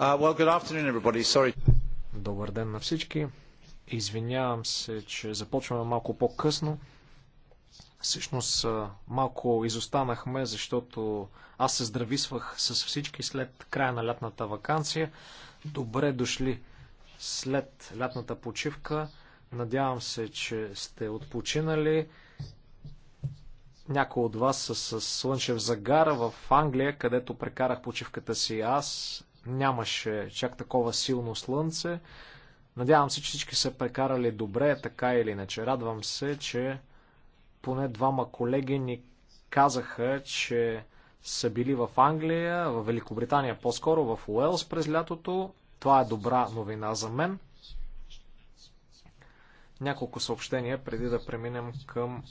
Uh, Добър ден на всички. Извинявам се, че започваме малко по-късно. Всъщност малко изостанахме, защото аз се здрависвах с всички след края на лятната вакансия. Добре дошли след лятната почивка. Надявам се, че сте отпочинали. Някои от вас са с слънчев загар в Англия, където прекарах почивката си аз Нямаше чак такова силно слънце. Надявам се, че всички са прекарали добре, така или иначе. Радвам се, че поне двама колеги ни казаха, че са били в Англия, в Великобритания, по-скоро в Уелс през лятото. Това е добра новина за мен. Няколко съобщения преди да преминем към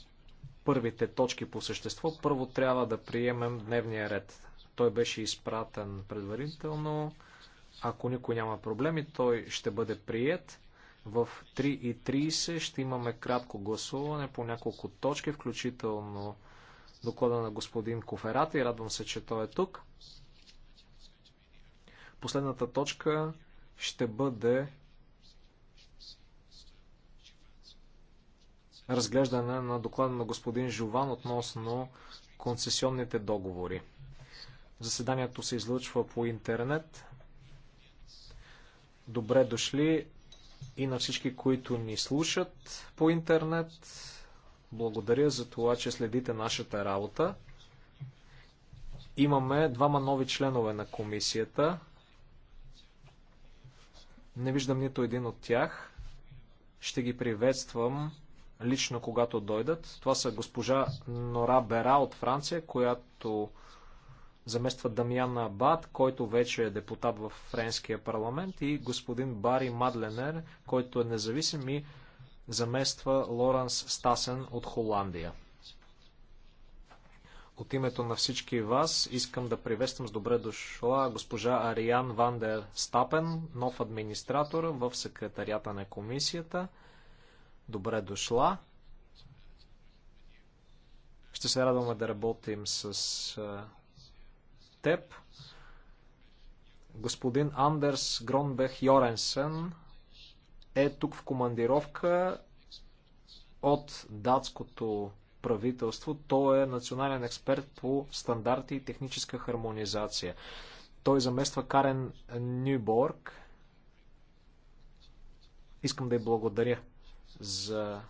първите точки по същество. Първо трябва да приемем дневния ред. Той беше изпратен предварително. Ако никой няма проблеми, той ще бъде прият. В 3.30 ще имаме кратко гласуване по няколко точки, включително доклада на господин Коферат и радвам се, че той е тук. Последната точка ще бъде разглеждане на доклада на господин Жован относно концесионните договори. Заседанието се излъчва по интернет. Добре дошли и на всички, които ни слушат по интернет. Благодаря за това, че следите нашата работа. Имаме двама нови членове на комисията. Не виждам нито един от тях. Ще ги приветствам лично, когато дойдат. Това са госпожа Нора Бера от Франция, която замества Дамяна Абад, който вече е депутат в Френския парламент и господин Бари Мадленер, който е независим и замества Лоранс Стасен от Холандия. От името на всички вас искам да приветствам с добре дошла госпожа Ариан Вандер Стапен, нов администратор в секретарията на комисията. Добре дошла. Ще се радваме да работим с теб. Господин Андерс Гронбех Йоренсен е тук в командировка от датското правителство. Той е национален експерт по стандарти и техническа хармонизация. Той замества Карен Нюборг. Искам да й благодаря за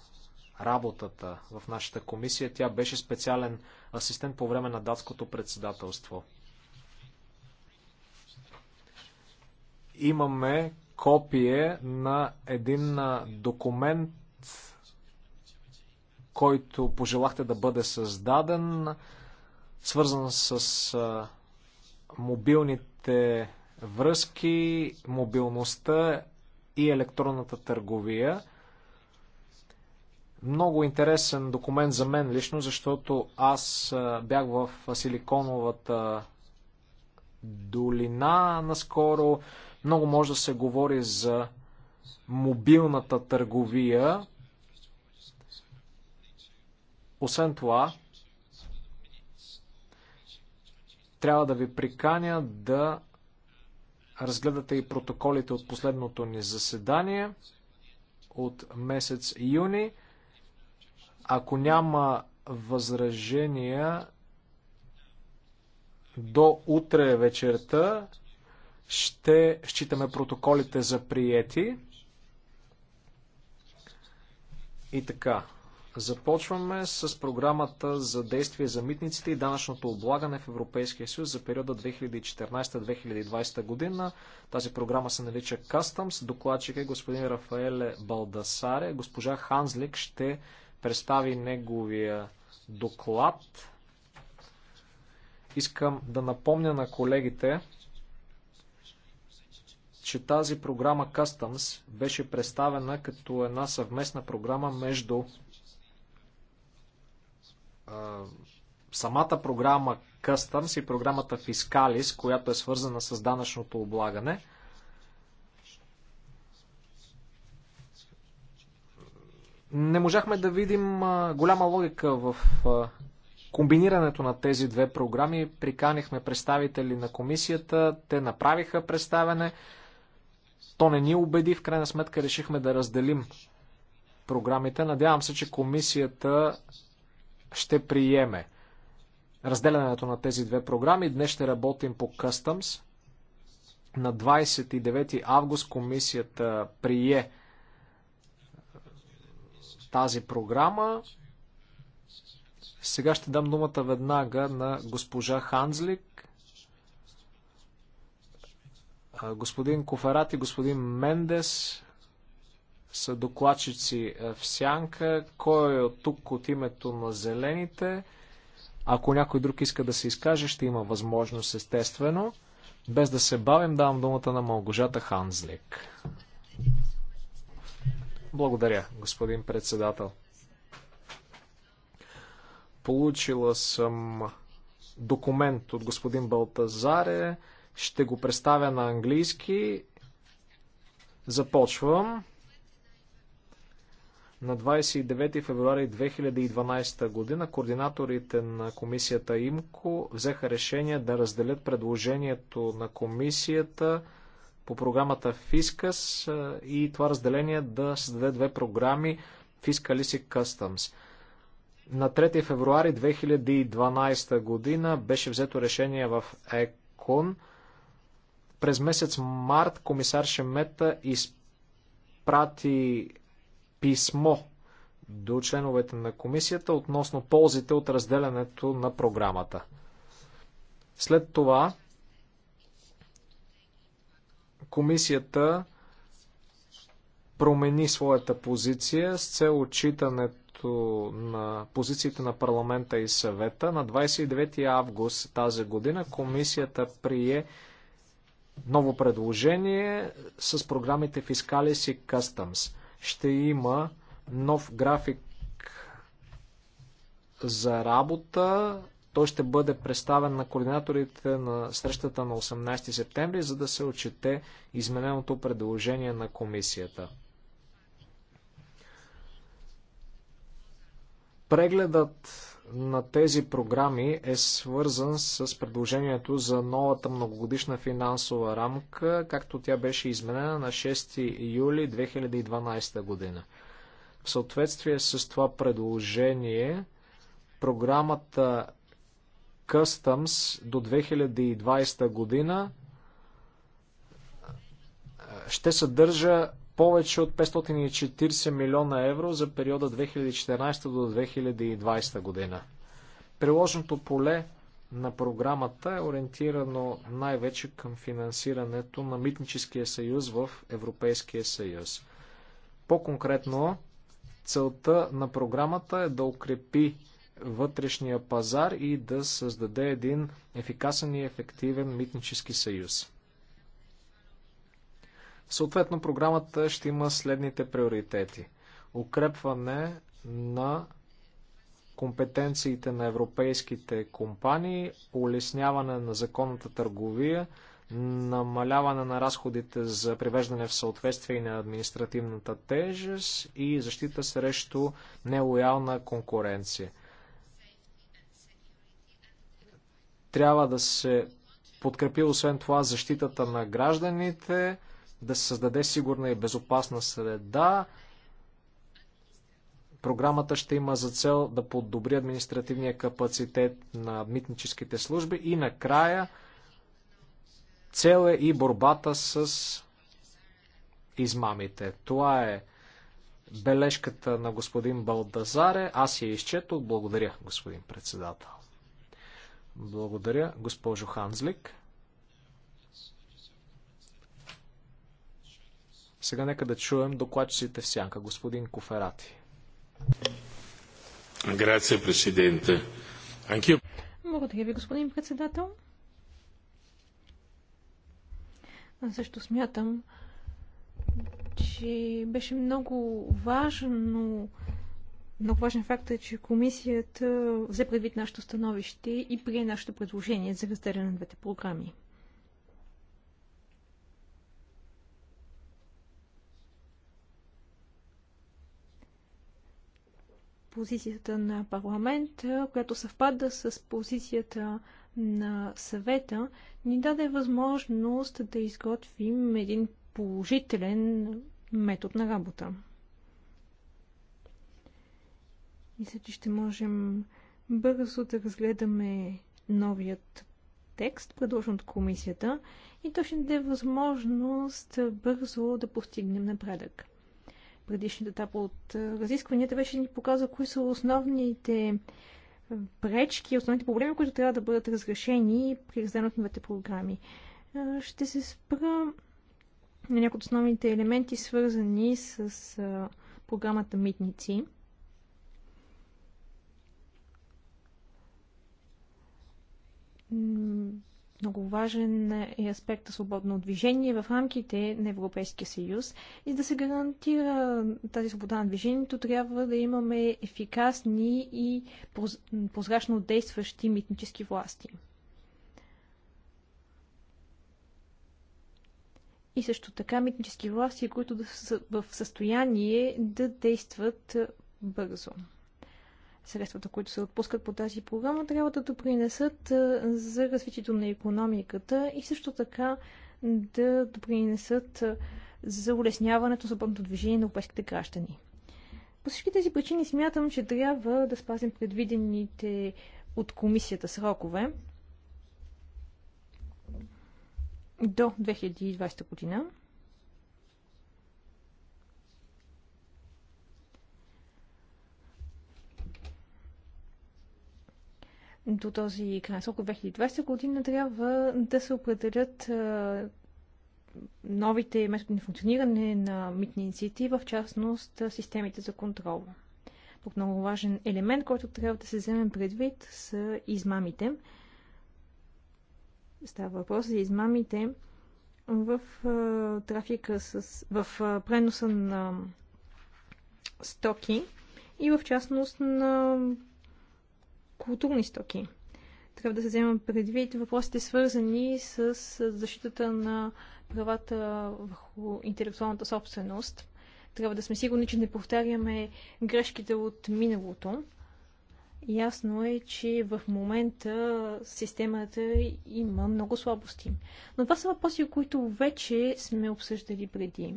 работата в нашата комисия. Тя беше специален асистент по време на датското председателство. имаме копие на един документ, който пожелахте да бъде създаден, свързан с мобилните връзки, мобилността и електронната търговия. Много интересен документ за мен лично, защото аз бях в Силиконовата долина наскоро. Много може да се говори за мобилната търговия. Освен това, трябва да ви приканя да разгледате и протоколите от последното ни заседание от месец юни. Ако няма възражения до утре вечерта, ще считаме протоколите за приети. И така, започваме с програмата за действие за митниците и данъчното облагане в Европейския съюз за периода 2014-2020 година. Тази програма се нарича Customs. Докладчик е господин Рафаеле Балдасаре. Госпожа Ханзлик ще представи неговия доклад. Искам да напомня на колегите, че тази програма Customs беше представена като една съвместна програма между а, самата програма Customs и програмата Fiscalis, която е свързана с данъчното облагане. Не можахме да видим а, голяма логика в а, комбинирането на тези две програми. Приканихме представители на комисията, те направиха представене то не ни убеди, в крайна сметка решихме да разделим програмите. Надявам се, че комисията ще приеме разделянето на тези две програми. Днес ще работим по Customs. На 29 август комисията прие тази програма. Сега ще дам думата веднага на госпожа Ханзлик, Господин Коферат и господин Мендес са докладчици е, в сянка. Кой е от тук от името на зелените? Ако някой друг иска да се изкаже, ще има възможност, естествено. Без да се бавим, давам думата на Малгожата Ханзлик. Благодаря, господин председател. Получила съм документ от господин Балтазаре ще го представя на английски. Започвам. На 29 февруари 2012 година координаторите на комисията ИМКО взеха решение да разделят предложението на комисията по програмата Фискас и това разделение да създаде две програми FISCALIS и Customs. На 3 февруари 2012 година беше взето решение в ЕКОН – през месец март комисар Шемета изпрати писмо до членовете на комисията относно ползите от разделянето на програмата. След това комисията промени своята позиция с цел отчитането на позициите на парламента и съвета. На 29 август тази година комисията прие ново предложение с програмите Fiscalis и Customs. Ще има нов график за работа. Той ще бъде представен на координаторите на срещата на 18 септември, за да се отчете измененото предложение на комисията. Прегледът на тези програми е свързан с предложението за новата многогодишна финансова рамка, както тя беше изменена на 6 юли 2012 година. В съответствие с това предложение, програмата Customs до 2020 година ще съдържа повече от 540 милиона евро за периода 2014 до 2020 година. Приложното поле на програмата е ориентирано най-вече към финансирането на Митническия съюз в Европейския съюз. По-конкретно, целта на програмата е да укрепи вътрешния пазар и да създаде един ефикасен и ефективен митнически съюз. Съответно, програмата ще има следните приоритети. Укрепване на компетенциите на европейските компании, улесняване на законната търговия, намаляване на разходите за привеждане в съответствие на административната тежест и защита срещу нелоялна конкуренция. Трябва да се подкрепи освен това защитата на гражданите, да се създаде сигурна и безопасна среда. Програмата ще има за цел да подобри административния капацитет на митническите служби и накрая цел е и борбата с измамите. Това е бележката на господин Балдазаре. Аз я изчетох. Благодаря, господин председател. Благодаря, госпожо Ханзлик. Сега нека да чуем докладчиците в сянка. Господин Коферати. Грация, президенте. Анкио. Благодаря ви, господин председател. Аз също смятам, че беше много важно много важен факт е, че комисията взе предвид нашето становище и прие нашето предложение за разделяне на двете програми. позицията на парламента, която съвпада с позицията на съвета, ни даде възможност да изготвим един положителен метод на работа. Мисля, че ще можем бързо да разгледаме новият текст, предложен от комисията, и то ще даде възможност бързо да постигнем напредък предишните етапа от разискванията, беше ни показа кои са основните пречки, основните проблеми, които трябва да бъдат разрешени при разделянето на двете програми. Ще се спра на някои от основните елементи, свързани с програмата Митници. Много важен е аспекта свободно движение в рамките на Европейския съюз и да се гарантира тази свобода на движението, трябва да имаме ефикасни и прозрачно действащи митнически власти. И също така митнически власти, които да са в състояние да действат бързо средствата, които се отпускат по тази програма, трябва да допринесат за развитието на економиката и също така да допринесат за улесняването на пътното движение на европейските граждани. По всички тези причини смятам, че трябва да спазим предвидените от комисията срокове до 2020 година. до този край срок от 2020 година трябва да се определят новите методи на функциониране на митниците в частност системите за контрол. Тук много важен елемент, който трябва да се вземе предвид са измамите. Става въпрос за измамите в трафика с, в преноса на стоки и в частност на културни стоки. Трябва да се вземат предвид въпросите свързани с защитата на правата върху интелектуалната собственост. Трябва да сме сигурни, че не повтаряме грешките от миналото. Ясно е, че в момента системата има много слабости. Но това са въпроси, които вече сме обсъждали преди.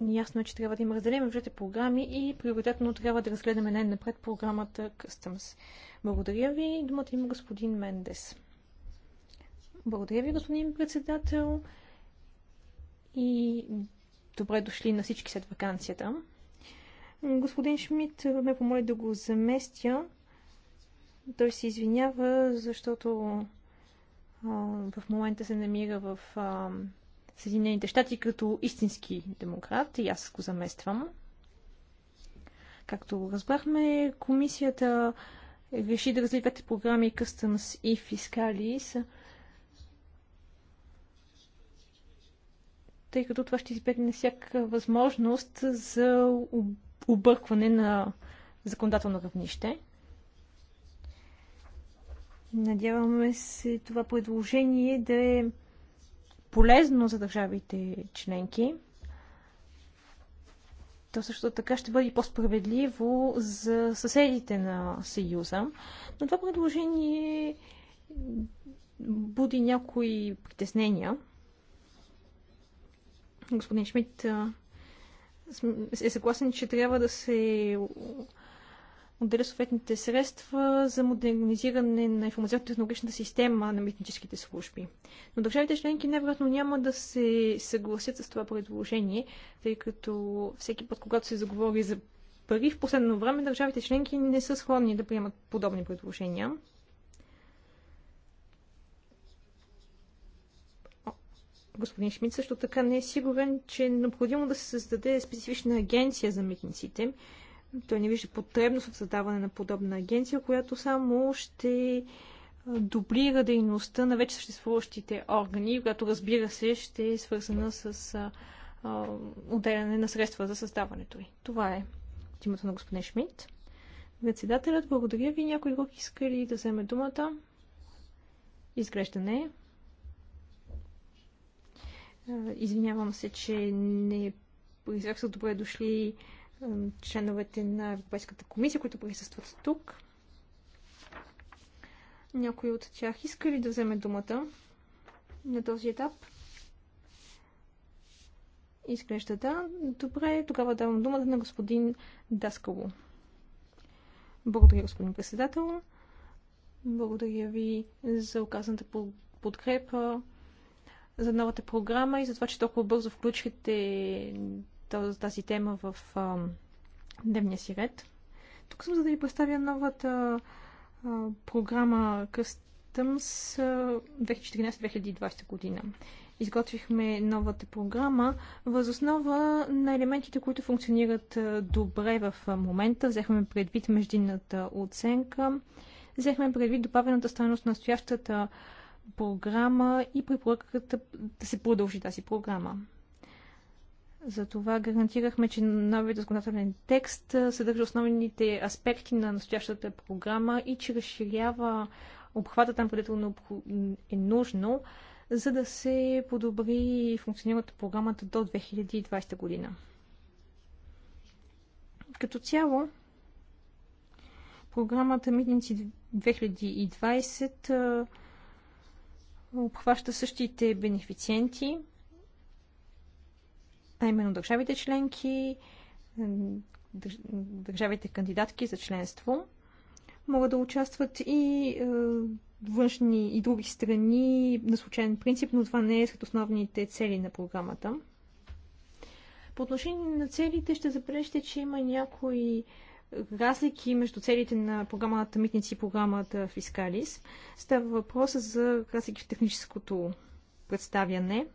Ясно е, че трябва да има разделение между двете програми и приоритетно трябва да разгледаме най-напред програмата Customs. Благодаря ви. Думата има господин Мендес. Благодаря ви, господин председател. И добре дошли на всички след вакансията. Господин Шмидт ме помоли да го заместя. Той се извинява, защото а, в момента се намира в а, Съединените щати като истински демократ и аз го замествам. Както разбрахме, комисията реши да разли двете програми Customs и Fiscalis, тъй като това ще избегне всяка възможност за объркване на законодателно равнище. Надяваме се това предложение да е полезно за държавите членки, то също така ще бъде по-справедливо за съседите на Съюза. Но това предложение буди някои притеснения. Господин Шмидт е съгласен, че трябва да се отделя съответните средства за модернизиране на информационно-технологичната система на митническите служби. Но държавите членки невероятно няма да се съгласят с това предложение, тъй като всеки път, когато се заговори за пари, в последно време държавите членки не са склонни да приемат подобни предложения. господин Шмидт също така не е сигурен, че е необходимо да се създаде специфична агенция за митниците. Той не вижда потребност от създаване на подобна агенция, която само ще дублира дейността на вече съществуващите органи, която разбира се ще е свързана с а, отделяне на средства за създаването й. Това е от името на господин Шмидт. Председателят, благодаря ви. Някой друг иска ли да вземе думата? Изглежда не. Извинявам се, че не изрях са добре дошли членовете на Европейската комисия, които присъстват тук. Някои от тях иска ли да вземе думата на този етап? Изглежда да. Добре, тогава давам думата на господин Даскало. Благодаря, господин председател. Благодаря ви за оказаната подкрепа за новата програма и за това, че толкова бързо включите тази тема в дневния си ред. Тук съм за да ви представя новата програма Customs 2014-2020 година. Изготвихме новата програма възоснова на елементите, които функционират добре в момента. Взехме предвид междинната оценка, взехме предвид добавената стоеност на настоящата програма и препоръката да се продължи тази програма. Затова гарантирахме, че новият законодателен текст съдържа основните аспекти на настоящата програма и че разширява обхвата там, където е, е нужно, за да се подобри функционирането програмата до 2020 година. Като цяло, програмата Митници 2020 обхваща същите бенефициенти – а именно държавите членки, държавите кандидатки за членство. Могат да участват и е, външни и други страни на случайен принцип, но това не е сред основните цели на програмата. По отношение на целите ще забележите, че има някои разлики между целите на програмата Митници и програмата Фискалис. Става въпроса за разлики в техническото представяне.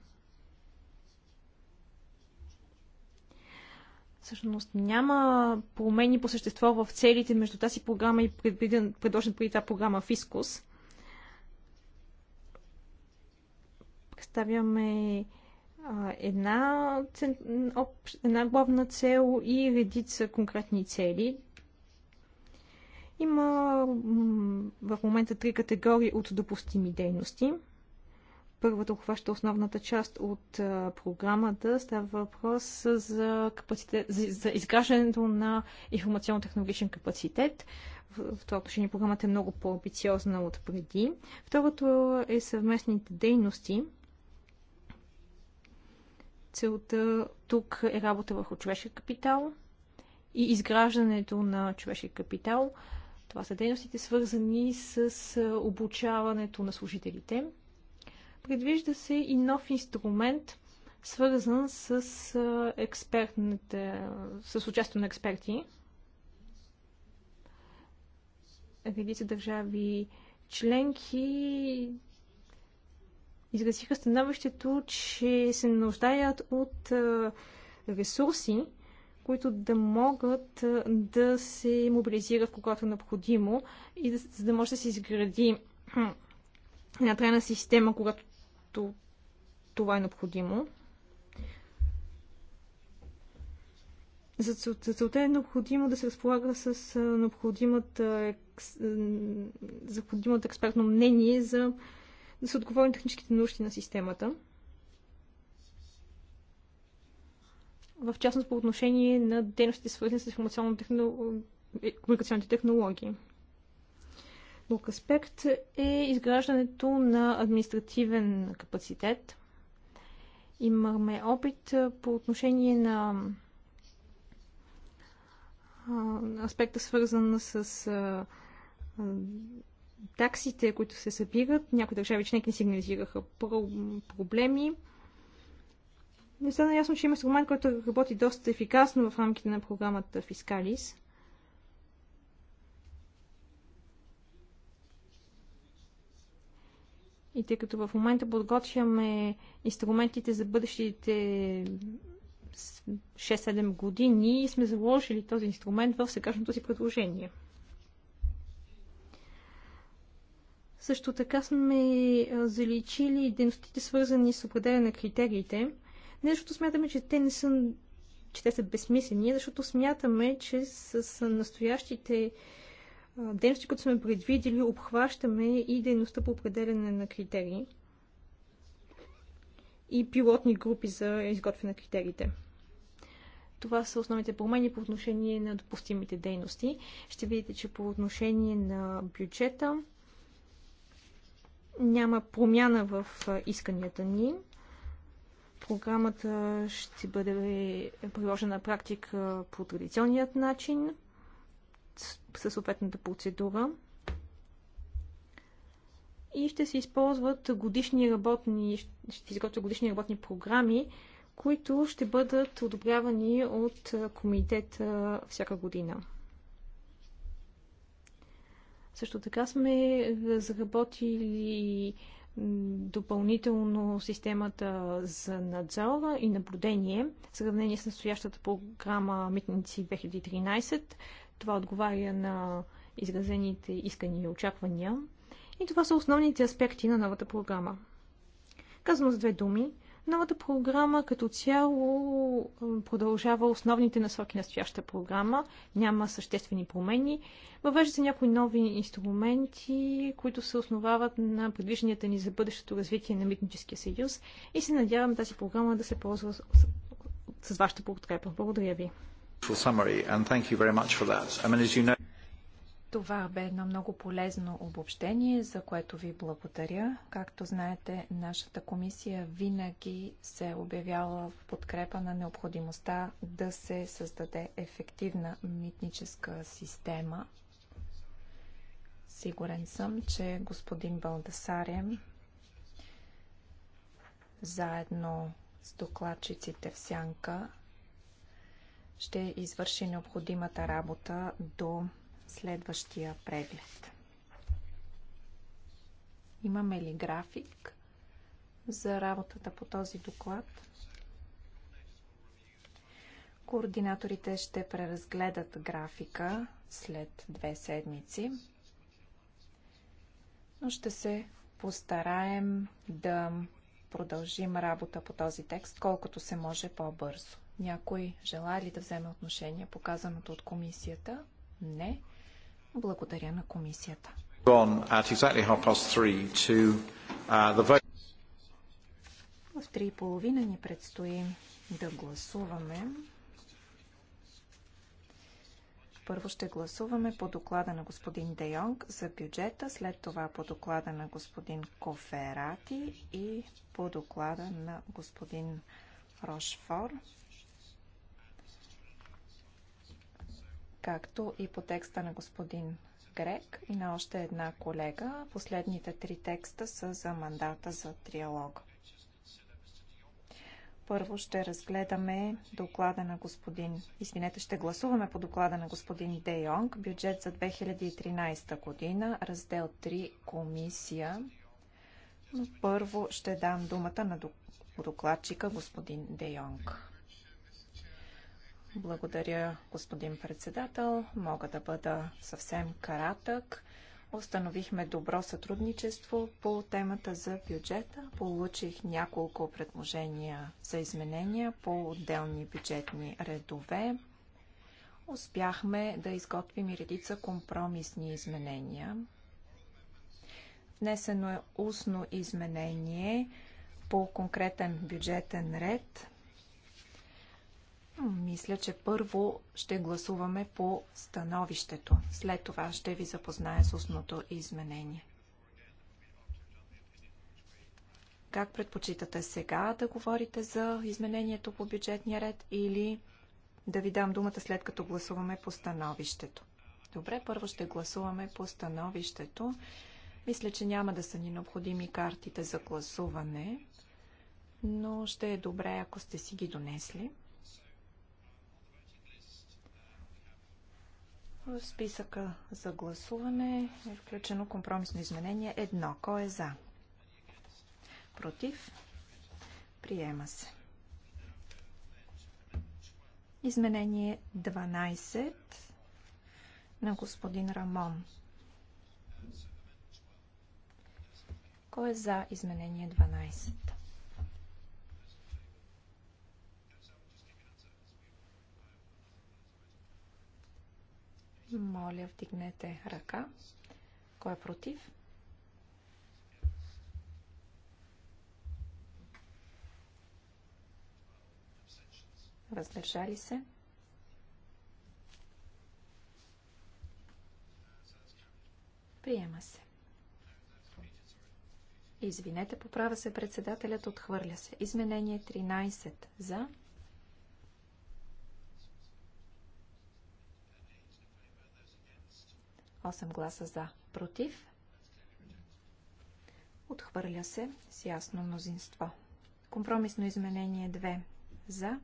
Всъщност няма промени по същество в целите между тази програма и предложен преди тази програма Фискус. Представяме една, една главна цел и редица конкретни цели. Има в момента три категории от допустими дейности – Първата обхваща основната част от а, програмата. Става въпрос за, капацитет, за, за изграждането на информационно-технологичен капацитет. В, в това отношение програмата е много по-амбициозна от преди. Второто е съвместните дейности. Целта тук е работа върху човешки капитал и изграждането на човешки капитал. Това са дейностите свързани с обучаването на служителите Предвижда се и нов инструмент, свързан с, експертните, с участие на експерти. Редица държави членки изразиха становището, че се нуждаят от ресурси, които да могат да се мобилизират когато е необходимо и да, за да може да се изгради една трайна система, когато когато това е необходимо. За целта е необходимо да се разполага с необходимата, необходимото експертно мнение за да се отговори на техническите нужди на системата. В частност по отношение на дейностите, свързани с информационно-комуникационните е, технологии. Друг аспект е изграждането на административен капацитет. Имаме опит по отношение на аспекта свързан с таксите, които се събират. Някои държави членки не сигнализираха проблеми. Не стана ясно, че има инструмент, който работи доста ефикасно в рамките на програмата Фискалис. И тъй като в момента подготвяме инструментите за бъдещите 6-7 години, сме заложили този инструмент в сегашното си предложение. Също така сме заличили дейностите, свързани с определяне на критериите. Не защото смятаме, че те не са, че те са безсмислени, защото смятаме, че с настоящите дейности, които сме предвидели, обхващаме и дейността по определене на критерии и пилотни групи за изготвяне на критериите. Това са основните промени по отношение на допустимите дейности. Ще видите, че по отношение на бюджета няма промяна в исканията ни. Програмата ще бъде приложена на практика по традиционният начин със съответната процедура и ще се използват годишни работни, ще изготвят годишни работни програми, които ще бъдат одобрявани от комитета всяка година. Също така сме разработили допълнително системата за надзор и наблюдение, в сравнение с настоящата програма Митници 2013. Това отговаря на изразените искани и очаквания. И това са основните аспекти на новата програма. Казвам с две думи, новата програма като цяло продължава основните насоки на стояща програма. Няма съществени промени. въвежда се някои нови инструменти, които се основават на предвижданията ни за бъдещето развитие на Митническия съюз и се надявам тази програма да се ползва с, с вашата подкрепа. Благодаря ви. Това бе едно много полезно обобщение, за което ви благодаря. Както знаете, нашата комисия винаги се е обявяла в подкрепа на необходимостта да се създаде ефективна митническа система. Сигурен съм, че господин Балдасарем заедно с докладчиците в Сянка ще извърши необходимата работа до следващия преглед. Имаме ли график за работата по този доклад? Координаторите ще преразгледат графика след две седмици, но ще се постараем да продължим работа по този текст колкото се може по-бързо. Някой желая ли да вземе отношение по казаното от комисията? Не. Благодаря на комисията. Uh, В три и половина ни предстои да гласуваме. Първо ще гласуваме по доклада на господин Де Йонг за бюджета, след това по доклада на господин Коферати и по доклада на господин Рошфор както и по текста на господин Грек и на още една колега. Последните три текста са за мандата за триалог. Първо ще разгледаме доклада на господин, извинете, ще гласуваме по доклада на господин Де Йонг, бюджет за 2013 година, раздел 3, комисия. Но първо ще дам думата на докладчика господин Де Йонг. Благодаря, господин председател. Мога да бъда съвсем каратък. Установихме добро сътрудничество по темата за бюджета. Получих няколко предложения за изменения по отделни бюджетни редове. Успяхме да изготвим и редица компромисни изменения. Внесено е устно изменение по конкретен бюджетен ред мисля, че първо ще гласуваме по становището. След това ще ви запозная с устното изменение. Как предпочитате сега да говорите за изменението по бюджетния ред или да ви дам думата след като гласуваме по становището? Добре, първо ще гласуваме по становището. Мисля, че няма да са ни необходими картите за гласуване, но ще е добре, ако сте си ги донесли. В списъка за гласуване е включено компромисно изменение 1. Кой е за? Против? Приема се. Изменение 12 на господин Рамон. Кой е за изменение 12? Моля, вдигнете ръка. Кой е против? Въздържали се? Приема се. Извинете, поправя се председателят, отхвърля се. Изменение 13 за. 8 гласа за, против. Отхвърля се с ясно мнозинство. Компромисно изменение 2 за,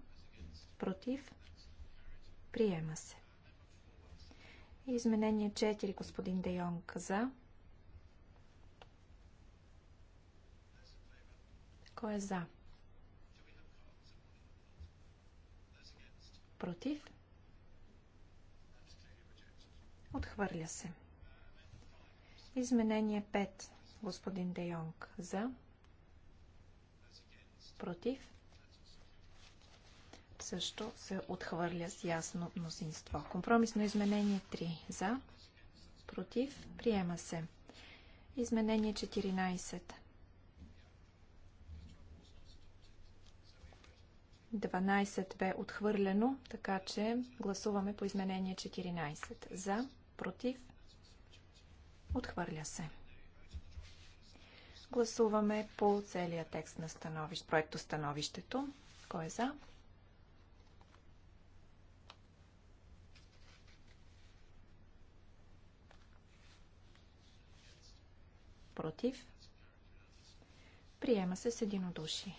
против. Приема се. Изменение 4, господин Де Йонг, за. Кой е за? Против? Отхвърля се. Изменение 5. Господин Де Йонг. За. Против. Също се отхвърля с ясно мнозинство. Компромисно изменение 3. За. Против. Приема се. Изменение 14. 12 бе отхвърлено, така че гласуваме по изменение 14. За против, отхвърля се. Гласуваме по целия текст на становище, проекто становището. Кой е за? Против. Приема се с единодушие.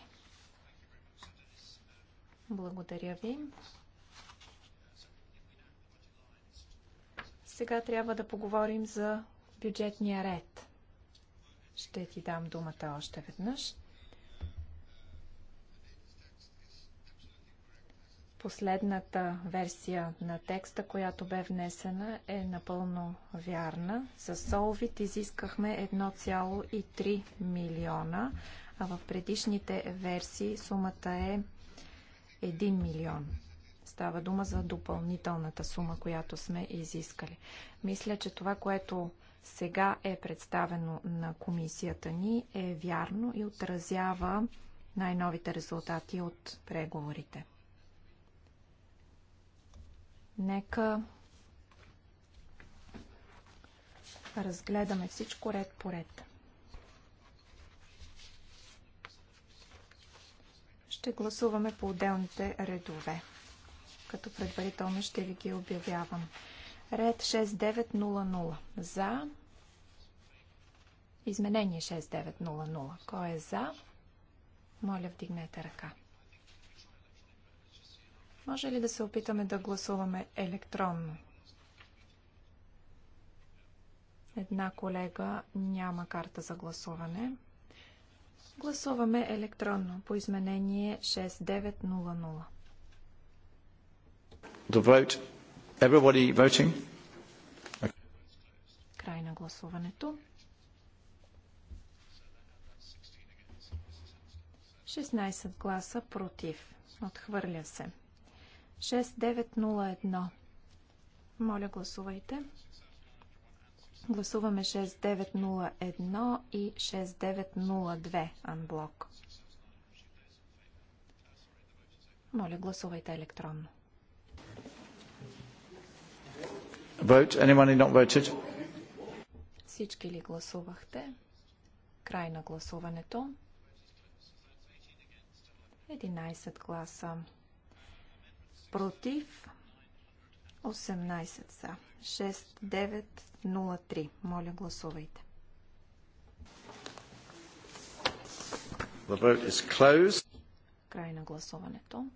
Благодаря ви. Сега трябва да поговорим за бюджетния ред. Ще ти дам думата още веднъж. Последната версия на текста, която бе внесена, е напълно вярна. За Солвит изискахме 1,3 милиона, а в предишните версии сумата е 1 милион. Става дума за допълнителната сума, която сме изискали. Мисля, че това, което сега е представено на комисията ни, е вярно и отразява най-новите резултати от преговорите. Нека разгледаме всичко ред по ред. Ще гласуваме по отделните редове като предварително ще ви ги обявявам. Ред 6900. За. Изменение 6900. Кой е за? Моля, вдигнете ръка. Може ли да се опитаме да гласуваме електронно? Една колега няма карта за гласуване. Гласуваме електронно по изменение 6900. The vote. Everybody voting? Край на гласуването. 16 гласа против. Отхвърля се. 6901. Моля, гласувайте. Гласуваме 6901 и 6902 анблок. Моля, гласувайте електронно. Vote. Anyone not voted? Всички ли гласувахте? Край на гласуването. 11 гласа против, 18 са. 6903. Моля, гласувайте. Край на гласуването.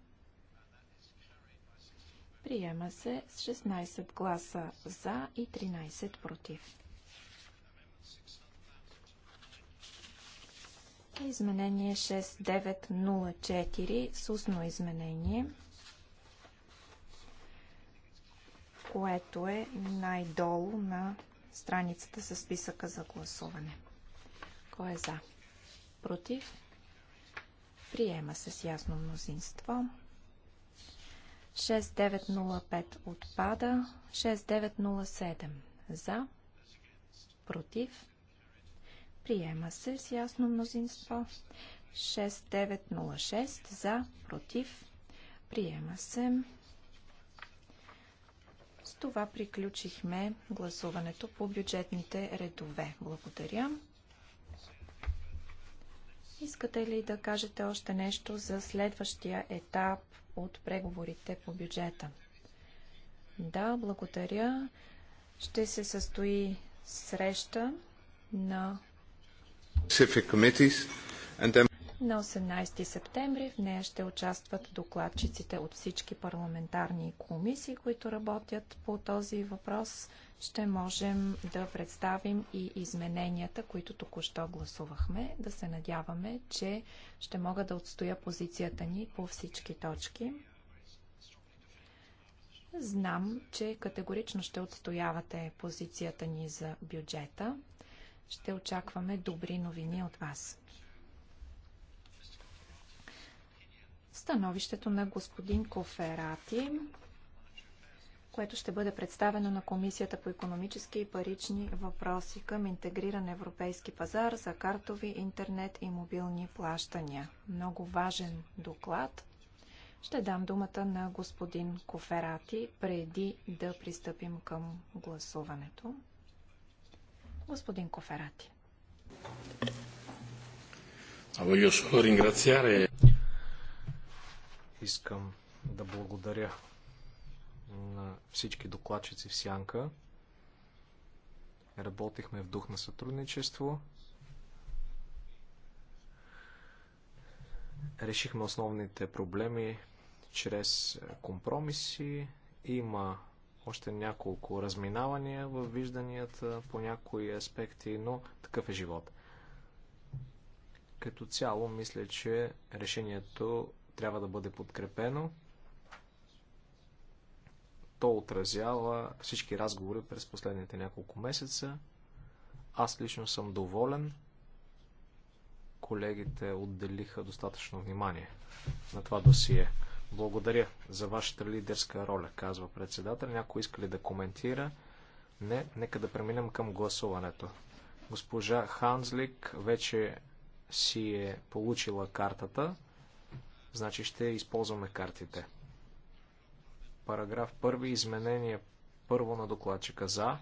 Приема се с 16 гласа за и 13 против. Изменение 6904 с устно изменение, което е най-долу на страницата с списъка за гласуване. Кой е за? Против? Приема се с ясно мнозинство. 6905 отпада. 6907 за. Против. Приема се с ясно мнозинство. 6906 за. Против. Приема се. С това приключихме гласуването по бюджетните редове. Благодаря. Искате ли да кажете още нещо за следващия етап от преговорите по бюджета? Да, благодаря. Ще се състои среща на на 18 септември в нея ще участват докладчиците от всички парламентарни комисии, които работят по този въпрос ще можем да представим и измененията, които току-що гласувахме. Да се надяваме, че ще мога да отстоя позицията ни по всички точки. Знам, че категорично ще отстоявате позицията ни за бюджета. Ще очакваме добри новини от вас. Становището на господин Коферати което ще бъде представено на Комисията по економически и парични въпроси към интегриран европейски пазар за картови, интернет и мобилни плащания. Много важен доклад. Ще дам думата на господин Коферати преди да пристъпим към гласуването. Господин Коферати. Искам да благодаря на всички докладчици в Сянка. Работихме в дух на сътрудничество. Решихме основните проблеми чрез компромиси. Има още няколко разминавания в вижданията по някои аспекти, но такъв е живот. Като цяло, мисля, че решението трябва да бъде подкрепено то отразява всички разговори през последните няколко месеца. Аз лично съм доволен. Колегите отделиха достатъчно внимание на това досие. Благодаря за вашата лидерска роля, казва председател. Някой иска ли да коментира? Не, нека да преминем към гласуването. Госпожа Ханзлик вече си е получила картата, значи ще използваме картите. Параграф 1. Изменение първо на докладчика за.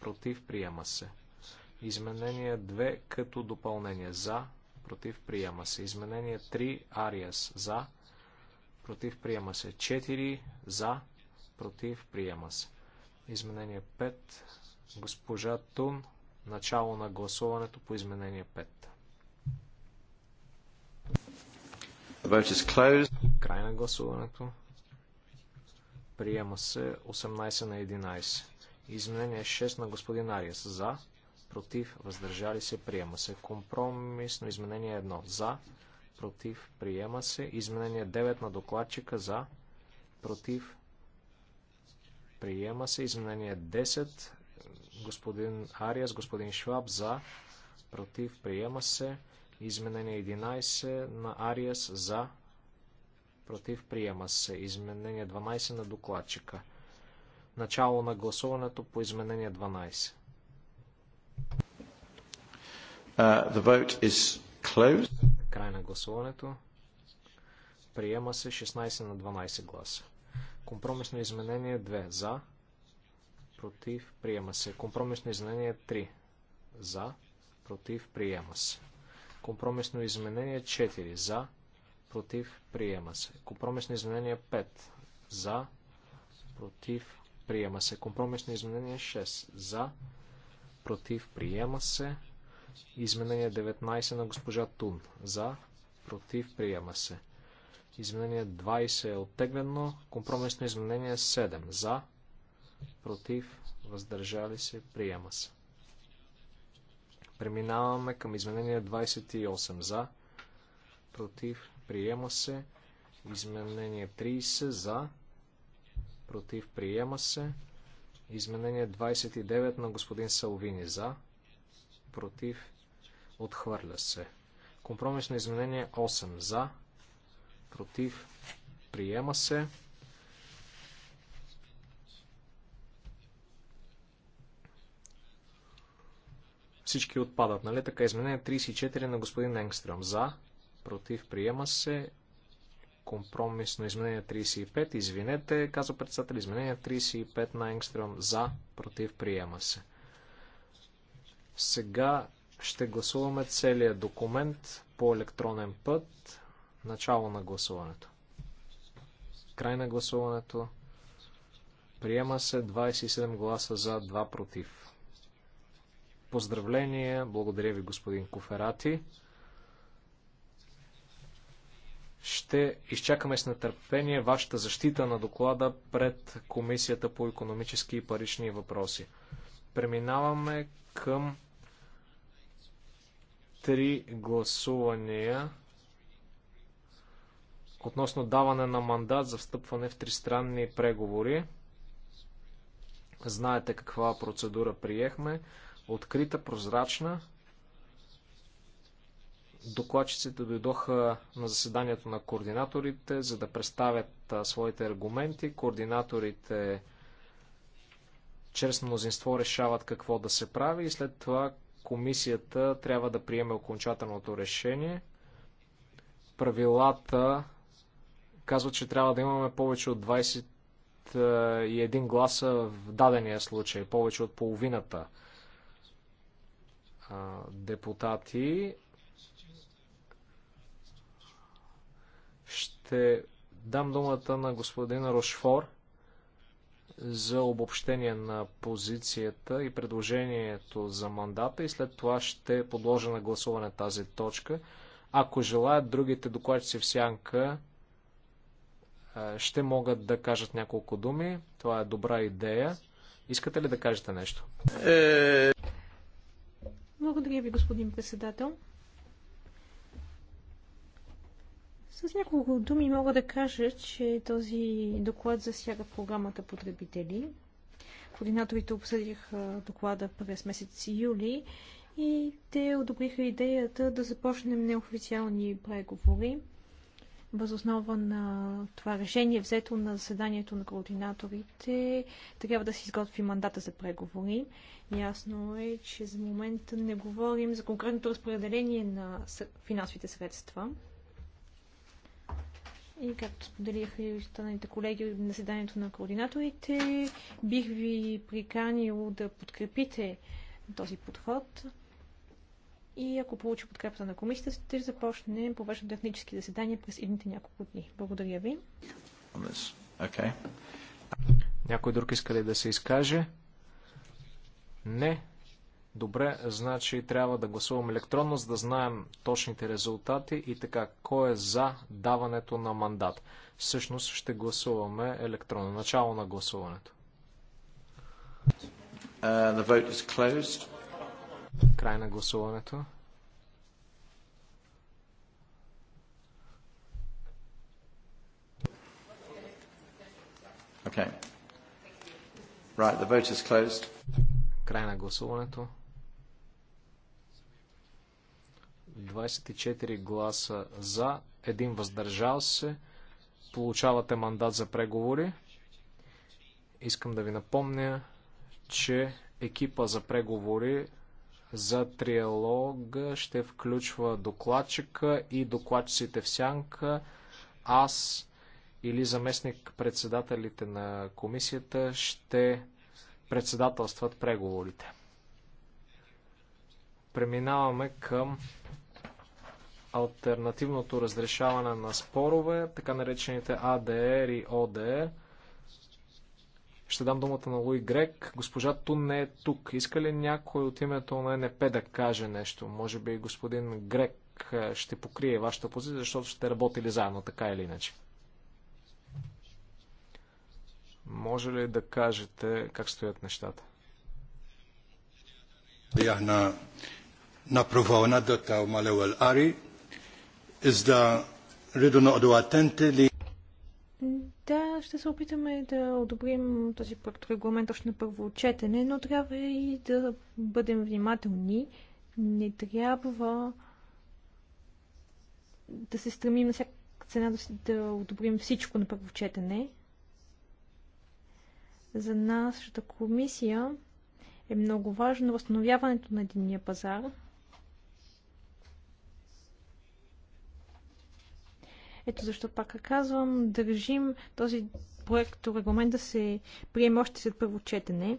Против. Приема се. Изменение 2 като допълнение за. Против. Приема се. Изменение 3. Ариас за. Против. Приема се. 4. За. Против. Приема се. Изменение 5. Госпожа Тун. Начало на гласуването по изменение 5. Край на гласуването. Приема се 18 на 11. Изменение 6 на господин Ариас За. Против. Въздържали се. Приема се. Компромисно изменение 1. За. Против. Приема се. Изменение 9 на докладчика. За. Против. Приема се. Изменение 10. Господин Ариас, господин Шваб. За. Против. Приема се. Изменение 11 на Ариас. За против, приема се. Изменение 12 на докладчика. Начало на гласуването по изменение 12. Uh, the vote is closed. Край на гласуването. Приема се 16 на 12 гласа. Компромисно изменение 2. За. Против. Приема се. Компромисно изменение 3. За. Против. Приема се. Компромисно изменение 4. За против, приема се. Компромисни изменение 5 за, против, приема се. Компромисни изменение 6 за, против, приема се. Изменение 19 на госпожа Тун за, против, приема се. Изменение 20 е оттеглено. Компромисно изменение 7 за, против, въздържали се, приема се. Преминаваме към изменение 28 за, против, приема се. Изменение 30 за, против, приема се. Изменение 29 на господин Салвини за, против, отхвърля се. Компромисно изменение 8 за, против, приема се. Всички отпадат, нали? Така, изменение 34 на господин Енгстрем за, против, приема се. Компромисно изменение 35, извинете, казва председател, изменение 35 на Енгстрем, за, против, приема се. Сега ще гласуваме целият документ по електронен път. Начало на гласуването. Край на гласуването. Приема се 27 гласа за 2 против. Поздравления, благодаря ви господин Коферати. Ще изчакаме с нетърпение вашата защита на доклада пред Комисията по економически и парични въпроси. Преминаваме към три гласувания относно даване на мандат за встъпване в тристранни преговори. Знаете каква процедура приехме. Открита, прозрачна, Докладчиците дойдоха на заседанието на координаторите, за да представят своите аргументи. Координаторите чрез мнозинство решават какво да се прави и след това комисията трябва да приеме окончателното решение. Правилата казват, че трябва да имаме повече от 21 гласа в дадения случай, повече от половината депутати. Ще дам думата на господин Рошфор за обобщение на позицията и предложението за мандата и след това ще подложа на гласуване тази точка. Ако желаят другите докладчици в сянка, ще могат да кажат няколко думи. Това е добра идея. Искате ли да кажете нещо? Е. Благодаря ви, господин председател. С няколко думи мога да кажа, че този доклад засяга програмата потребители. Координаторите обсъдиха доклада през месец юли и те одобриха идеята да започнем неофициални преговори. Възоснова на това решение, взето на заседанието на координаторите, трябва да се изготви мандата за преговори. Ясно е, че за момента не говорим за конкретното разпределение на финансовите средства. И както споделиха и останалите колеги на заседанието на координаторите, бих ви приканил да подкрепите този подход. И ако получи подкрепата на комисията, ще започне повече технически заседания през едните няколко дни. Благодаря ви. Okay. Някой друг иска ли да се изкаже? Не. Добре, значи трябва да гласувам електронно, за да знаем точните резултати и така, кой е за даването на мандат. Всъщност ще гласуваме електронно. Начало на гласуването. Uh, Край на гласуването. Okay. Right, the vote is closed. Край на гласуването. 24 гласа за, един въздържал се. Получавате мандат за преговори. Искам да ви напомня, че екипа за преговори за триалога ще включва докладчика и докладчиците в сянка, аз или заместник председателите на комисията ще председателстват преговорите. Преминаваме към альтернативното разрешаване на спорове, така наречените АДР е и ОДР. Е. Ще дам думата на Луи Грек. Госпожа Тун не е тук. Иска ли някой от името на НП да каже нещо? Може би господин Грек е, ще покрие вашата позиция, защото ще работили заедно, така или иначе. Може ли да кажете как стоят нещата? Бях на, на на дата Ари, да, ще се опитаме да одобрим този проект регламент още на първо четене, но трябва и да бъдем внимателни. Не трябва да се стремим на всяка цена да, да одобрим всичко на първо четене. За нашата комисия е много важно възстановяването на единния пазар, Ето защо пак казвам, държим този проект регламент да се приеме още след първо четене.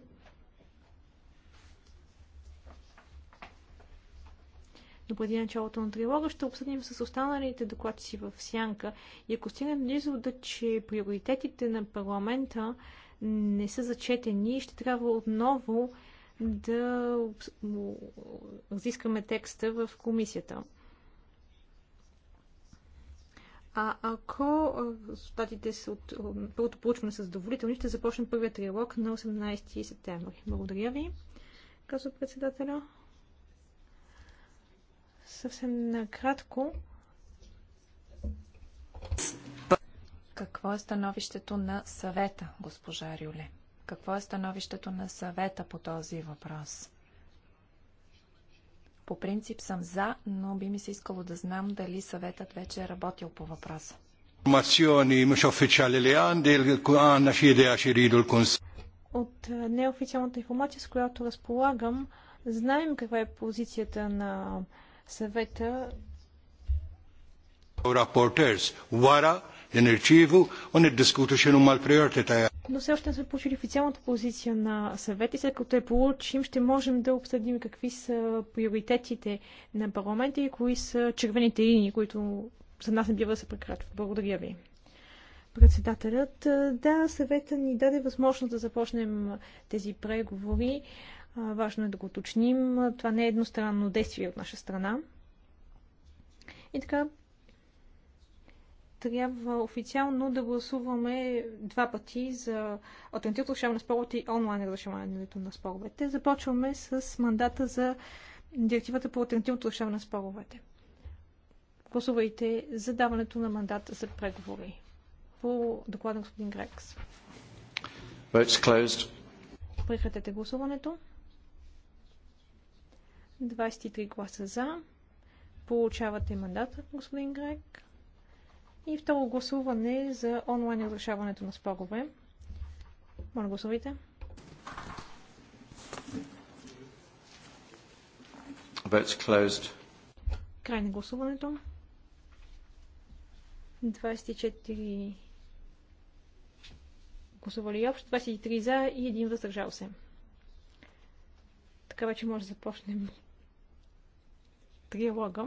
но преди началото на трилога ще обсъдим с останалите докладчици в сянка и ако стигнем до извода, че приоритетите на парламента не са зачетени, ще трябва отново да разискаме текста в комисията. А ако резултатите са от първото получване са задоволителни, ще започне първият трилог на 18 септември. Благодаря ви, казва председателя. Съвсем накратко. Какво е становището на съвета, госпожа Рюле? Какво е становището на съвета по този въпрос? По принцип съм за, но би ми се искало да знам дали съветът вече е работил по въпроса. От е, неофициалната информация, с която разполагам, знаем каква е позицията на съвета. Рапортерс, Вара, е Но все още не сме получили официалната позиция на съвет и след като я получим, ще можем да обсъдим какви са приоритетите на парламента и кои са червените линии, които за нас не бива да се прекрачват. Благодаря ви. Председателят, да, съвета ни даде възможност да започнем тези преговори. Важно е да го уточним. Това не е едностранно действие от наша страна. И така, трябва официално да гласуваме два пъти за альтернативното решаване на споровете и онлайн решаването на споровете. Започваме с мандата за директивата по альтернативното решаване на споровете. Гласувайте за даването на мандат за преговори. По доклада на господин Грекс. Прекратете гласуването. 23 гласа за. Получавате мандата, господин Грек. И второ гласуване за онлайн разрешаването на спорове. Моля, гласувайте. Vote's closed. Край на гласуването. 24 гласували общо, 23 за и един въздържал се. Така вече може да започнем триалога.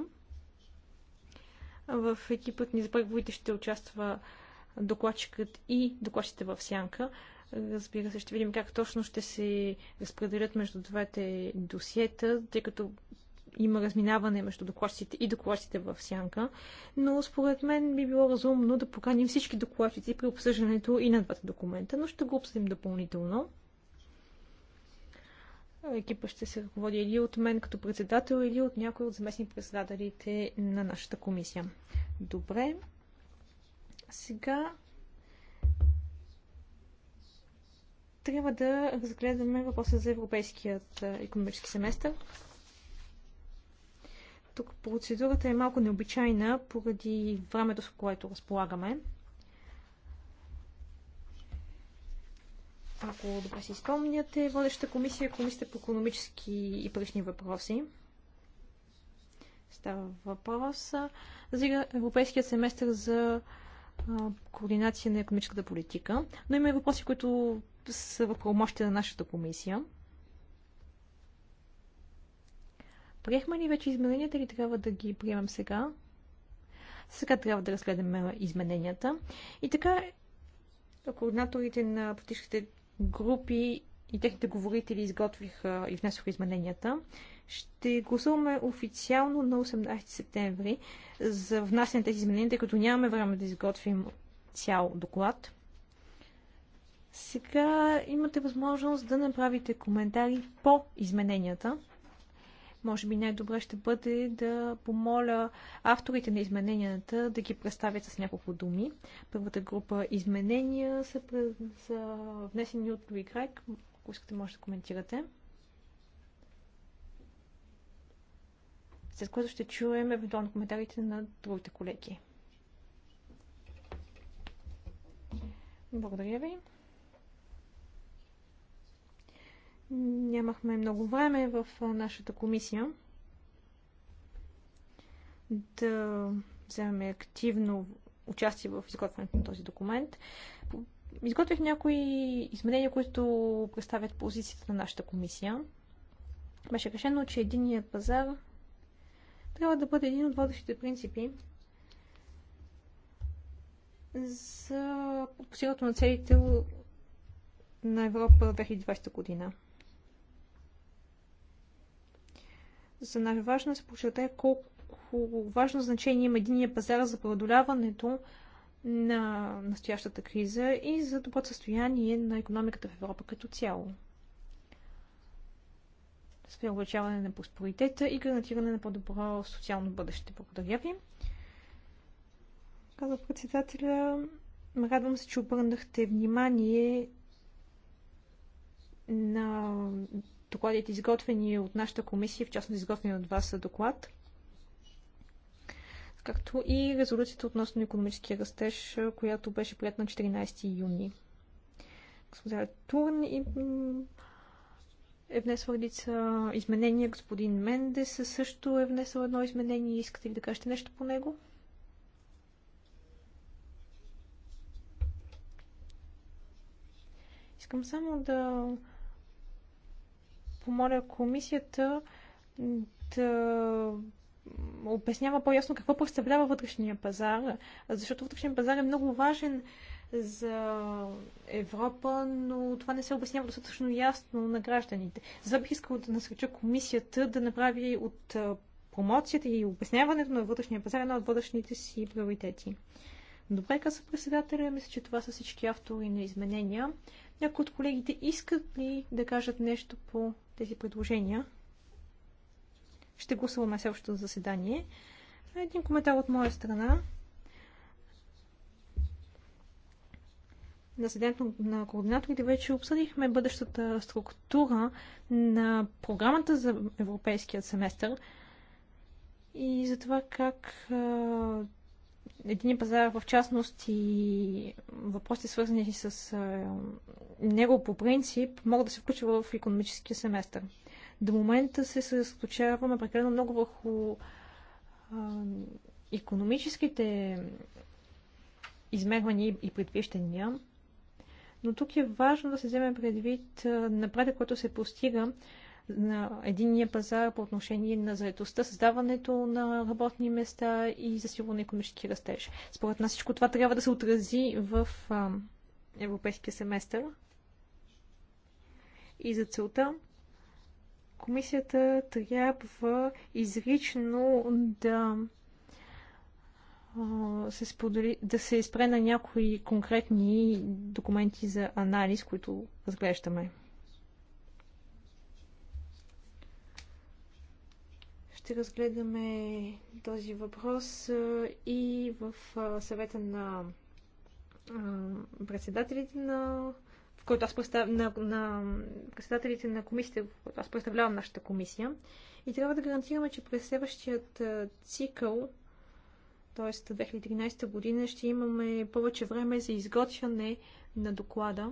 В екипът ни за преговорите ще участва докладчикът и докладчите в сянка. Разбира се, ще видим как точно ще се разпределят между двете досиета, тъй като има разминаване между докладчиците и докладчиците в сянка, но според мен би било разумно да поканим всички докладчици при обсъждането и на двата документа, но ще го обсъдим допълнително екипа ще се ръководи или от мен като председател, или от някой от заместни председателите на нашата комисия. Добре. Сега трябва да разгледаме въпроса за европейският економически семестър. Тук процедурата е малко необичайна поради времето, с което разполагаме. Ако добре си спомняте, водещата комисия е Комисията по економически и парични въпроси. Става въпрос за Европейския семестър за координация на економическата политика. Но има и въпроси, които са в правомощите на нашата комисия. Приехме ли вече измененията или трябва да ги приемем сега? Сега трябва да разгледаме измененията. И така, координаторите на политическите групи и техните говорители изготвиха и внесоха измененията. Ще гласуваме официално на 18 септември за внасяне на тези изменения, тъй като нямаме време да изготвим цял доклад. Сега имате възможност да направите коментари по измененията. Може би най-добре ще бъде да помоля авторите на измененията да ги представят с няколко думи. Първата група изменения са, са внесени от Луи Крайк. Ако искате, може да коментирате. след което ще чуем евентуално коментарите на другите колеги. Благодаря ви. Нямахме много време в нашата комисия да вземем активно участие в изготвянето на този документ. Изготвих някои изменения, които представят позицията на нашата комисия. Беше решено, че единният пазар трябва да бъде един от водещите принципи за постигането на целите на Европа 2020 година. За нас е важно да се подчертае колко важно значение има единия пазар за преодоляването на настоящата криза и за доброто състояние на економиката в Европа като цяло. С увеличаване на проспоритета и гарантиране на по-добро социално бъдеще. Благодаря ви. Казва председателя, радвам се, че обърнахте внимание на докладите, изготвени от нашата комисия, в частност изготвени от вас доклад, както и резолюцията относно економическия растеж, която беше приятна на 14 юни. Госпожа Турн и е внесла лица изменения. Господин Мендес също е внесъл едно изменение. Искате ли да кажете нещо по него? Искам само да помоля комисията да обяснява по-ясно какво представлява вътрешния пазар, защото вътрешния пазар е много важен за Европа, но това не се обяснява достатъчно ясно на гражданите. За бих искала да насреча комисията да направи от промоцията и обясняването на вътрешния пазар едно от вътрешните си приоритети. Добре, каза председателя, мисля, че това са всички автори на изменения. Някои от колегите искат ли да кажат нещо по тези предложения. Ще гласуваме следващото заседание. Един коментар от моя страна. на заседанието на координаторите вече обсъдихме бъдещата структура на програмата за европейския семестър и за това как един пазар, в частност и въпросите свързани с него по принцип, могат да се включват в економическия семестър. До момента се съсредоточаваме прекалено много върху економическите измервания и предвиждания, но тук е важно да се вземе предвид напредък, който се постига на единния пазар по отношение на заедостта, създаването на работни места и засилване на економически растеж. Според нас всичко това трябва да се отрази в европейския семестър. И за целта комисията трябва изрично да се сподели, да се изпре на някои конкретни документи за анализ, които разглеждаме. Ще разгледаме този въпрос и в съвета на председателите на в който аз представ... на, на председателите на комисията, в който аз представлявам нашата комисия. И трябва да гарантираме, че през следващият цикъл, т.е. 2013 година, ще имаме повече време за изготвяне на доклада,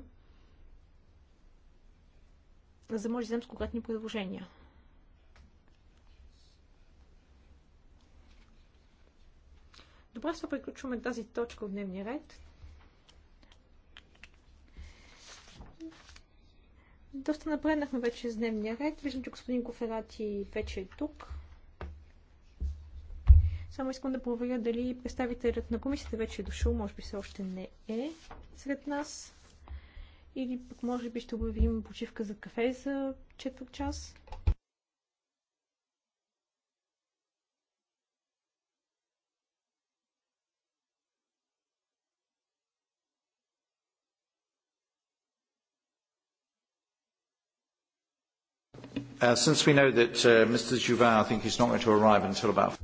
за да може да вземем предложения. Добре, сега приключваме тази точка от дневния ред. Доста напреднахме вече с дневния ред. Виждам, че господин Коферати вече е тук. Само искам да проверя дали представителят на комисията вече е дошъл. Може би все още не е сред нас. Или пък може би ще обявим почивка за кафе за четвърт час. Uh, since we know that uh, Mr. Juvin, I think, is not going to arrive until about...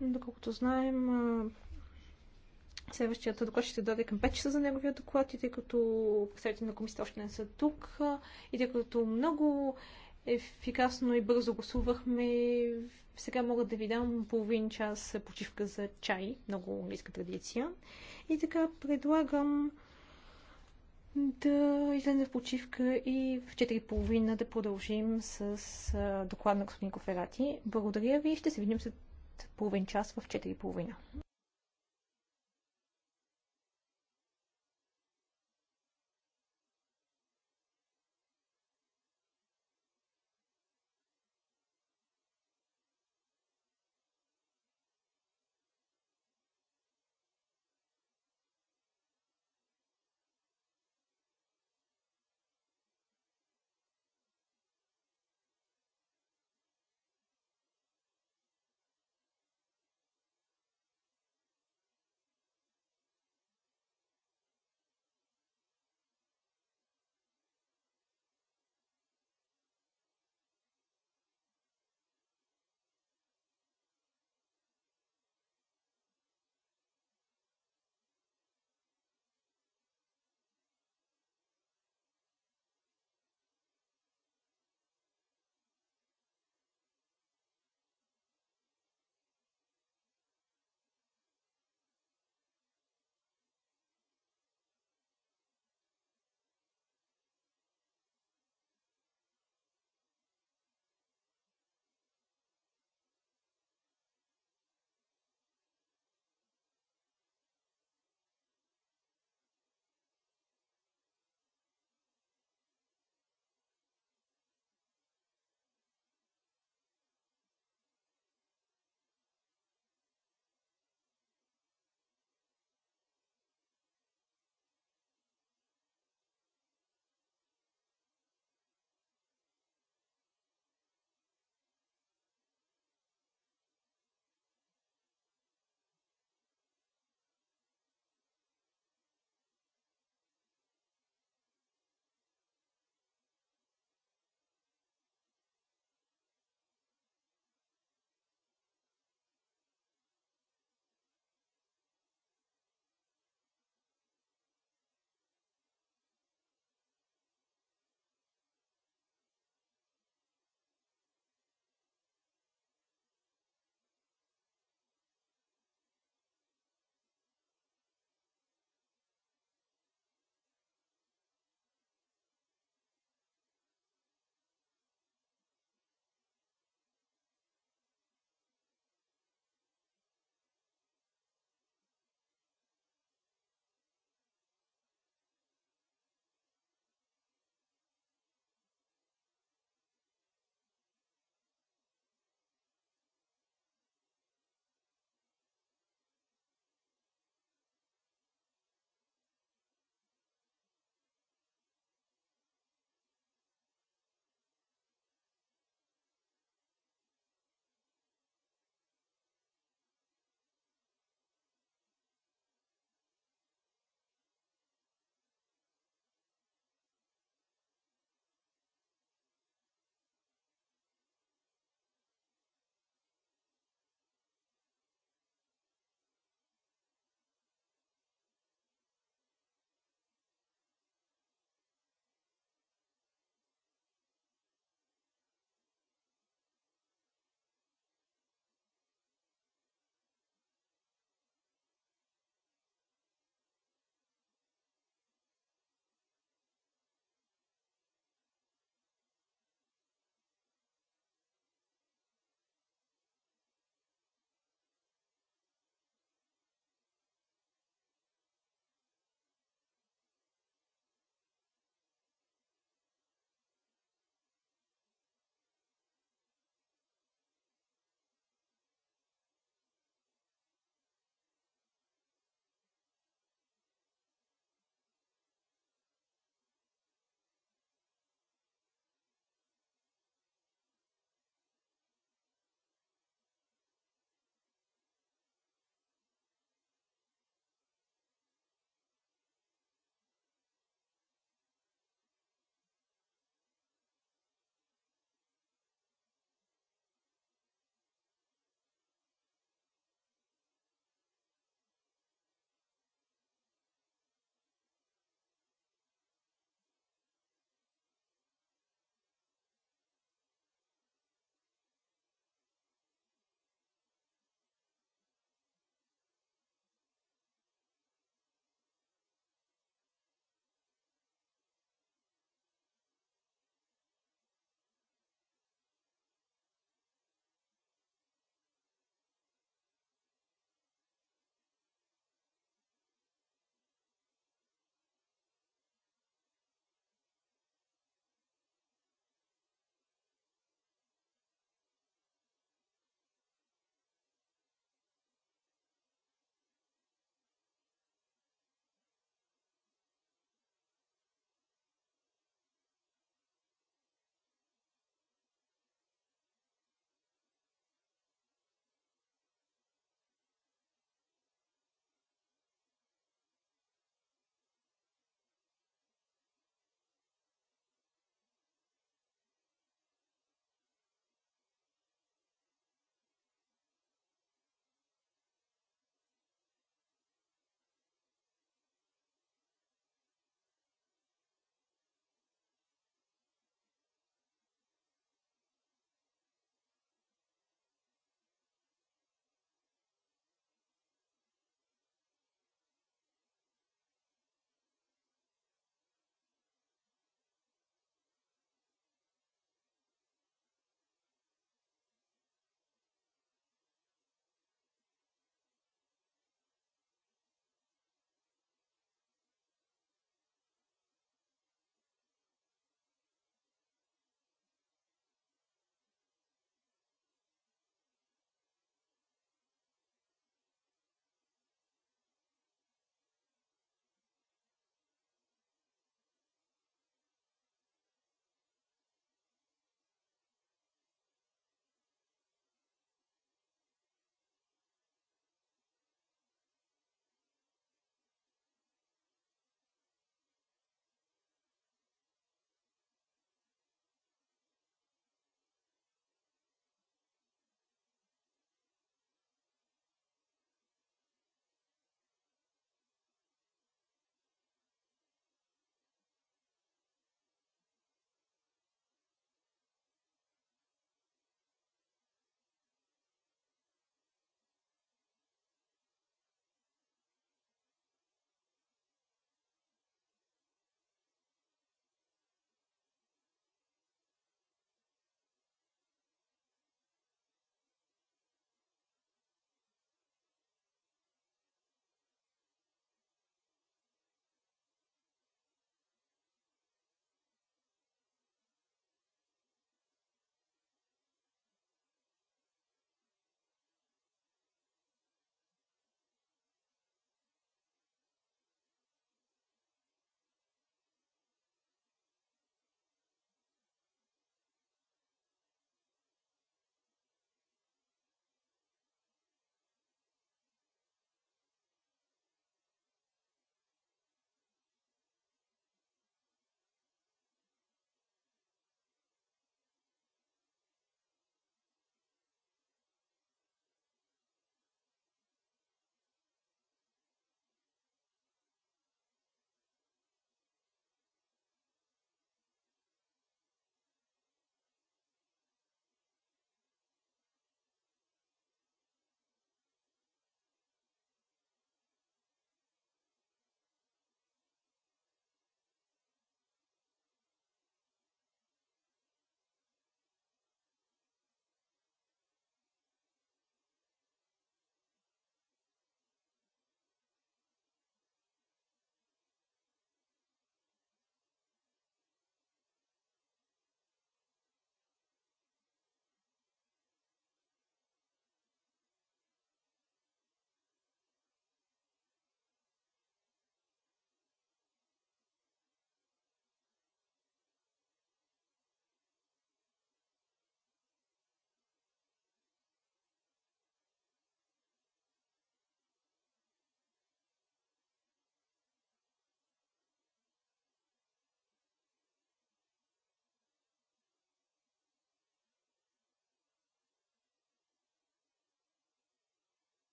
Доколкото знаем, следващият доклад ще даде към 5 часа за неговия доклад и тъй като представители на комисията още не са тук и тъй като много ефикасно и бързо гласувахме, сега мога да ви дам половин час почивка за чай, много английска традиция. И така предлагам да излезем в почивка и в 4.30 да продължим с доклад на господин Коферати. Благодаря ви и ще се видим след половин час в 4.30.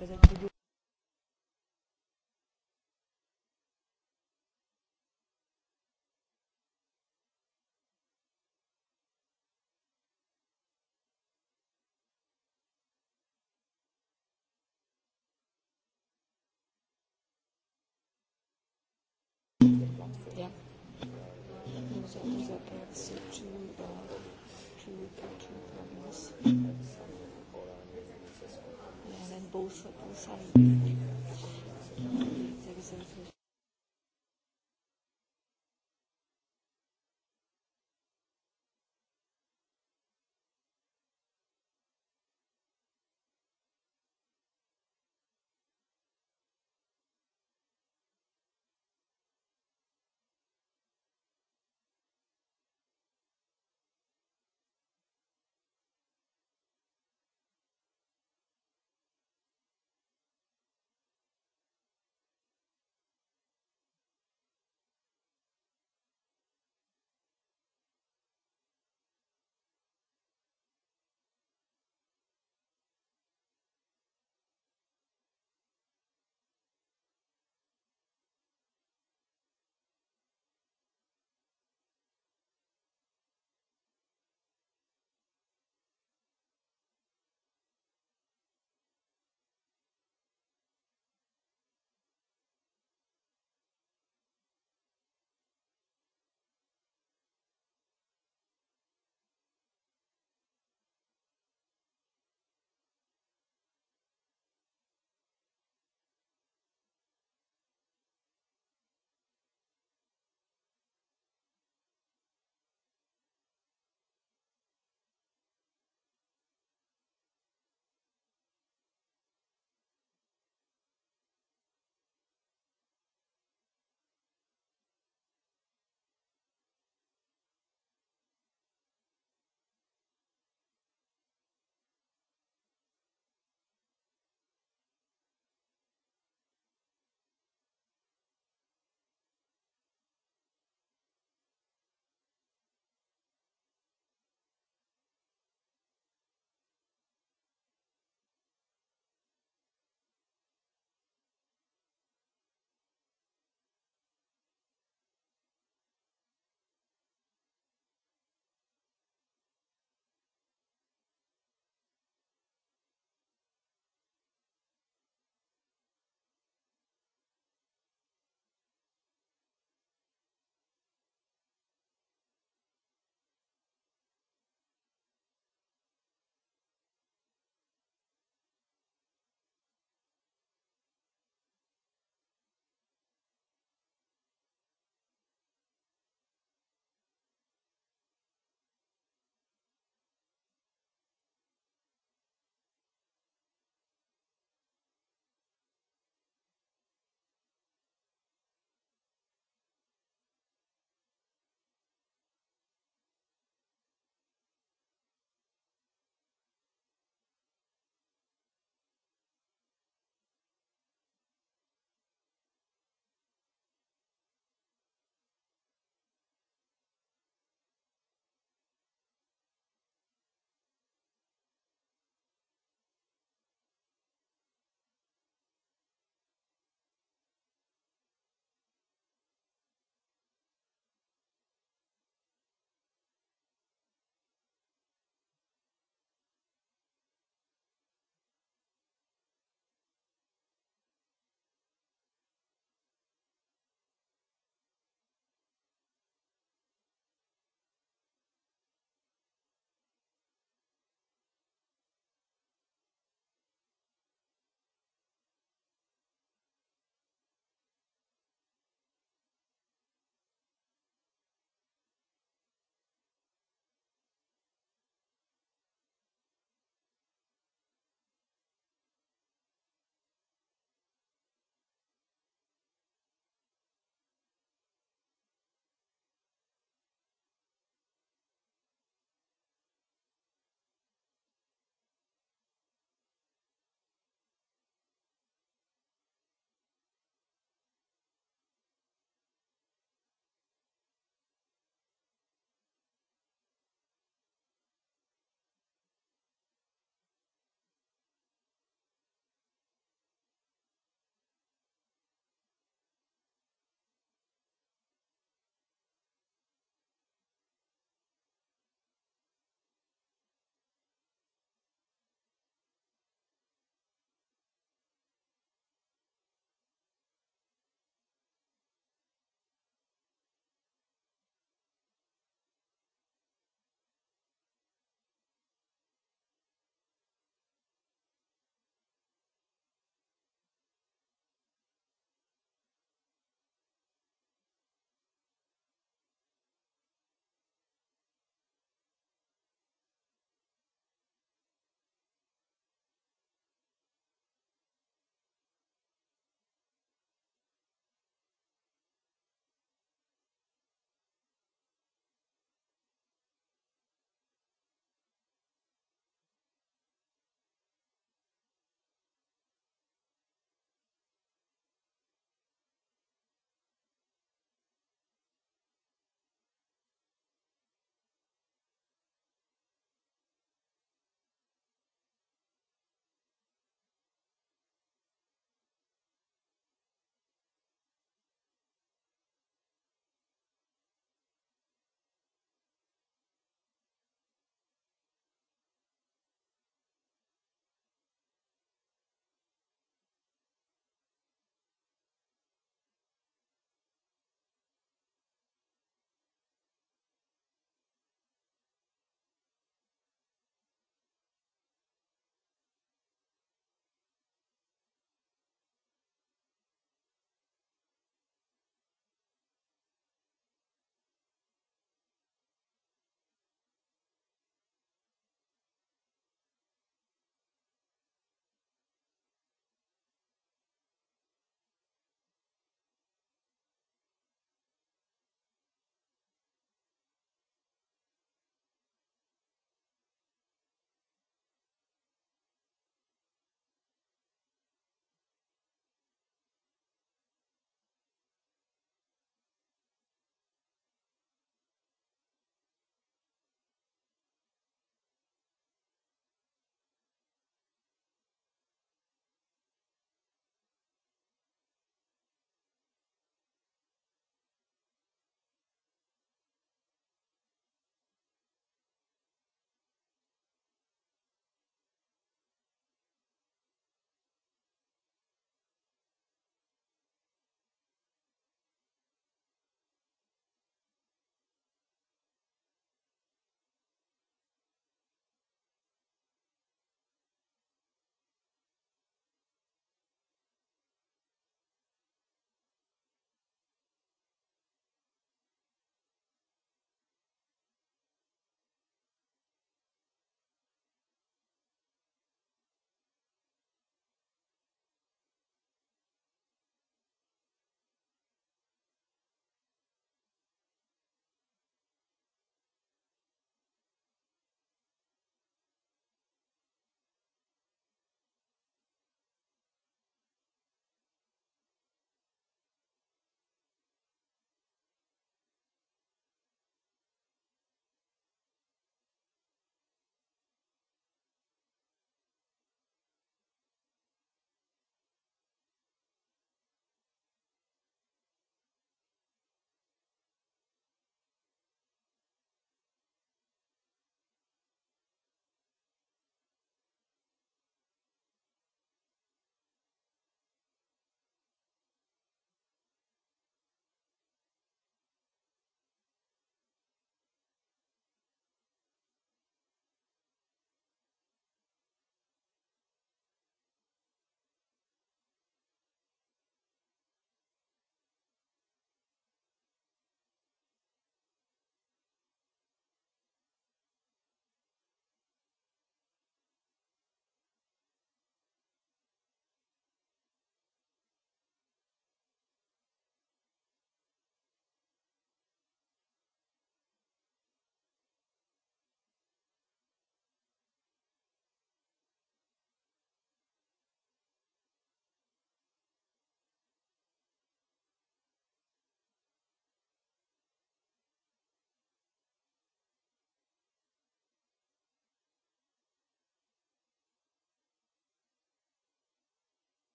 representative also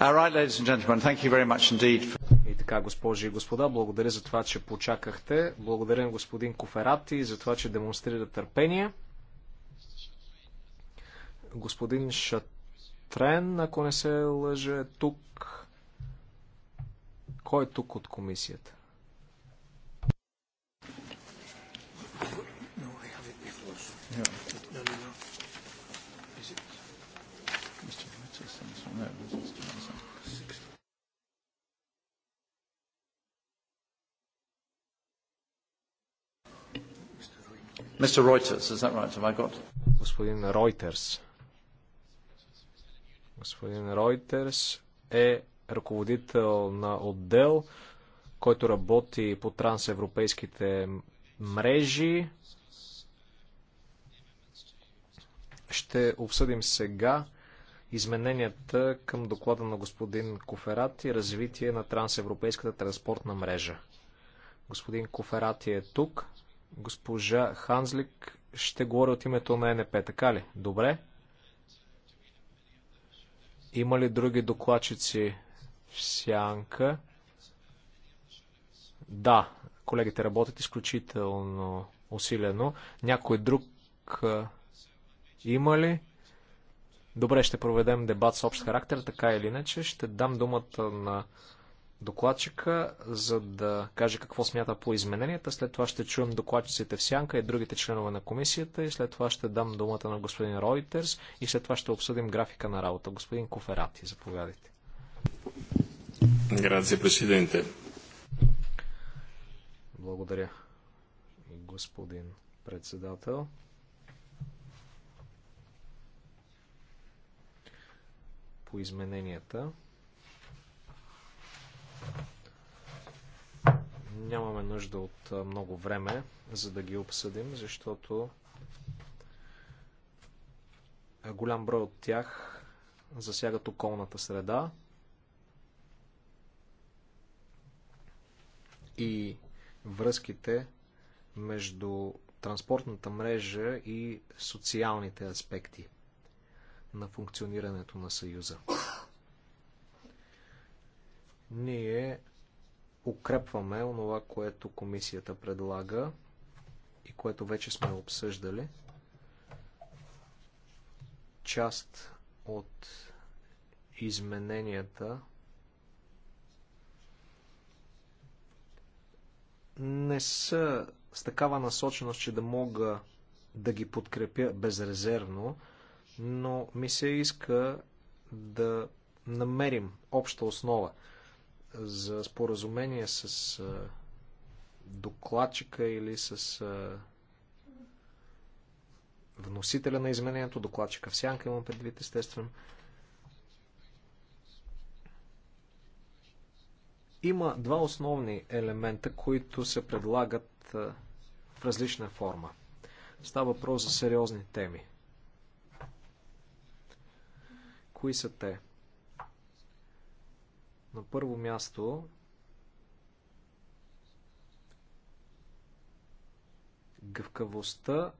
И така, госпожи и господа, благодаря за това, че почакахте. Благодаря на господин Коферати за това, че демонстрира търпение. Господин Шатрен, ако не се лъже, тук. Кой е тук от комисията? Mr. Reuters, is that right? Have I got... Господин Reuters. Господин Reuters е ръководител на отдел, който работи по трансевропейските мрежи. Ще обсъдим сега измененията към доклада на господин Коферати развитие на трансевропейската транспортна мрежа. Господин Коферати е тук. Госпожа Ханзлик ще говори от името на НП, така ли? Добре. Има ли други докладчици в сянка? Да, колегите работят изключително усилено. Някой друг има ли? Добре, ще проведем дебат с общ характер, така или иначе. Ще дам думата на докладчика, за да каже какво смята по измененията. След това ще чуем докладчиците в Сянка и другите членове на комисията и след това ще дам думата на господин Ройтерс и след това ще обсъдим графика на работа. Господин Коферати, заповядайте. Грация, президенте. Благодаря, господин председател. По измененията. Нямаме нужда от много време, за да ги обсъдим, защото голям брой от тях засягат околната среда и връзките между транспортната мрежа и социалните аспекти на функционирането на Съюза. Ние укрепваме онова, което комисията предлага и което вече сме обсъждали. Част от измененията не са с такава насоченост, че да мога да ги подкрепя безрезервно, но ми се иска да намерим обща основа за споразумение с докладчика или с вносителя на изменението, докладчика в сянка имам предвид естествено. Има два основни елемента, които се предлагат в различна форма. Става въпрос за сериозни теми. Кои са те? На първо място гъвкавостта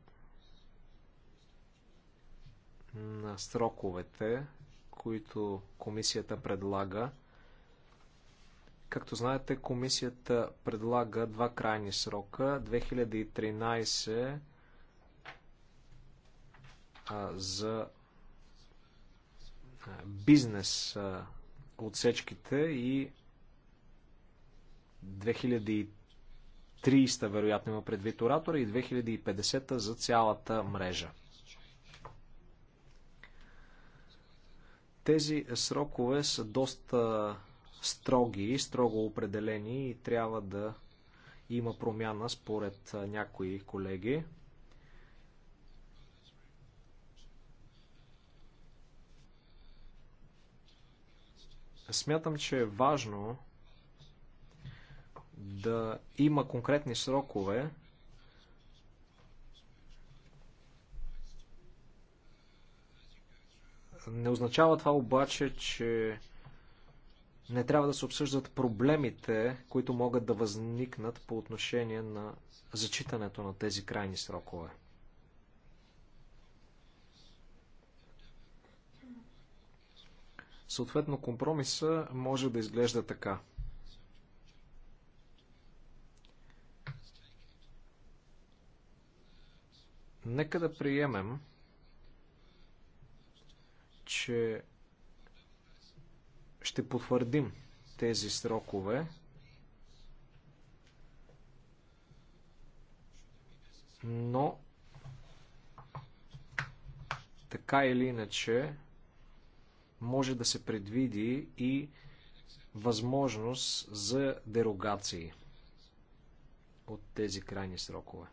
на сроковете, които комисията предлага. Както знаете, комисията предлага два крайни срока 2013 а, за бизнес отсечките и 2030 вероятно има предвид оратора и 2050 за цялата мрежа. Тези срокове са доста строги, строго определени и трябва да има промяна според някои колеги. Смятам, че е важно да има конкретни срокове, Не означава това обаче, че не трябва да се обсъждат проблемите, които могат да възникнат по отношение на зачитането на тези крайни срокове. Съответно, компромиса може да изглежда така. Нека да приемем, че ще потвърдим тези срокове. Но така или иначе, може да се предвиди и възможност за дерогации от тези крайни срокове.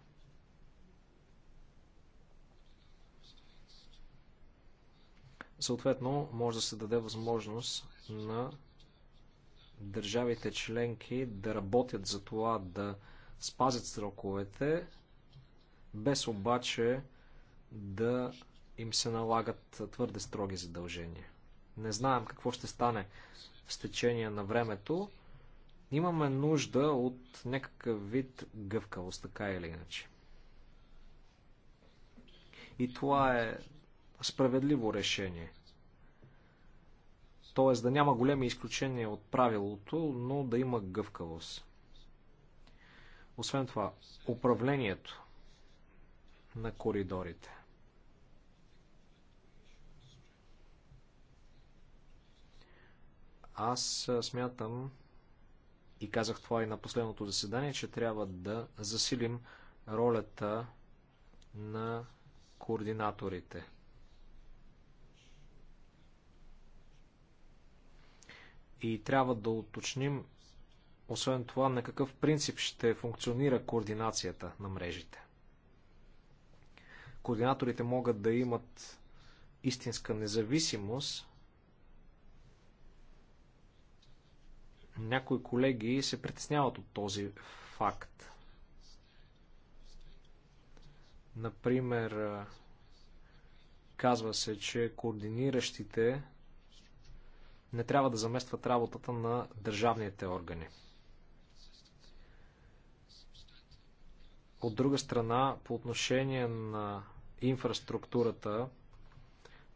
Съответно, може да се даде възможност на държавите членки да работят за това да спазят сроковете, без обаче да им се налагат твърде строги задължения. Не знаем какво ще стане с течение на времето. Имаме нужда от някакъв вид гъвкавост, така или иначе. И това е справедливо решение. Тоест да няма големи изключения от правилото, но да има гъвкавост. Освен това, управлението на коридорите – Аз смятам и казах това и на последното заседание, че трябва да засилим ролята на координаторите. И трябва да уточним, освен това, на какъв принцип ще функционира координацията на мрежите. Координаторите могат да имат истинска независимост, Някои колеги се притесняват от този факт. Например, казва се, че координиращите не трябва да заместват работата на държавните органи. От друга страна, по отношение на инфраструктурата,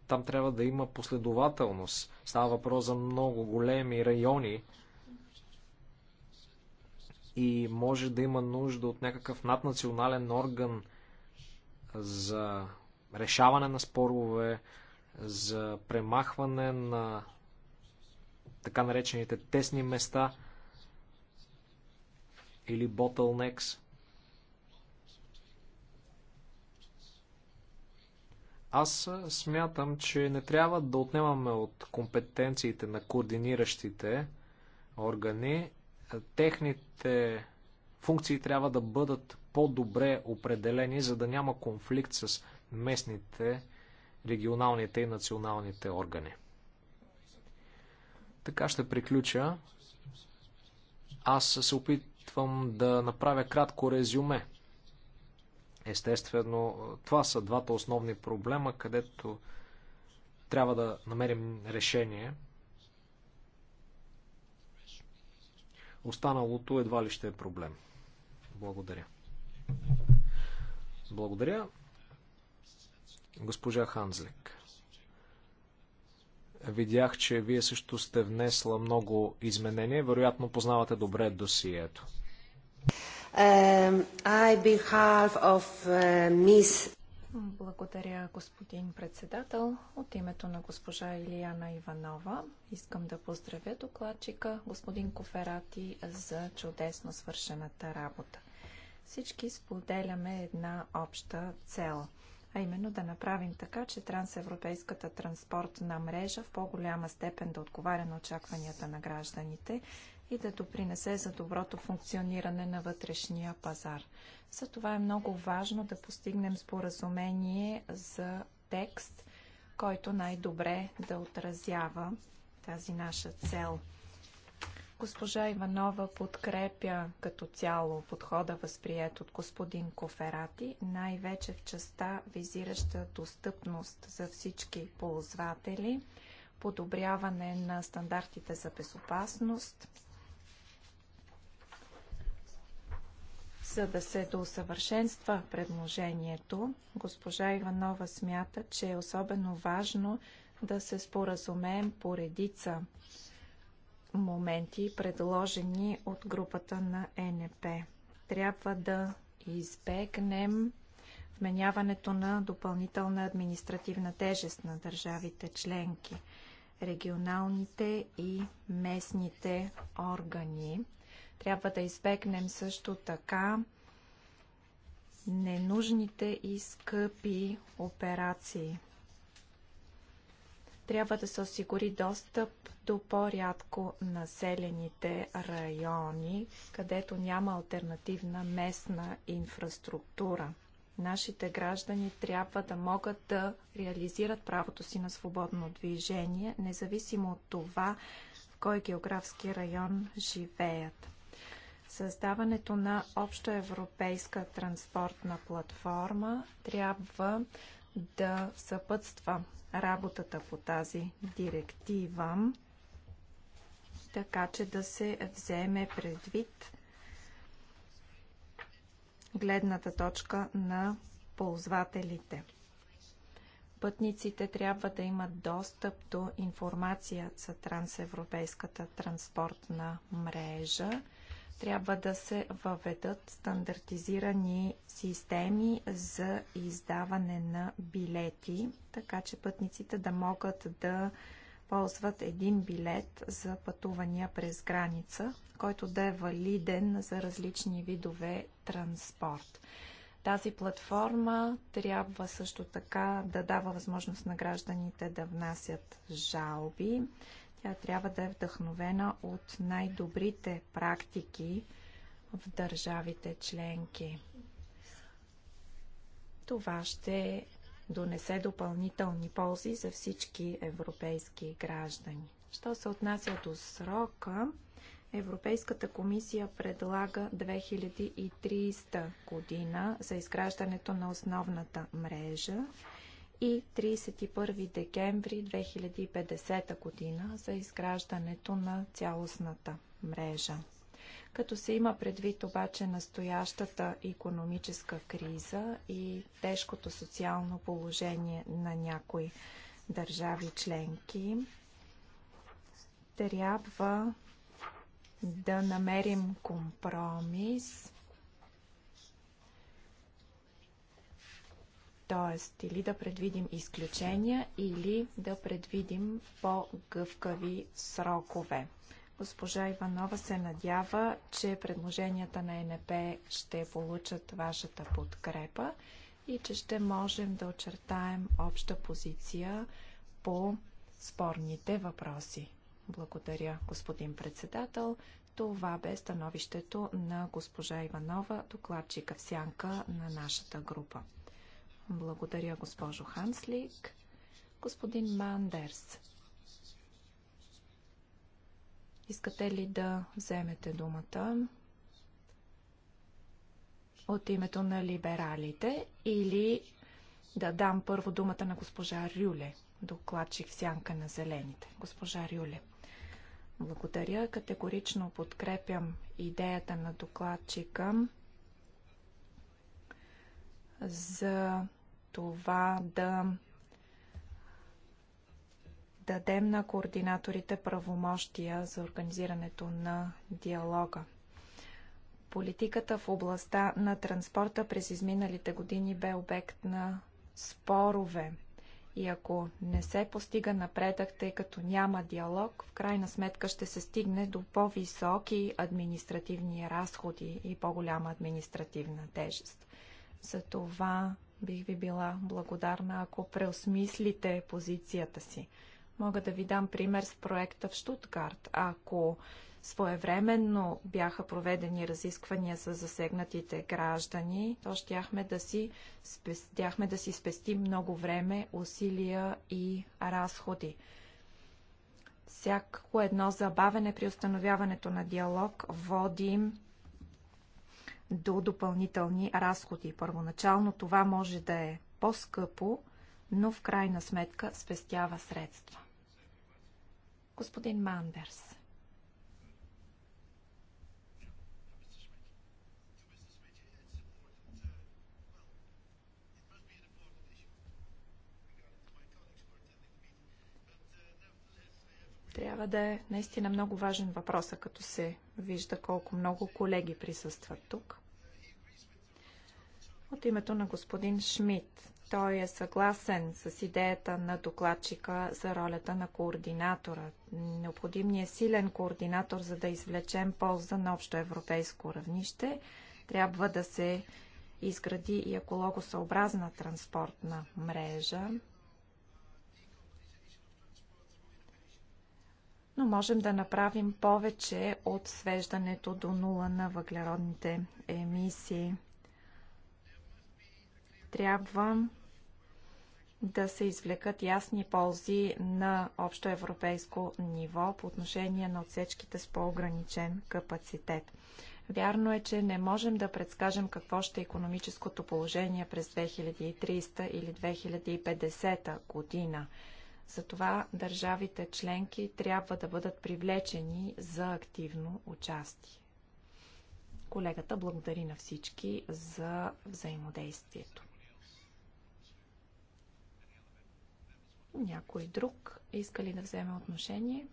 там трябва да има последователност. Става въпрос за много големи райони, и може да има нужда от някакъв наднационален орган за решаване на спорове, за премахване на така наречените тесни места или bottlenecks. Аз смятам, че не трябва да отнемаме от компетенциите на координиращите органи техните функции трябва да бъдат по-добре определени, за да няма конфликт с местните, регионалните и националните органи. Така ще приключа. Аз се опитвам да направя кратко резюме. Естествено, това са двата основни проблема, където трябва да намерим решение – Останалото едва ли ще е проблем. Благодаря. Благодаря. Госпожа Ханзлик. Видях, че вие също сте внесла много изменения. Вероятно познавате добре досието. Um, I behalf of uh, Miss благодаря, господин председател. От името на госпожа Илияна Иванова искам да поздравя докладчика господин Коферати за чудесно свършената работа. Всички споделяме една обща цел – а именно да направим така, че трансевропейската транспортна мрежа в по-голяма степен да отговаря на очакванията на гражданите и да допринесе за доброто функциониране на вътрешния пазар. За това е много важно да постигнем споразумение за текст, който най-добре да отразява тази наша цел. Госпожа Иванова подкрепя като цяло подхода възприят от господин Коферати, най-вече в частта визираща достъпност за всички ползватели, подобряване на стандартите за безопасност, За да се доусъвършенства предложението, госпожа Иванова смята, че е особено важно да се споразумеем по редица моменти, предложени от групата на НП. Трябва да избегнем вменяването на допълнителна административна тежест на държавите членки, регионалните и местните органи трябва да избегнем също така ненужните и скъпи операции. Трябва да се осигури достъп до по-рядко населените райони, където няма альтернативна местна инфраструктура. Нашите граждани трябва да могат да реализират правото си на свободно движение, независимо от това в кой географски район живеят. Създаването на обща европейска транспортна платформа трябва да съпътства работата по тази директива, така че да се вземе предвид гледната точка на ползвателите. Пътниците трябва да имат достъп до информация за трансевропейската транспортна мрежа трябва да се въведат стандартизирани системи за издаване на билети, така че пътниците да могат да ползват един билет за пътувания през граница, който да е валиден за различни видове транспорт. Тази платформа трябва също така да дава възможност на гражданите да внасят жалби, тя трябва да е вдъхновена от най-добрите практики в държавите членки. Това ще донесе допълнителни ползи за всички европейски граждани. Що се отнася до срока, Европейската комисия предлага 2030 година за изграждането на основната мрежа и 31 декември 2050 година за изграждането на цялостната мрежа. Като се има предвид обаче настоящата економическа криза и тежкото социално положение на някои държави членки, трябва да намерим компромис Т.е. или да предвидим изключения, или да предвидим по-гъвкави срокове. Госпожа Иванова се надява, че предложенията на НП ще получат вашата подкрепа и че ще можем да очертаем обща позиция по спорните въпроси. Благодаря, господин председател. Това бе становището на госпожа Иванова, докладчика в сянка на нашата група. Благодаря, госпожо Ханслик. Господин Мандерс, искате ли да вземете думата от името на либералите или да дам първо думата на госпожа Рюле, докладчик в сянка на зелените? Госпожа Рюле. Благодаря. Категорично подкрепям идеята на докладчика за това да дадем на координаторите правомощия за организирането на диалога. Политиката в областта на транспорта през изминалите години бе обект на спорове. И ако не се постига напредък, тъй като няма диалог, в крайна сметка ще се стигне до по-високи административни разходи и по-голяма административна тежест. Затова Бих ви била благодарна, ако преосмислите позицията си. Мога да ви дам пример с проекта в Штутгарт. Ако своевременно бяха проведени разисквания с засегнатите граждани, то щяхме да си, спестяхме да си спестим много време, усилия и разходи. Всяко едно забавене при установяването на диалог води до допълнителни разходи. Първоначално това може да е по-скъпо, но в крайна сметка спестява средства. Господин Мандерс. Трябва да е наистина много важен въпрос, като се вижда колко много колеги присъстват тук. От името на господин Шмидт. Той е съгласен с идеята на докладчика за ролята на координатора. Необходим ни е силен координатор, за да извлечем полза на общо европейско равнище. Трябва да се изгради и екологосъобразна транспортна мрежа. но можем да направим повече от свеждането до нула на въглеродните емисии. Трябва да се извлекат ясни ползи на общо европейско ниво по отношение на отсечките с по-ограничен капацитет. Вярно е, че не можем да предскажем какво ще е економическото положение през 2300 или 2050 година. Затова държавите членки трябва да бъдат привлечени за активно участие. Колегата благодари на всички за взаимодействието. Някой друг иска ли да вземе отношение?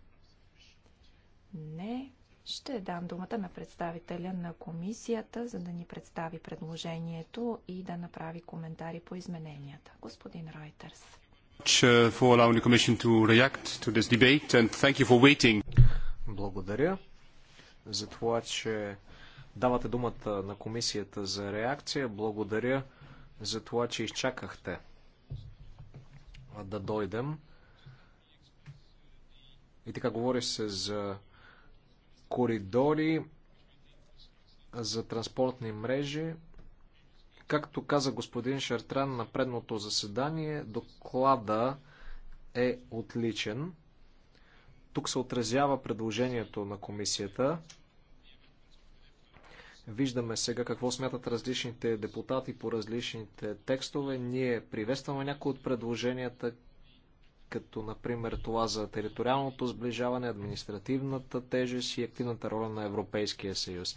Не. Ще дам думата на представителя на комисията, за да ни представи предложението и да направи коментари по измененията. Господин Ройтерс. Благодаря за това, че давате думата на комисията за реакция. Благодаря за това, че изчакахте да дойдем. И така говори се за коридори, за транспортни мрежи. Както каза господин Шартран на предното заседание, доклада е отличен. Тук се отразява предложението на комисията. Виждаме сега какво смятат различните депутати по различните текстове. Ние приветстваме някои от предложенията, като например това за териториалното сближаване, административната тежест и активната роля на Европейския съюз.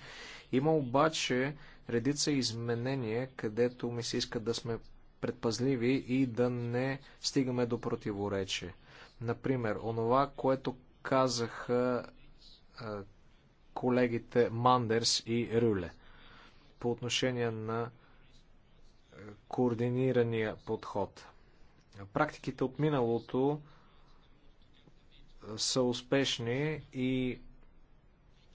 Има обаче редица изменения, където ми се иска да сме предпазливи и да не стигаме до противоречие. Например, онова, което казаха колегите Мандерс и Рюле по отношение на координирания подход. Практиките от миналото са успешни и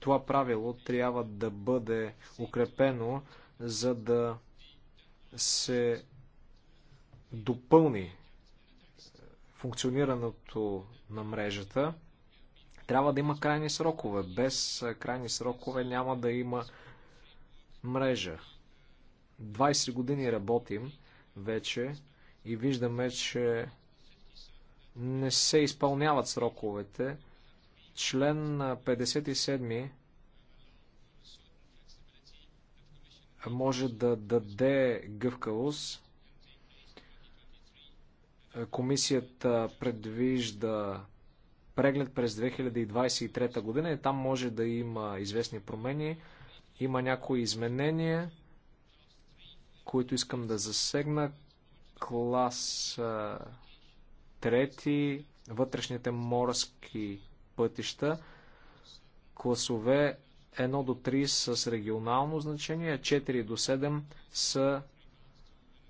това правило трябва да бъде укрепено, за да се допълни функционирането на мрежата. Трябва да има крайни срокове. Без крайни срокове няма да има мрежа. 20 години работим вече и виждаме, че не се изпълняват сроковете. Член 57 може да даде гъвкавост. Комисията предвижда преглед през 2023 година и там може да има известни промени. Има някои изменения, които искам да засегна. Клас 3, вътрешните морски пътища. Класове 1 до 3 с регионално значение, 4 до 7 са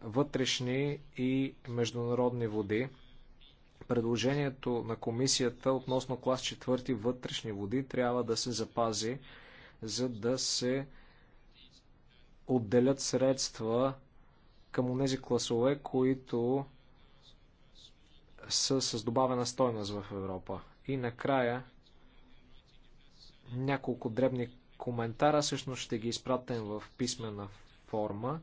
вътрешни и международни води. Предложението на комисията относно клас 4 вътрешни води трябва да се запази, за да се отделят средства към тези класове, които са с добавена стойност в Европа. И накрая няколко дребни коментара, всъщност ще ги изпратим в писмена форма.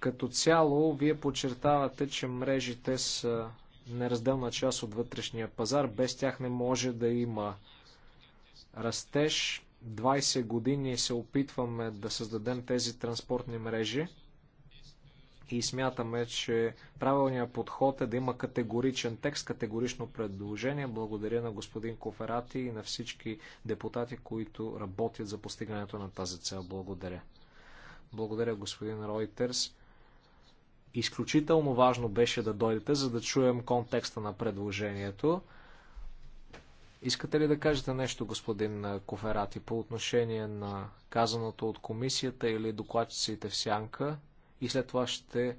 Като цяло, вие подчертавате, че мрежите са неразделна част от вътрешния пазар. Без тях не може да има растеж. 20 години се опитваме да създадем тези транспортни мрежи и смятаме, че правилният подход е да има категоричен текст, категорично предложение. Благодаря на господин Коферати и на всички депутати, които работят за постигането на тази цел. Благодаря. Благодаря, господин Ройтерс. Изключително важно беше да дойдете, за да чуем контекста на предложението. Искате ли да кажете нещо, господин Коферати, по отношение на казаното от комисията или докладчиците в сянка? и след това ще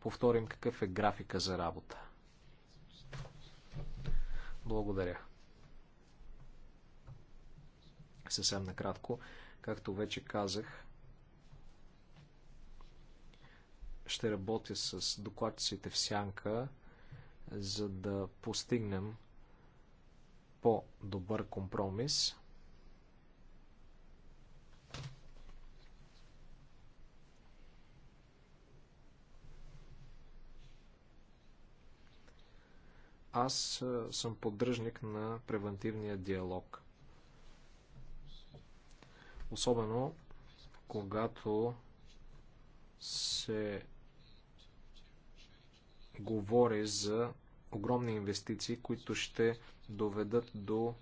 повторим какъв е графика за работа. Благодаря. Съвсем накратко, както вече казах, ще работя с докладчиците в сянка, за да постигнем по-добър компромис. Аз е, съм поддръжник на превентивния диалог. Особено когато се говори за огромни инвестиции, които ще доведат до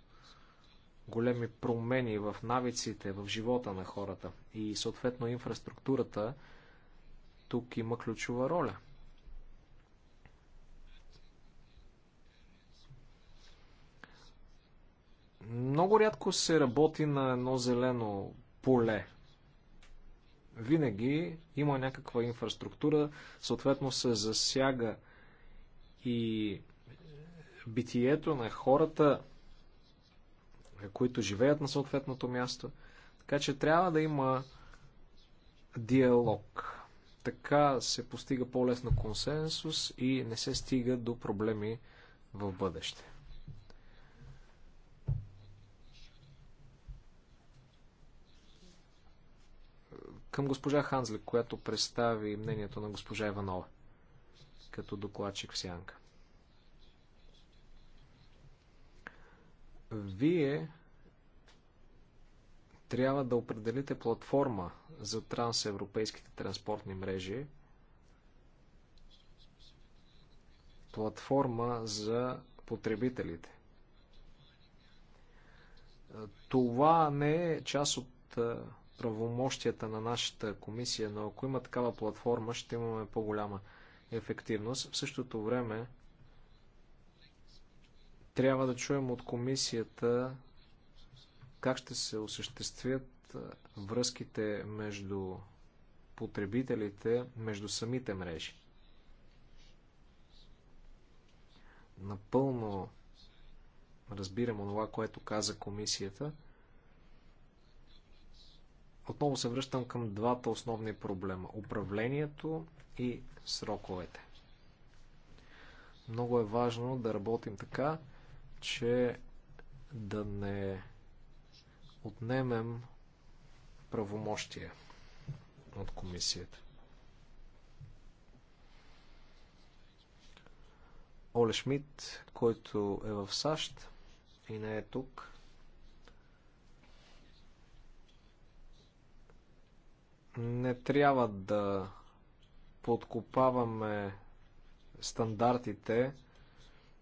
големи промени в навиците, в живота на хората и съответно инфраструктурата тук има ключова роля – Много рядко се работи на едно зелено поле. Винаги има някаква инфраструктура, съответно се засяга и битието на хората, които живеят на съответното място. Така че трябва да има диалог. Така се постига по-лесно консенсус и не се стига до проблеми в бъдеще. към госпожа Ханзлик, която представи мнението на госпожа Иванова като докладчик в Сянка. Вие трябва да определите платформа за трансевропейските транспортни мрежи, платформа за потребителите. Това не е част от правомощията на нашата комисия, но ако има такава платформа, ще имаме по-голяма ефективност. В същото време трябва да чуем от комисията как ще се осъществят връзките между потребителите, между самите мрежи. Напълно разбирам онова, което каза комисията – отново се връщам към двата основни проблема управлението и сроковете. Много е важно да работим така, че да не отнемем правомощия от комисията. Оле Шмидт, който е в САЩ и не е тук, Не трябва да подкопаваме стандартите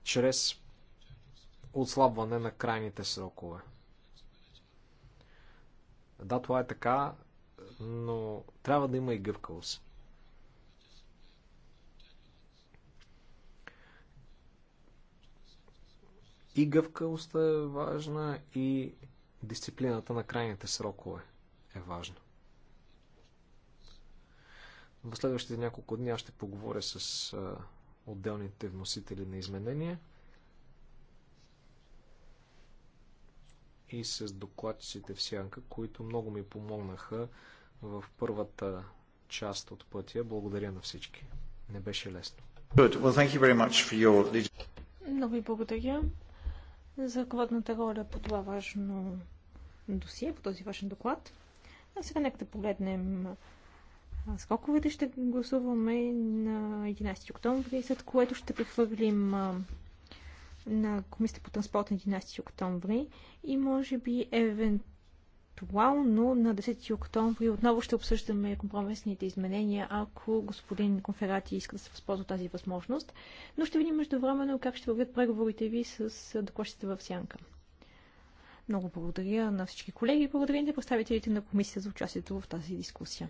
чрез отслабване на крайните срокове. Да, това е така, но трябва да има и гъвкавост. И гъвкавостта е важна, и дисциплината на крайните срокове е важна. В следващите няколко дни аз ще поговоря с отделните вносители на изменения и с докладчиците в Сянка, които много ми помогнаха в първата част от пътя. Благодаря на всички. Не беше лесно. Много ви благодаря за ръководната роля по това важно досие, по този важен доклад. А сега нека да погледнем сроковете ще гласуваме на 11 октомври, след което ще прехвърлим на Комисията по транспорт на 11 октомври и може би евентуално на 10 октомври отново ще обсъждаме компромисните изменения, ако господин Конферати иска да се възползва тази възможност. Но ще видим междувременно как ще вървят преговорите ви с докладчите в Сянка. Много благодаря на всички колеги и благодаря на представителите на комисията за участието в тази дискусия.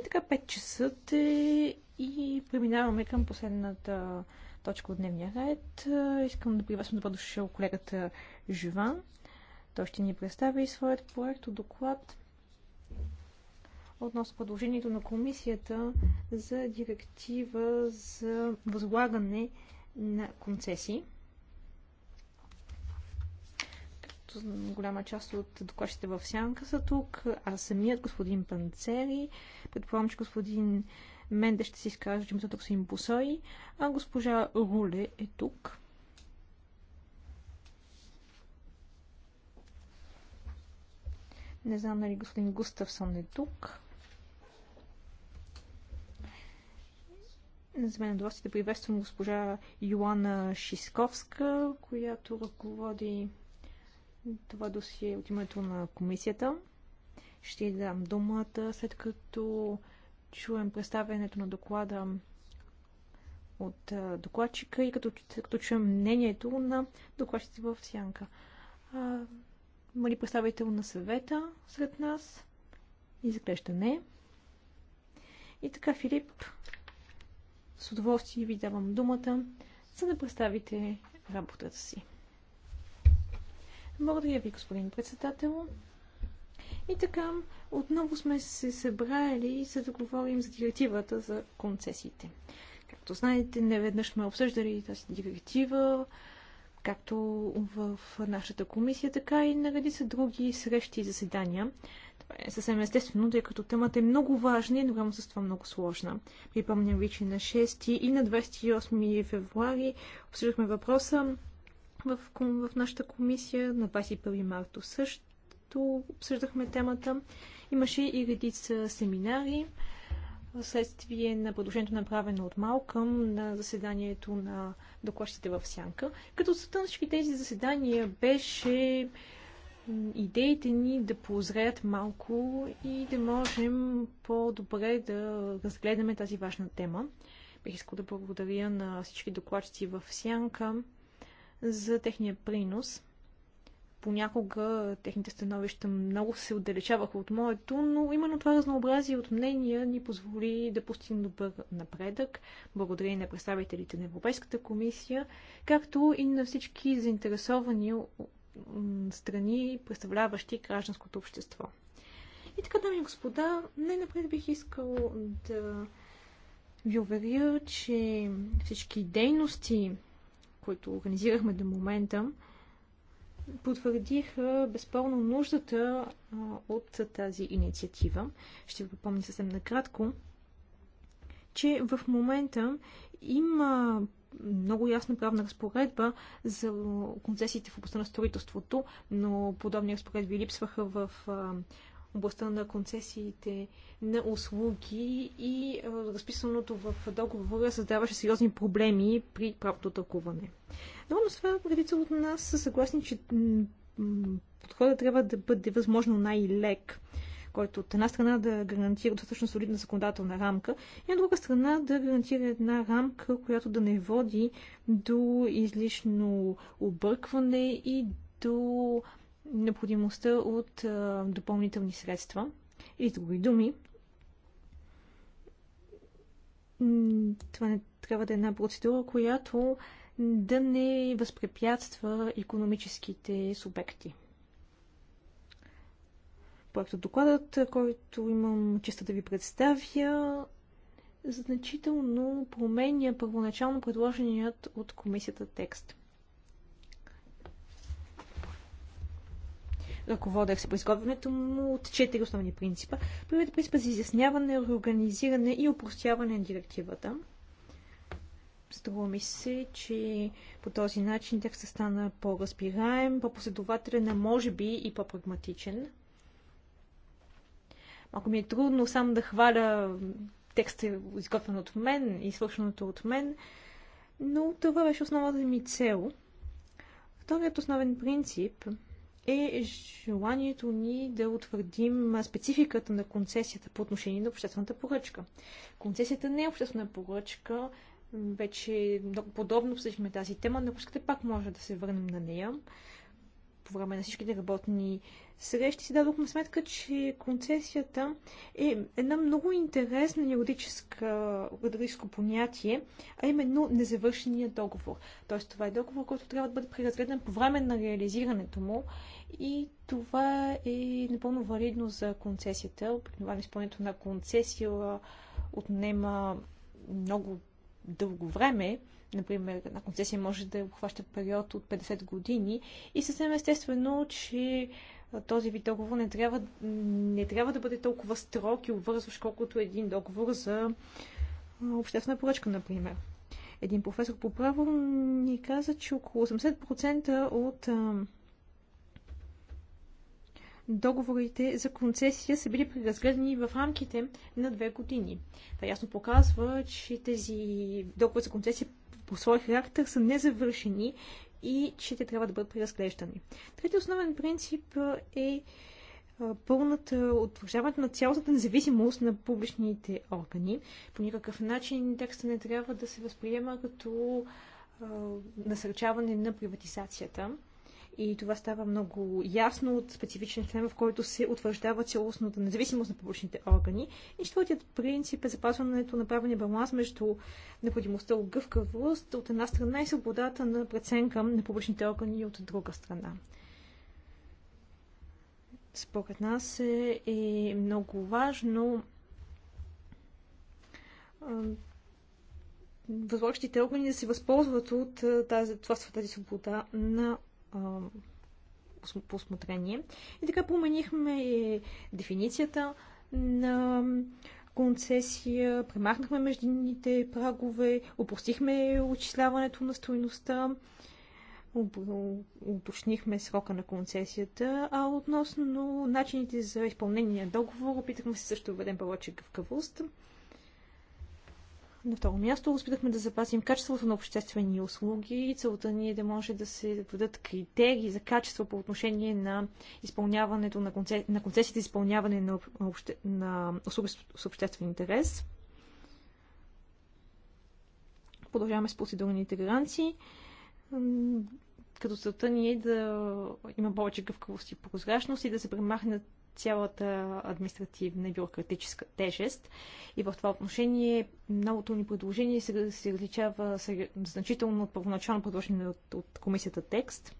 И така 5 часа е и преминаваме към последната точка от дневния ред. Искам да приветствам добре дошъл колегата Живан. Той ще ни представи своят проект от доклад относно предложението на комисията за директива за възлагане на концесии. Като голяма част от докладчите в сянка са тук, а самият господин Панцери, Предполагам, че господин Менде ще си изкаже, че името са им посои, а госпожа Руле е тук. Не знам нали господин Густавсон е тук. За мен е удоволствие да приветствам госпожа Йоанна Шисковска, която ръководи това досие от името на комисията. Ще дам думата, след като чуем представянето на доклада от докладчика и като, като чуем мнението на докладчите в Сянка. има ли представител на съвета сред нас? Изглежда не. И така, Филип, с удоволствие ви давам думата, за да представите работата си. Благодаря ви, господин председател. И така, отново сме се събрали, за да говорим за директивата за концесиите. Както знаете, неведнъж сме обсъждали тази директива, както в нашата комисия, така и на редица други срещи и заседания. Това е съвсем естествено, тъй като темата е много важна и едновременно с това много сложна. Припомням ви, че на 6 и на 28 февруари обсъждахме въпроса в, в нашата комисия, на 21 марта също като обсъждахме темата. Имаше и редица семинари следствие на предложението направено от Малкъм на заседанието на докладчите в Сянка. Като целта на всички тези заседания беше идеите ни да поозреят малко и да можем по-добре да разгледаме тази важна тема. Бих искал да благодаря на всички докладчици в Сянка за техния принос понякога техните становища много се отдалечаваха от моето, но именно това разнообразие от мнения ни позволи да постигнем добър напредък, благодарение на представителите на Европейската комисия, както и на всички заинтересовани страни, представляващи гражданското общество. И така, дами и господа, най-напред бих искал да ви уверя, че всички дейности, които организирахме до момента, потвърдиха безспорно нуждата от тази инициатива. Ще ви попомня съвсем накратко, че в момента има много ясна правна разпоредба за концесиите в областта на строителството, но подобни разпоредби липсваха в областта на концесиите на услуги и разписаното в договора създаваше сериозни проблеми при правото тълкуване. Но на това, редица от нас са съгласни, че подходът трябва да бъде възможно най-лек който от една страна да гарантира достатъчно солидна законодателна рамка и от друга страна да гарантира една рамка, която да не води до излишно объркване и до необходимостта от а, допълнителни средства. Или други думи, това не трябва да е една процедура, която да не възпрепятства економическите субекти. Проектът докладът, който имам честа да ви представя, значително променя първоначално предложеният от комисията текст. ръководех по изготвянето му от четири основни принципа. Първият принцип е за изясняване, реорганизиране и упростяване на директивата. Струва ми се, че по този начин текстът стана по-разбираем, по-последователен, а може би и по-прагматичен. Ако ми е трудно само да хваля текста, изготвен от мен и свършеното от мен, но това беше основната ми цел. Вторият основен принцип – е желанието ни да утвърдим спецификата на концесията по отношение на обществената поръчка. Концесията не е обществена поръчка, вече много подобно обсъдихме тази тема, но ако искате пак може да се върнем на нея по време на всичките работни срещи си дадохме сметка, че концесията е една много интересна юридическа, юридическо понятие, а именно незавършения договор. Тоест това е договор, който трябва да бъде преразгледан по време на реализирането му и това е напълно валидно за концесията. Обикновено изпълнението на концесия отнема много дълго време Например, една концесия може да обхваща период от 50 години и съвсем естествено, че този вид договор не трябва, не трябва да бъде толкова строг и обвързващ, колкото един договор за обществена поръчка, например. Един професор по право ни каза, че около 80% от договорите за концесия са били преразгледани в рамките на две години. Това ясно показва, че тези договори за концесия по свой характер са незавършени и че те трябва да бъдат преразглеждани. Третият основен принцип е пълната утвърждаването на цялостната независимост на публичните органи. По никакъв начин текста не трябва да се възприема като насърчаване на приватизацията и това става много ясно от специфичен член, в който се утвърждава цялостната независимост на публичните органи. И четвъртият принцип е запазването на правилния баланс между необходимостта от гъвкавост от една страна и свободата на преценка на публичните органи от друга страна според нас е, е много важно възложащите органи да се възползват от тази, това, тази свобода на по осмотрение. И така променихме дефиницията на концесия, премахнахме междинните прагове, опростихме отчисляването на стоеността, уточнихме срока на концесията, а относно начините за изпълнение на договор, опитахме се също да введем повече гъвкавост. На второ място успяхме да запазим качеството на обществени услуги. Целта ни е да може да се въдат критерии за качество по отношение на изпълняването на, концес... на концесиите, изпълняване на, обще... на услуги с обществен интерес. Продължаваме с процедурните гаранции. Като целта ни е да има повече гъвкавост и прозрачност и да се премахнат цялата административна и бюрократическа тежест. И в това отношение новото ни предложение се, се различава се, значително от първоначално предложение от, от комисията текст.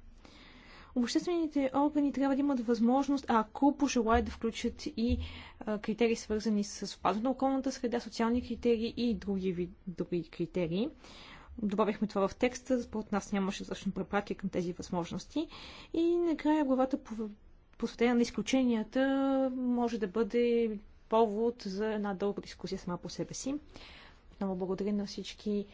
Обществените органи трябва да имат възможност, ако пожелаят да включат и а, критерии свързани с опазване на околната среда, социални критерии и други, други критерии. Добавихме това в текста, според нас нямаше всъщност препратки към тези възможности. И накрая главата по посветена на изключенията, може да бъде повод за една дълга дискусия сама по себе си. Много благодаря на всички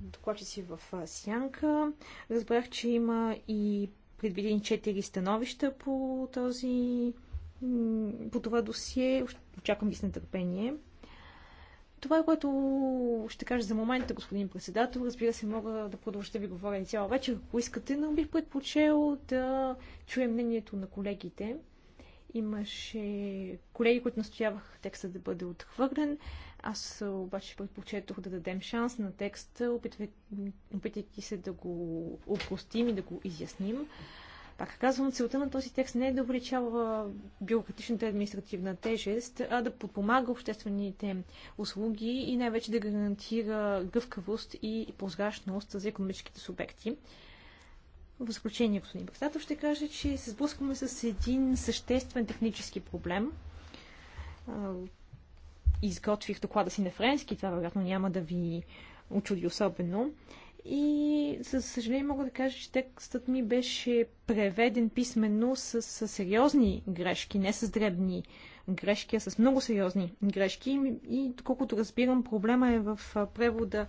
докладчици в Сянка. Разбрах, че има и предвидени четири становища по този по това досие. Очаквам ги с нетърпение. Това е което ще кажа за момента, господин председател. Разбира се, мога да продължа да ви говоря и цяла вечер, ако искате, но бих предпочел да чуя мнението на колегите. Имаше колеги, които настоявах текста да бъде отхвърлен. Аз обаче предпочетох да дадем шанс на текста, опитвайки се да го опростим и да го изясним. Пак казвам, целта на този текст не е да увеличава бюрократичната административна тежест, а да подпомага обществените услуги и най-вече да гарантира гъвкавост и прозрачност за економическите субекти. В заключение, господин председател, ще кажа, че се сблъскваме с един съществен технически проблем. Изготвих доклада си на френски, това вероятно няма да ви очуди особено. И за съжаление мога да кажа, че текстът ми беше преведен писменно с, с сериозни грешки, не с дребни грешки, а с много сериозни грешки. И доколкото разбирам, проблема е в превода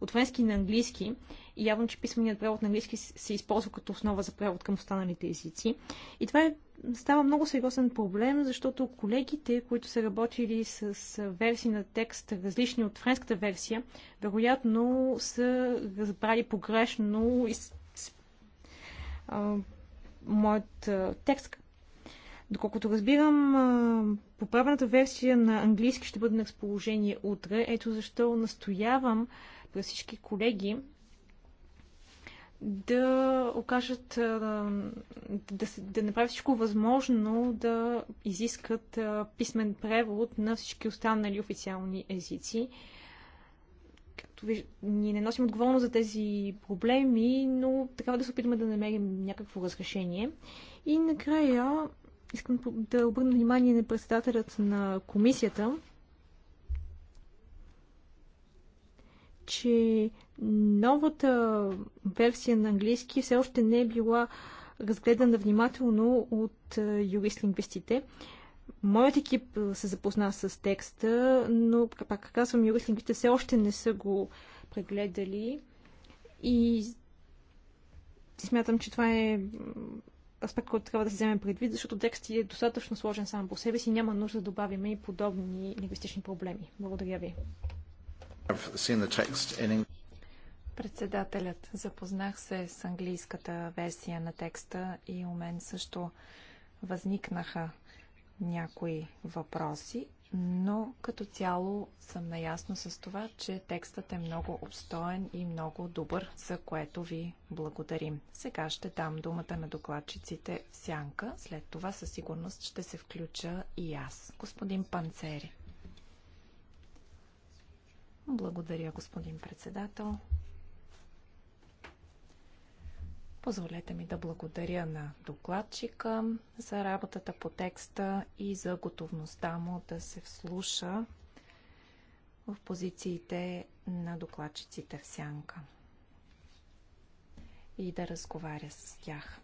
от френски на английски. И явно, че писменият превод на английски се използва като основа за превод към останалите езици. И това е става много сериозен проблем, защото колегите, които са работили с версии на текст, различни от френската версия, вероятно са разбрали погрешно из... а, моят а, текст. Доколкото разбирам, а, поправената версия на английски ще бъде на разположение утре. Ето защо настоявам през всички колеги да окажат, да, да направят всичко възможно да изискат писмен превод на всички останали официални езици. Както виж, ние не носим отговорност за тези проблеми, но трябва да се опитаме да намерим някакво разрешение. И накрая искам да обърна внимание на председателят на комисията, че новата версия на английски все още не е била разгледана внимателно от е, юрист-лингвистите. Моят екип е, се запозна с текста, но, пак казвам, юрист-лингвистите все още не са го прегледали и смятам, че това е аспект, който трябва да се вземе предвид, защото текстът е достатъчно сложен сам по себе си, няма нужда да добавяме и подобни лингвистични проблеми. Благодаря ви. Председателят, запознах се с английската версия на текста и у мен също възникнаха някои въпроси, но като цяло съм наясно с това, че текстът е много обстоен и много добър, за което ви благодарим. Сега ще дам думата на докладчиците в сянка, след това със сигурност ще се включа и аз. Господин Панцери. Благодаря, господин председател. Позволете ми да благодаря на докладчика за работата по текста и за готовността му да се вслуша в позициите на докладчиците в сянка и да разговаря с тях.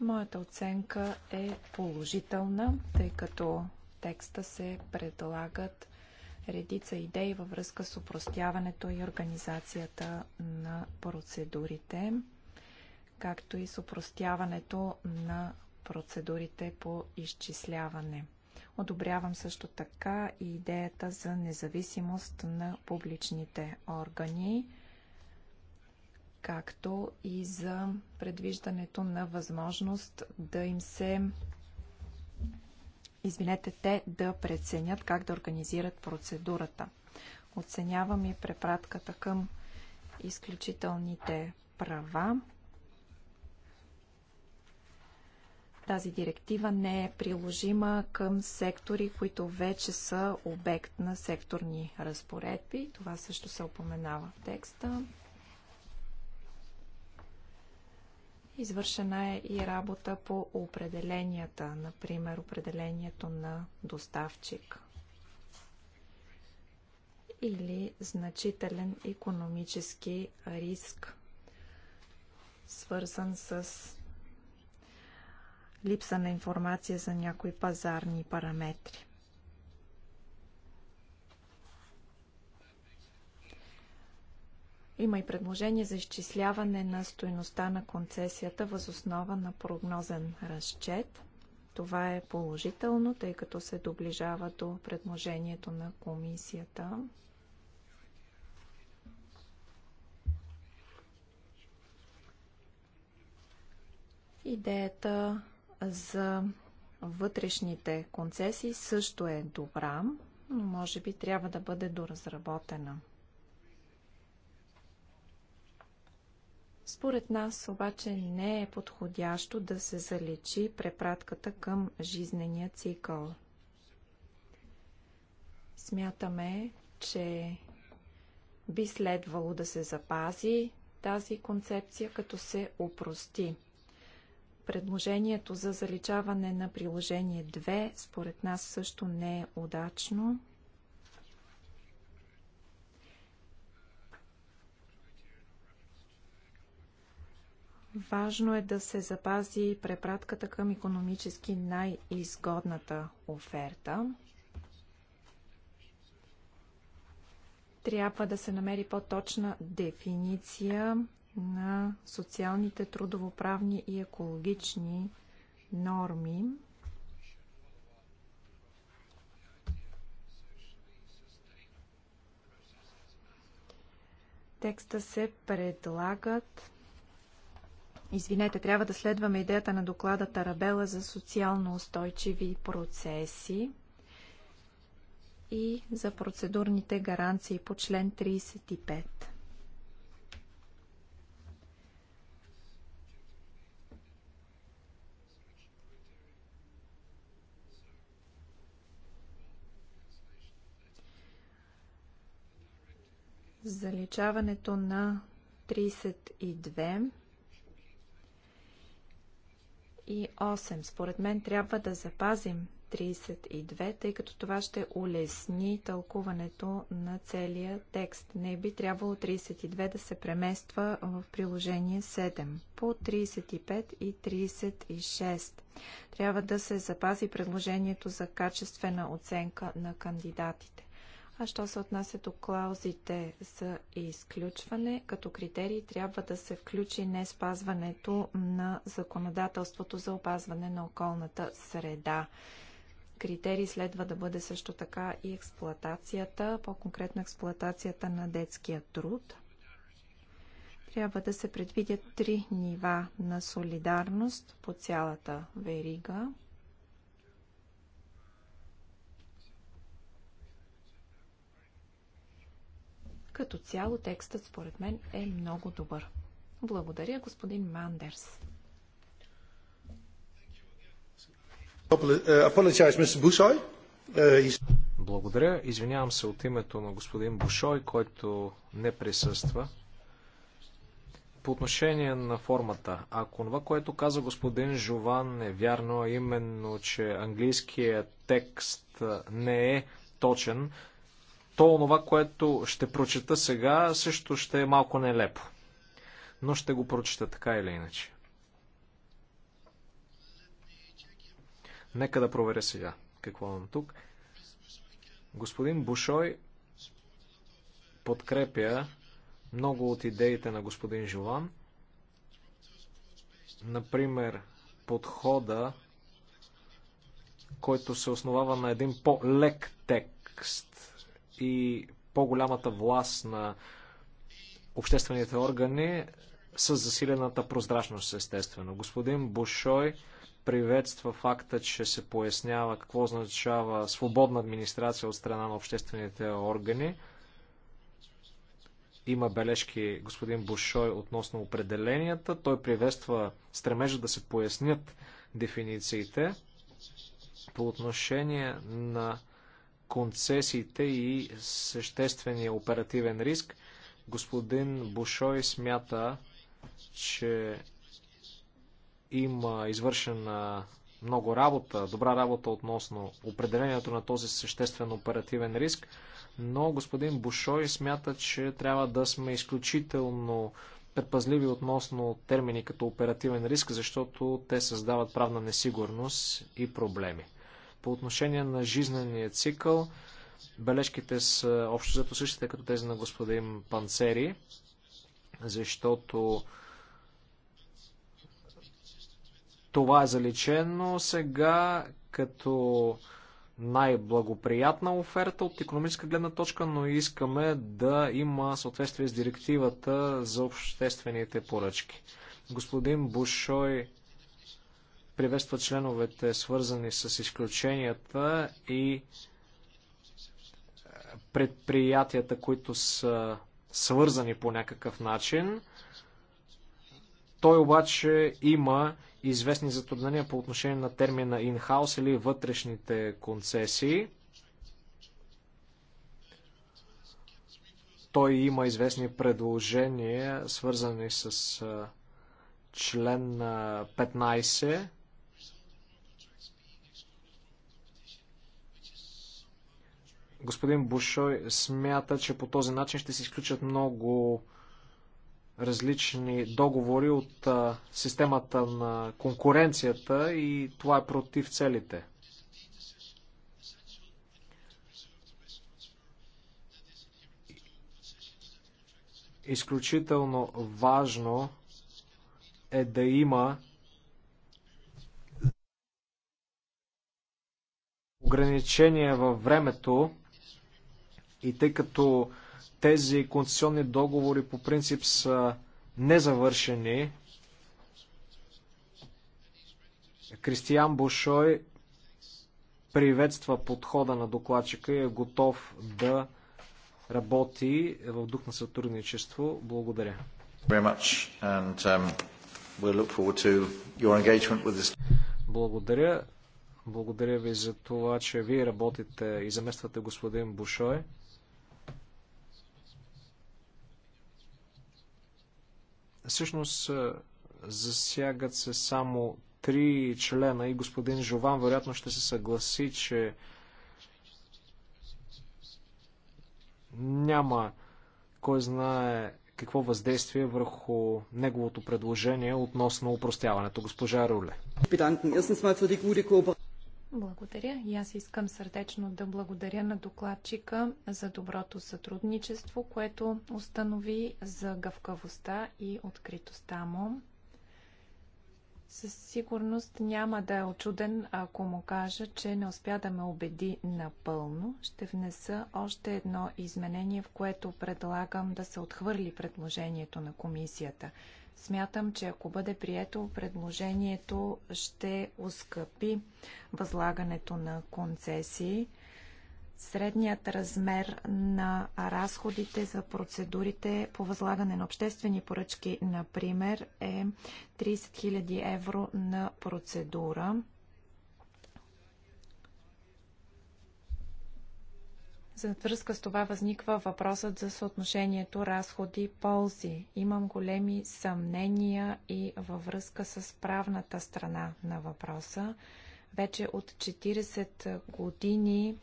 Моята оценка е положителна, тъй като текста се предлагат редица идеи във връзка с упростяването и организацията на процедурите, както и с упростяването на процедурите по изчисляване. Одобрявам също така и идеята за независимост на публичните органи, както и за предвиждането на възможност да им се извинете, те да преценят как да организират процедурата. Оценявам и препратката към изключителните права. Тази директива не е приложима към сектори, които вече са обект на секторни разпоредби. Това също се опоменава в текста. Извършена е и работа по определенията, например определението на доставчик или значителен економически риск, свързан с липса на информация за някои пазарни параметри. Има и предложение за изчисляване на стоеността на концесията възоснова на прогнозен разчет. Това е положително, тъй като се доближава до предложението на комисията. Идеята за вътрешните концесии също е добра, но може би трябва да бъде доразработена. Според нас обаче не е подходящо да се залечи препратката към жизнения цикъл. Смятаме, че би следвало да се запази тази концепция, като се опрости. Предложението за заличаване на приложение 2 според нас също не е удачно. Важно е да се запази препратката към економически най-изгодната оферта. Трябва да се намери по-точна дефиниция на социалните, трудовоправни и екологични норми. Текста се предлагат Извинете, трябва да следваме идеята на доклада Тарабела за социално устойчиви процеси и за процедурните гаранции по член 35. заличаването на 32 38. Според мен трябва да запазим 32, тъй като това ще улесни тълкуването на целия текст. Не би трябвало 32 да се премества в приложение 7 по 35 и 36. Трябва да се запази предложението за качествена оценка на кандидатите. А що се отнася до клаузите за изключване, като критерий трябва да се включи не спазването на законодателството за опазване на околната среда. Критерий следва да бъде също така и експлоатацията, по-конкретно експлоатацията на детския труд. Трябва да се предвидят три нива на солидарност по цялата верига. Като цяло текстът според мен е много добър. Благодаря, господин Мандерс. Uh, Благодаря. Извинявам се от името на господин Бушой, който не присъства. По отношение на формата, ако това, което каза господин Жован е вярно, а именно, че английският текст не е точен, то онова, което ще прочета сега, също ще е малко нелепо. Но ще го прочета така или иначе. Нека да проверя сега какво имам тук. Господин Бушой подкрепя много от идеите на господин Жован. Например, подхода, който се основава на един по-лек текст и по-голямата власт на обществените органи с засилената прозрачност, естествено. Господин Бушой приветства факта, че се пояснява какво означава свободна администрация от страна на обществените органи. Има бележки господин Бушой относно определенията. Той приветства стремежа да се пояснят дефинициите. По отношение на концесиите и съществения оперативен риск. Господин Бушой смята, че има извършена много работа, добра работа относно определението на този съществен оперативен риск, но господин Бушой смята, че трябва да сме изключително предпазливи относно термини като оперативен риск, защото те създават правна несигурност и проблеми. По отношение на жизнения цикъл, бележките са общо зато същите, като тези на господин Панцери, защото това е заличено сега като най-благоприятна оферта от економическа гледна точка, но искаме да има съответствие с директивата за обществените поръчки. Господин Бушой приветства членовете, свързани с изключенията и е, предприятията, които са свързани по някакъв начин. Той обаче има известни затруднения по отношение на термина in-house или вътрешните концесии. Той има известни предложения, свързани с е, член 15 е, господин Бушой смята, че по този начин ще се изключат много различни договори от а, системата на конкуренцията и това е против целите. Изключително важно е да има ограничения във времето и тъй като тези концесионни договори по принцип са незавършени, Кристиян Бушой приветства подхода на докладчика и е готов да работи в дух на сътрудничество. Благодаря. Um, Благодаря. Благодаря ви за това, че вие работите и замествате господин Бушой. Всъщност е, засягат се само три члена и господин Жован вероятно ще се съгласи, че няма кой знае какво въздействие върху неговото предложение относно упростяването. Госпожа Руле. Благодаря. И аз искам сърдечно да благодаря на докладчика за доброто сътрудничество, което установи за гъвкавостта и откритостта му. Със сигурност няма да е очуден, ако му кажа, че не успя да ме убеди напълно. Ще внеса още едно изменение, в което предлагам да се отхвърли предложението на комисията. Смятам, че ако бъде прието, предложението ще ускъпи възлагането на концесии. Средният размер на разходите за процедурите по възлагане на обществени поръчки, например, е 30 000 евро на процедура. връзка с това възниква въпросът за съотношението разходи-ползи. Имам големи съмнения и във връзка с правната страна на въпроса. Вече от 40 години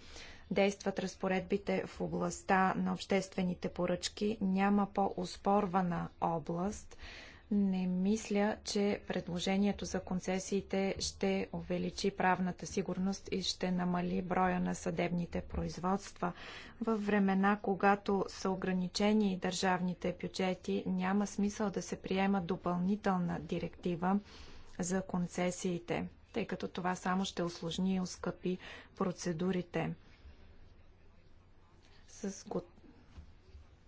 действат разпоредбите в областта на обществените поръчки. Няма по-оспорвана област – не мисля, че предложението за концесиите ще увеличи правната сигурност и ще намали броя на съдебните производства. В времена, когато са ограничени държавните бюджети, няма смисъл да се приема допълнителна директива за концесиите, тъй като това само ще осложни и оскъпи процедурите. С го...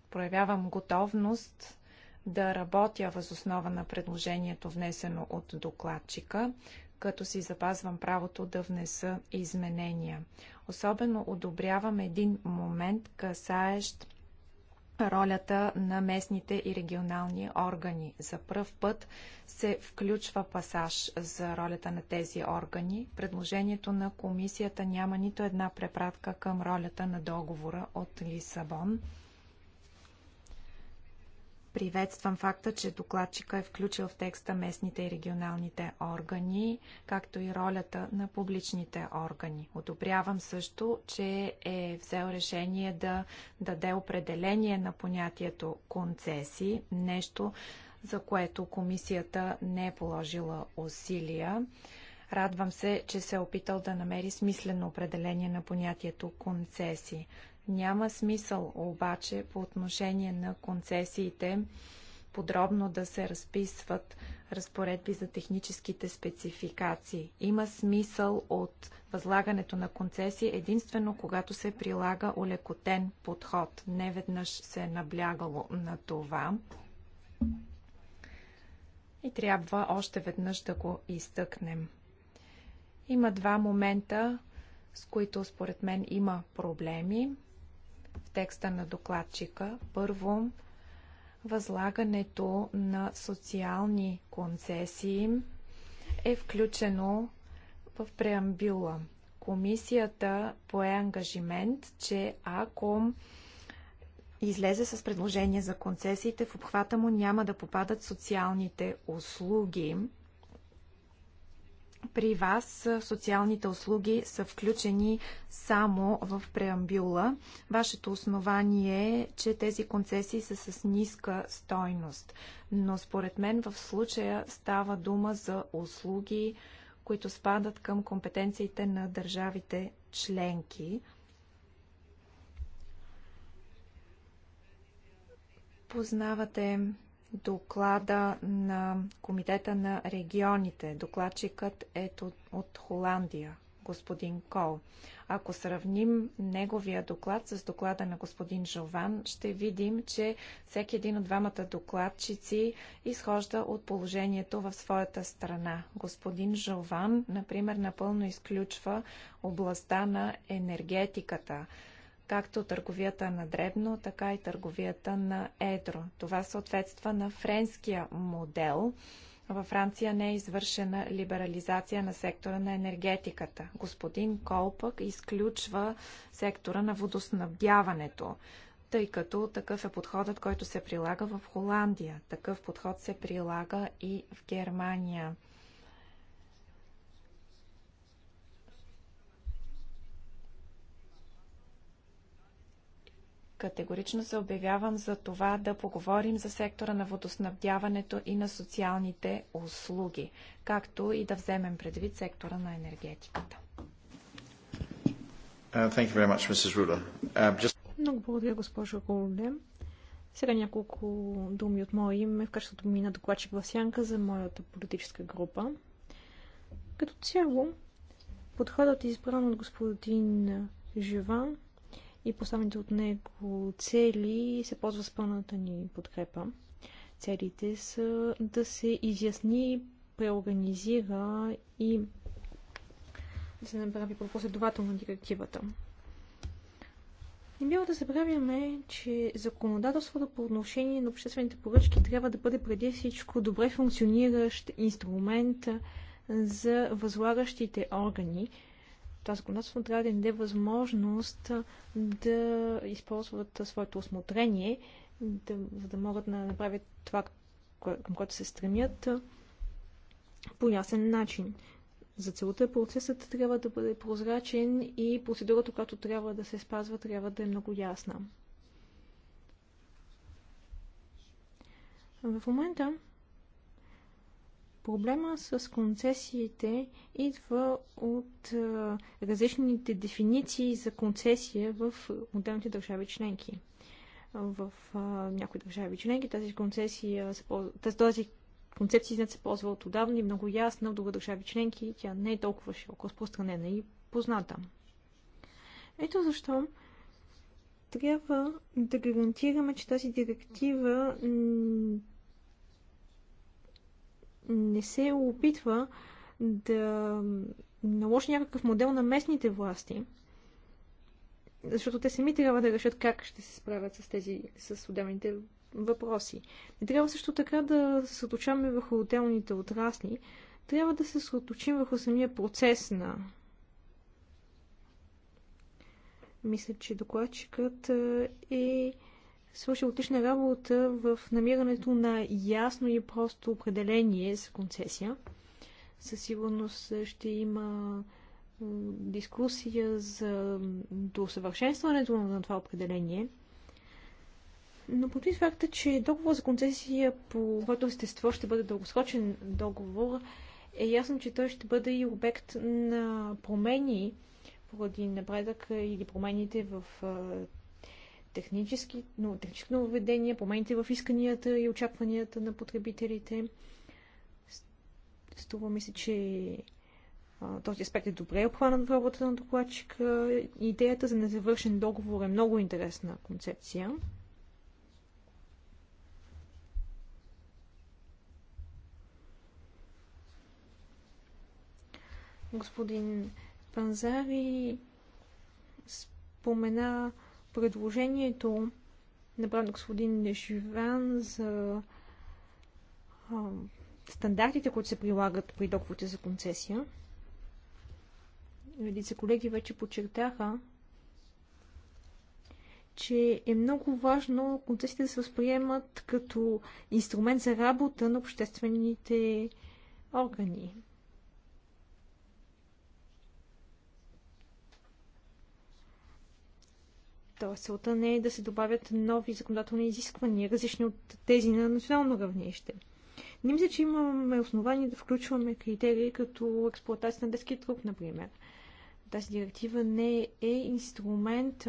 Проявявам готовност да работя възоснова на предложението, внесено от докладчика, като си запазвам правото да внеса изменения. Особено одобрявам един момент, касаещ ролята на местните и регионални органи. За пръв път се включва пасаж за ролята на тези органи. Предложението на комисията няма нито една препратка към ролята на договора от Лисабон. Приветствам факта, че докладчика е включил в текста местните и регионалните органи, както и ролята на публичните органи. Одобрявам също, че е взел решение да даде определение на понятието концеси, нещо, за което комисията не е положила усилия. Радвам се, че се е опитал да намери смислено определение на понятието концеси. Няма смисъл обаче по отношение на концесиите подробно да се разписват разпоредби за техническите спецификации. Има смисъл от възлагането на концесии единствено когато се прилага улекотен подход. Не веднъж се е наблягало на това. И трябва още веднъж да го изтъкнем. Има два момента, с които според мен има проблеми текста на докладчика. Първо, възлагането на социални концесии е включено в преамбюла. Комисията пое ангажимент, че ако излезе с предложение за концесиите, в обхвата му няма да попадат социалните услуги при вас социалните услуги са включени само в преамбюла. Вашето основание е, че тези концесии са с ниска стойност. Но според мен в случая става дума за услуги, които спадат към компетенциите на държавите членки. Познавате доклада на Комитета на регионите. Докладчикът е от Холандия, господин Кол. Ако сравним неговия доклад с доклада на господин Жован, ще видим, че всеки един от двамата докладчици изхожда от положението в своята страна. Господин Жован, например, напълно изключва областта на енергетиката – както търговията на дребно, така и търговията на едро. Това съответства на френския модел. Във Франция не е извършена либерализация на сектора на енергетиката. Господин Колпък изключва сектора на водоснабдяването, тъй като такъв е подходът, който се прилага в Холандия. Такъв подход се прилага и в Германия. Категорично се обявявам за това да поговорим за сектора на водоснабдяването и на социалните услуги, както и да вземем предвид сектора на енергетиката. Uh, much, uh, just... Много благодаря, госпожо Руле. Сега няколко думи от мое име в качеството ми на докладчик в Сянка за моята политическа група. Като цяло, подходът е избран от господин Живан и поставените от него цели се ползва с пълната ни подкрепа. Целите са да се изясни, преорганизира и да се направи последователно директивата. Не бива да забравяме, че законодателството по отношение на обществените поръчки трябва да бъде преди всичко добре функциониращ инструмент за възлагащите органи, това законодателство трябва да им даде възможност да използват своето осмотрение, да, за да могат да направят това, към което се стремят, по ясен начин. За целта процесът трябва да бъде прозрачен и процедурата, която трябва да се спазва, трябва да е много ясна. В момента Проблема с концесиите идва от различните дефиниции за концесия в отделните държави членки. В някои държави членки тази концесия, тази концепция се ползва от отдавна и много ясна в друга държави членки. Тя не е толкова широко разпространена и позната. Ето защо трябва да гарантираме, че тази директива не се опитва да наложи някакъв модел на местните власти, защото те сами трябва да решат как ще се справят с тези, с отделните въпроси. Не трябва също така да се съточаме върху отделните отрасли, трябва да се съточим върху самия процес на мисля, че докладчикът е свърши отлична работа в намирането на ясно и просто определение за концесия. Със сигурност ще има дискусия за досъвършенстването на това определение. Но против факта, че договор за концесия по което естество ще бъде дългосрочен договор, е ясно, че той ще бъде и обект на промени поради напредък или промените в технически, но, технически нововведения, промените в исканията и очакванията на потребителите. Струва ми се, че този аспект е добре обхванат в работата на докладчика. Идеята за незавършен договор е много интересна концепция. Господин Панзари спомена предложението направено господин Нешиван за а, стандартите, които се прилагат при договорите за концесия. Редица колеги вече подчертаха, че е много важно концесиите да се възприемат като инструмент за работа на обществените органи. Тоест, целта не е да се добавят нови законодателни изисквания, различни от тези на национално равнище. Не мисля, че имаме основание да включваме критерии като експлуатация на детски труп, например. Тази директива не е инструмент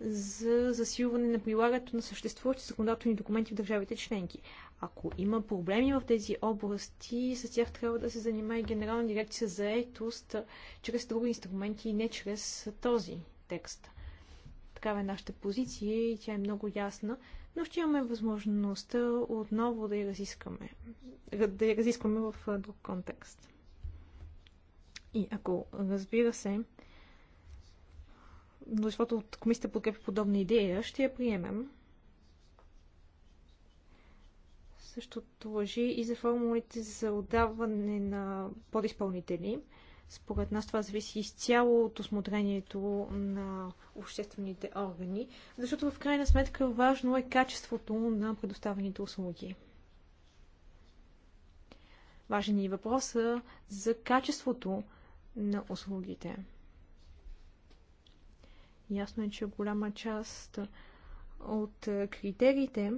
за засилване на прилагането на съществуващи законодателни документи в държавите членки. Ако има проблеми в тези области, с тях трябва да се занимае Генерална дирекция за етост чрез други инструменти и не чрез този текст. Такава е нашата позиция и тя е много ясна, но ще имаме възможността отново да я разискаме, да я разискваме в друг контекст. И ако, разбира се, защото от комисията подкрепи подобна идея, ще я приемем. Същото въжи и за формулите за отдаване на подизпълнители. Според нас това зависи изцяло от осмотрението на обществените органи, защото в крайна сметка важно е качеството на предоставените услуги. Важен е и въпроса за качеството на услугите. Ясно е, че голяма част от критериите,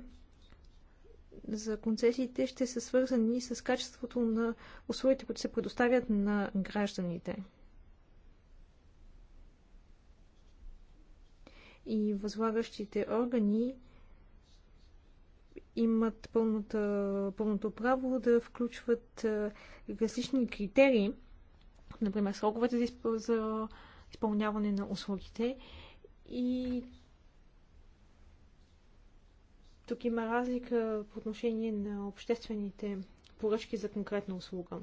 за концесиите ще са свързани с качеството на услугите, които се предоставят на гражданите. И възлагащите органи имат пълната, пълното право да включват различни критерии, например сроковете за изпълняване на услугите и тук има разлика по отношение на обществените поръчки за конкретна услуга.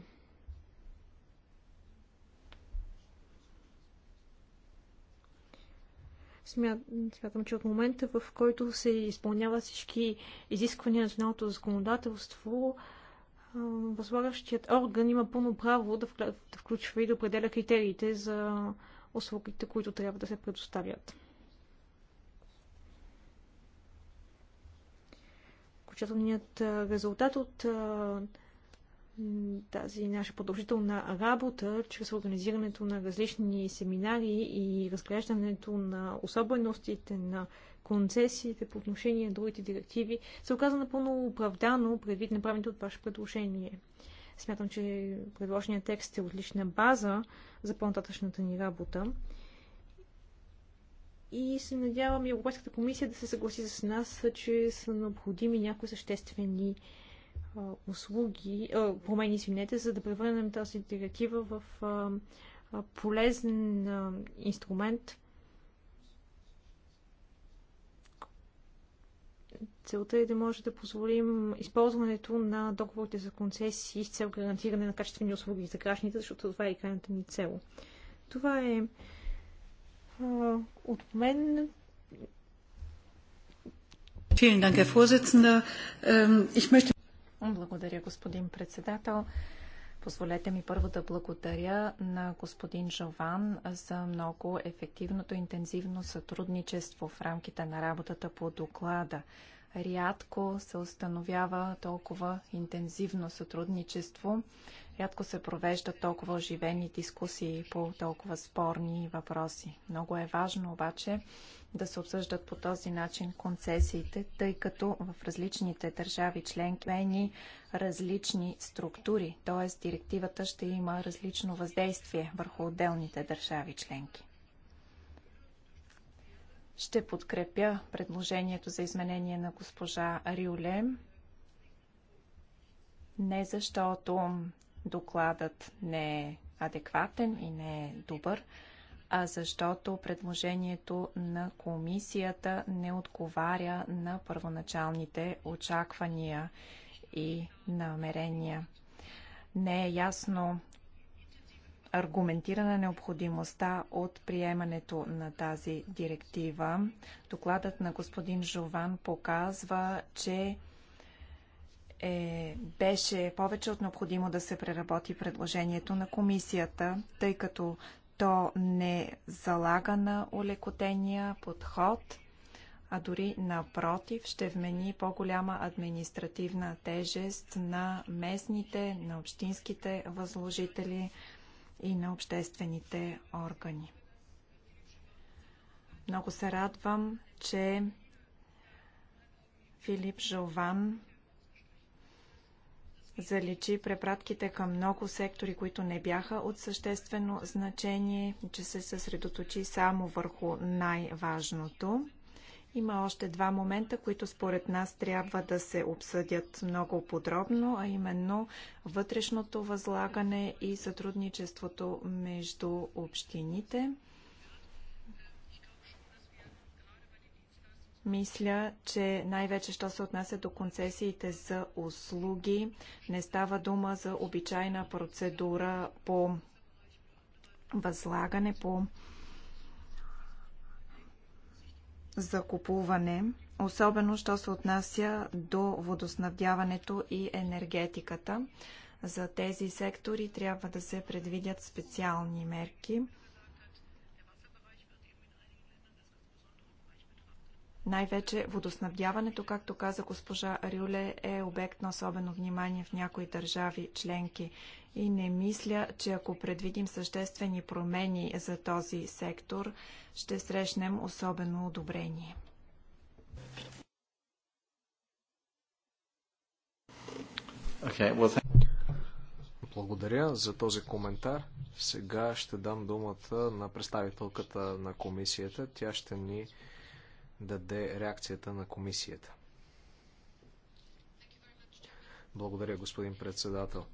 Смятам, че от момента, в който се изпълняват всички изисквания на националното законодателство, възлагащият орган има пълно право да включва и да определя критериите за услугите, които трябва да се предоставят. окончателният резултат от тази наша продължителна работа, чрез организирането на различни семинари и разглеждането на особеностите на концесиите по отношение на другите директиви, се оказа напълно оправдано предвид направените от ваше предложение. Смятам, че предложения текст е отлична база за по-нататъчната ни работа и се надявам и Европейската комисия да се съгласи с нас, че са необходими някои съществени а, услуги, а, промени, извинете, за да превърнем тази директива в а, а, полезен а, инструмент. Целта е да може да позволим използването на договорите за концесии с цел гарантиране на качествени услуги за гражданите, защото това е крайната ни цел. Това е от мен ähm, благодаря, господин председател. Позволете ми първо да благодаря на господин Жован за много ефективното интензивно сътрудничество в рамките на работата по доклада. Рядко се установява толкова интензивно сътрудничество Рядко се провеждат толкова оживени дискусии по толкова спорни въпроси. Много е важно обаче да се обсъждат по този начин концесиите, тъй като в различните държави членки мени различни структури, т.е. директивата ще има различно въздействие върху отделните държави членки. Ще подкрепя предложението за изменение на госпожа Риолем, не защото докладът не е адекватен и не е добър, а защото предложението на комисията не отговаря на първоначалните очаквания и намерения. Не е ясно аргументирана необходимостта от приемането на тази директива. Докладът на господин Жован показва, че е, беше повече от необходимо да се преработи предложението на комисията, тъй като то не залага на улекотения подход, а дори напротив ще вмени по-голяма административна тежест на местните, на общинските възложители и на обществените органи. Много се радвам, че Филип Жован заличи препратките към много сектори, които не бяха от съществено значение, че се съсредоточи само върху най-важното. Има още два момента, които според нас трябва да се обсъдят много подробно, а именно вътрешното възлагане и сътрудничеството между общините. Мисля, че най-вече, що се отнася до концесиите за услуги, не става дума за обичайна процедура по възлагане, по закупуване, особено, що се отнася до водоснабдяването и енергетиката. За тези сектори трябва да се предвидят специални мерки – Най-вече водоснабдяването, както каза госпожа Рюле, е обект на особено внимание в някои държави членки. И не мисля, че ако предвидим съществени промени за този сектор, ще срещнем особено одобрение. Okay, well, Благодаря за този коментар. Сега ще дам думата на представителката на комисията. Тя ще ни даде реакцията на комисията. Благодаря, господин председател.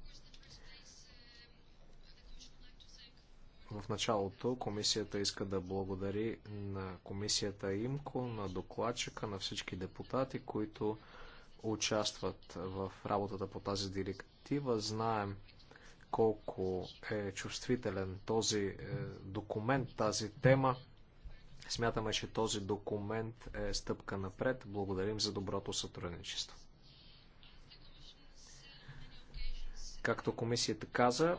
В началото комисията иска да благодари на комисията ИМКО, на докладчика, на всички депутати, които участват в работата по тази директива. Знаем колко е чувствителен този е, документ, тази тема. Смятаме, че този документ е стъпка напред. Благодарим за доброто сътрудничество. Както комисията каза,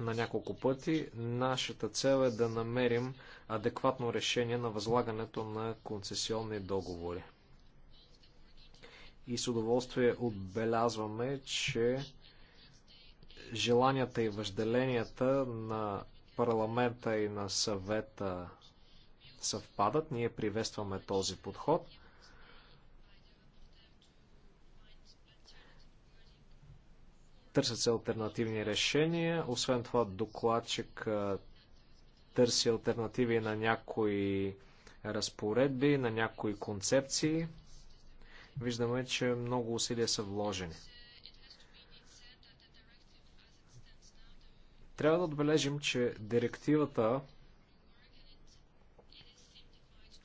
на няколко пъти, нашата цел е да намерим адекватно решение на възлагането на концесионни договори. И с удоволствие отбелязваме, че желанията и въжделенията на парламента и на съвета съвпадат. Ние приветстваме този подход. Търсят се альтернативни решения. Освен това, докладчик търси альтернативи на някои разпоредби, на някои концепции. Виждаме, че много усилия са вложени. Трябва да отбележим, че директивата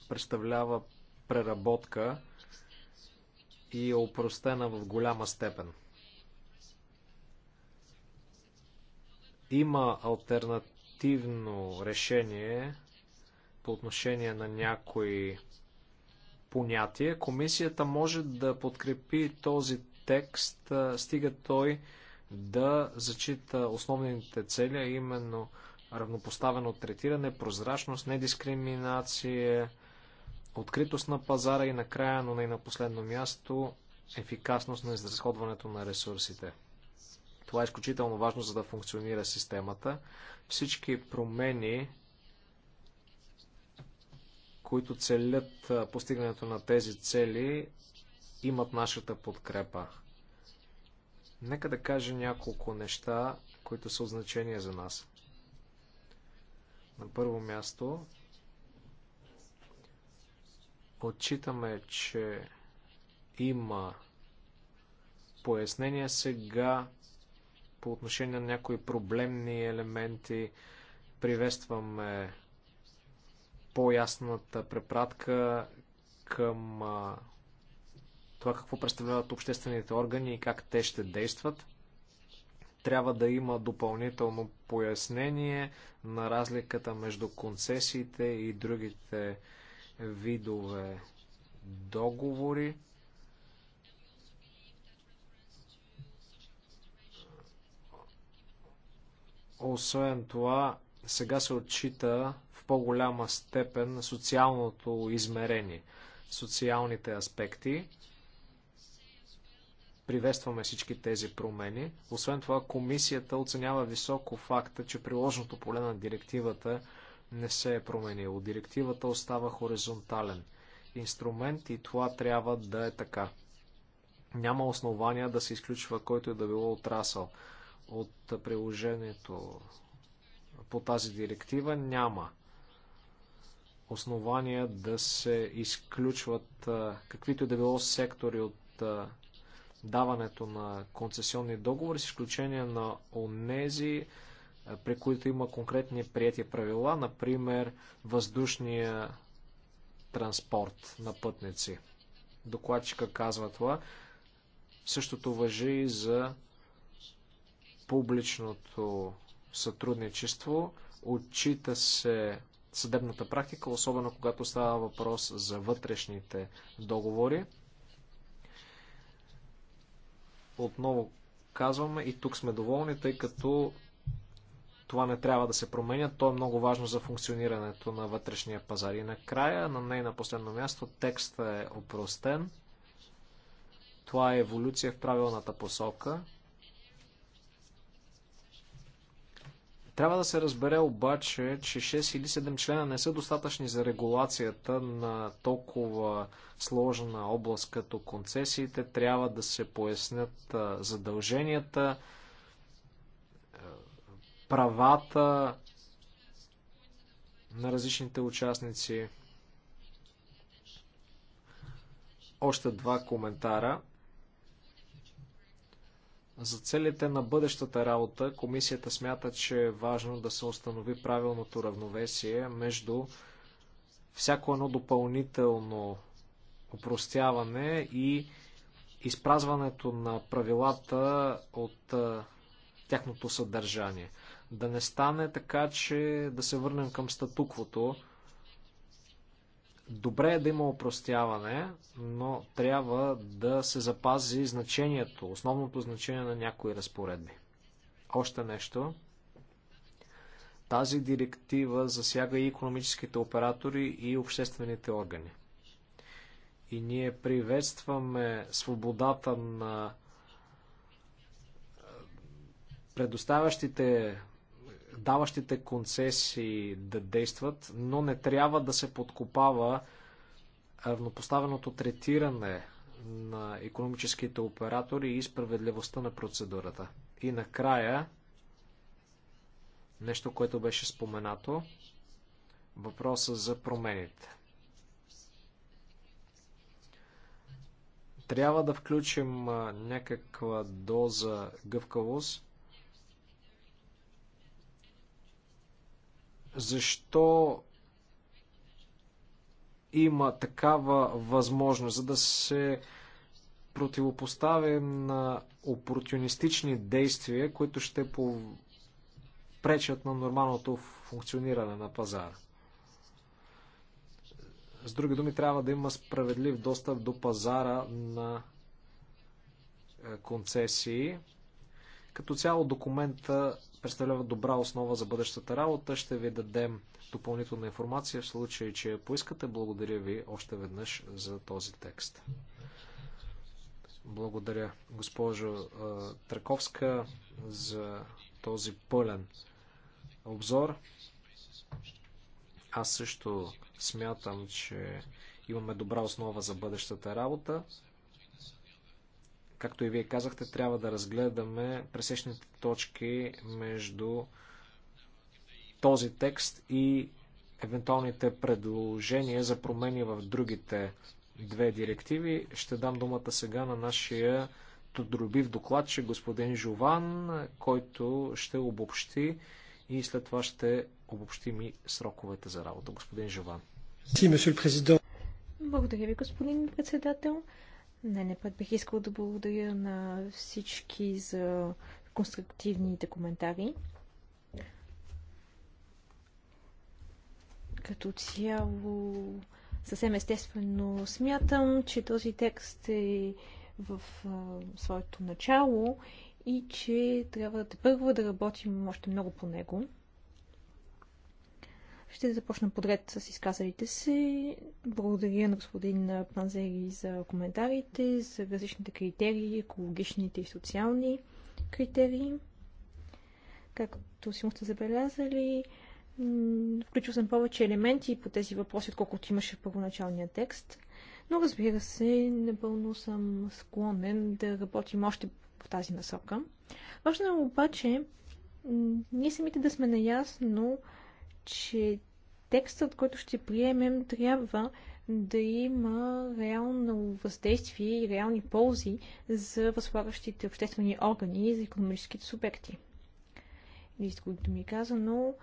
представлява преработка и е опростена в голяма степен. Има альтернативно решение по отношение на някои понятия. Комисията може да подкрепи този текст, стига той да зачита основните цели, а именно равнопоставено третиране, прозрачност, недискриминация, откритост на пазара и накрая, но не на последно място, ефикасност на изразходването на ресурсите. Това е изключително важно, за да функционира системата. Всички промени, които целят постигането на тези цели, имат нашата подкрепа. Нека да кажа няколко неща, които са от значение за нас. На първо място, отчитаме, че има пояснения сега по отношение на някои проблемни елементи. Приветстваме по-ясната препратка към това какво представляват обществените органи и как те ще действат. Трябва да има допълнително пояснение на разликата между концесиите и другите видове договори. Освен това, сега се отчита в по-голяма степен социалното измерение, социалните аспекти. Приветстваме всички тези промени. Освен това, комисията оценява високо факта, че приложното поле на директивата не се е променило. Директивата остава хоризонтален инструмент и това трябва да е така. Няма основания да се изключва който и е да било отрасъл от приложението по тази директива. Няма основания да се изключват каквито и е да било сектори от даването на концесионни договори, с изключение на онези, е, при които има конкретни прияти правила, например въздушния транспорт на пътници. Докладчика казва това. Същото въжи и за публичното сътрудничество. Отчита се съдебната практика, особено когато става въпрос за вътрешните договори. Отново казваме и тук сме доволни, тъй като това не трябва да се променя. То е много важно за функционирането на вътрешния пазар. И накрая, на ней на последно място, текстът е опростен. Това е еволюция в правилната посока. Трябва да се разбере обаче, че 6 или 7 члена не са достатъчни за регулацията на толкова сложна област като концесиите. Трябва да се пояснят задълженията, правата на различните участници. Още два коментара – за целите на бъдещата работа, комисията смята, че е важно да се установи правилното равновесие между всяко едно допълнително упростяване и изпразването на правилата от а, тяхното съдържание. Да не стане така, че да се върнем към статуквото, Добре е да има опростяване, но трябва да се запази значението, основното значение на някои разпоредби. Още нещо. Тази директива засяга и економическите оператори и обществените органи. И ние приветстваме свободата на предоставящите даващите концесии да действат, но не трябва да се подкопава равнопоставеното третиране на економическите оператори и справедливостта на процедурата. И накрая, нещо, което беше споменато, въпроса за промените. Трябва да включим някаква доза гъвкавост Защо има такава възможност, за да се противопоставя на опортунистични действия, които ще пречат на нормалното функциониране на пазара. С други думи, трябва да има справедлив достъп до пазара на е, концесии. Като цяло документа представлява добра основа за бъдещата работа. Ще ви дадем допълнителна информация в случай, че я поискате. Благодаря ви още веднъж за този текст. Благодаря, госпожо Траковска, за този пълен обзор. Аз също смятам, че имаме добра основа за бъдещата работа. Както и вие казахте, трябва да разгледаме пресечните точки между този текст и евентуалните предложения за промени в другите две директиви. Ще дам думата сега на нашия Тодробив докладчик, господин Жован, който ще обобщи и след това ще обобщим и сроковете за работа. Господин Жован. Благодаря ви, господин председател. Не, не път бих искал да благодаря на всички за конструктивните коментари. Като цяло, съвсем естествено смятам, че този текст е в а, своето начало и че трябва да първо да работим още много по него. Ще започна подред с изказалите се. Благодаря на господин Панзери за коментарите, за различните критерии, екологичните и социални критерии. Както си му сте забелязали, включил съм повече елементи по тези въпроси, отколкото имаше в първоначалния текст. Но разбира се, напълно съм склонен да работим още в тази насока. Важно е обаче ние самите да сме наясно че текстът, който ще приемем, трябва да има реално въздействие и реални ползи за възлагащите обществени органи и за економическите субекти. Или което ми ми но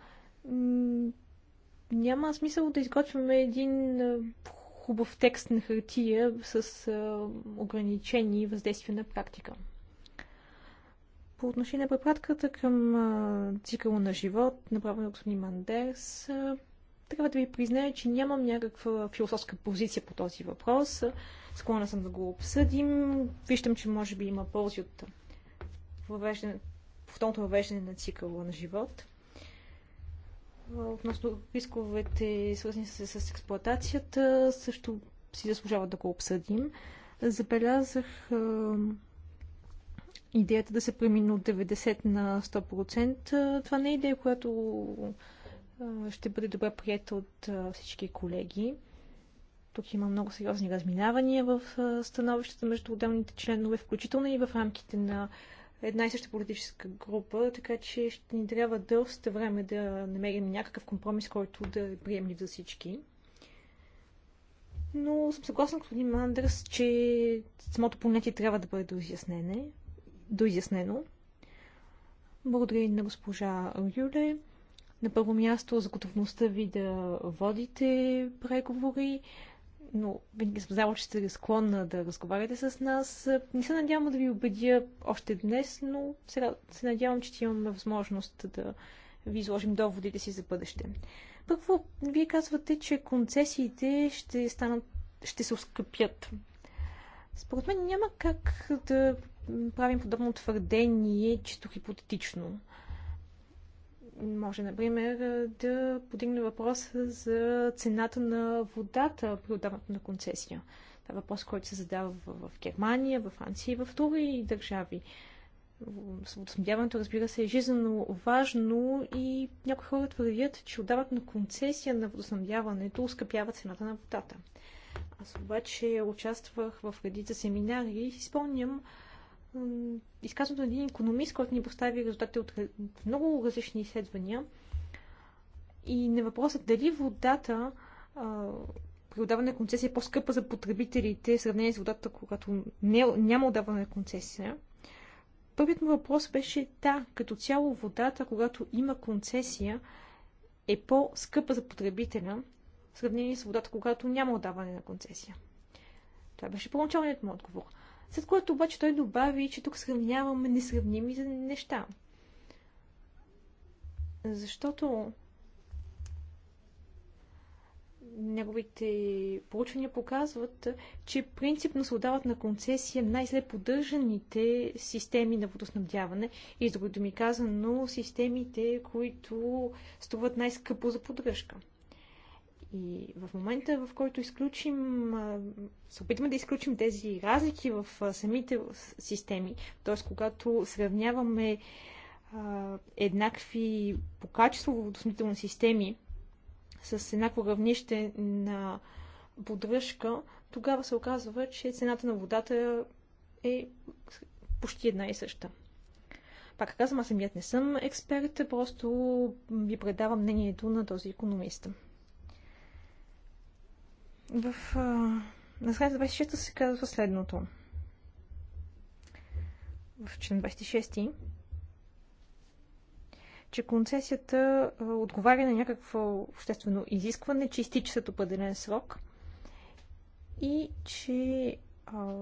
няма смисъл да изготвяме един хубав текст на хартия с ограничени въздействия на практика. По отношение на препратката към цикъла на живот, направен от господин Мандерс, трябва да ви призная, че нямам някаква философска позиция по този въпрос. Склонна съм да го обсъдим. Виждам, че може би има ползи от въвеждане, повторното въвеждане на цикъла на живот. Относно рисковете, свързани с, с експлоатацията, също си заслужава да го обсъдим. Забелязах идеята да се премине от 90 на 100%, това не е идея, която ще бъде добре прията от всички колеги. Тук има много сериозни разминавания в становищата между отделните членове, включително и в рамките на една и съща политическа група, така че ще ни трябва доста време да намерим някакъв компромис, който да е приемлив за всички. Но съм съгласна, господин Мандърс, че самото понятие трябва да бъде доизяснене доизяснено. Благодаря и на госпожа Юле. На първо място за готовността ви да водите преговори, но винаги съм знала, че сте склонна да разговаряте с нас. Не се надявам да ви убедя още днес, но сега се надявам, че имаме възможност да ви изложим доводите си за бъдеще. Първо, вие казвате, че концесиите ще, станат, ще се оскъпят. Според мен няма как да правим подобно твърдение чисто хипотетично. Може, например, да подигне въпроса за цената на водата при отдаването на концесия. Това е въпрос, който се задава в Германия, в Франция и в други държави. Водоснабдяването, разбира се, е жизненно важно и някои хора твърдят, че отдават на концесия на водоснабдяването, ускъпява цената на водата. Аз обаче участвах в редица семинари и си спомням изказването на един економист, който ни постави резултати от много различни изследвания. И на въпросът дали водата при отдаване на концесия е по-скъпа за потребителите в сравнение с водата, когато не, няма отдаване на концесия. Първият му въпрос беше да, като цяло водата, когато има концесия, е по-скъпа за потребителя в сравнение с водата, когато няма отдаване на концесия. Това беше първоначалният му отговор след което обаче той добави, че тук сравняваме несравними неща. Защото неговите проучвания показват, че принципно се отдават на концесия най-зле поддържаните системи на водоснабдяване и, с други думи казано, системите, които струват най-скъпо за поддръжка. И в момента, в който изключим, се опитаме да изключим тези разлики в самите системи, т.е. когато сравняваме еднакви по качество водоснителни системи с еднакво равнище на поддръжка, тогава се оказва, че цената на водата е почти една и съща. Пак казвам, аз самият не съм експерт, просто ви предавам мнението на този економист. В на страница 26 се казва следното. В член 26 че концесията отговаря на някакво обществено изискване, че изтича след определен срок и че а,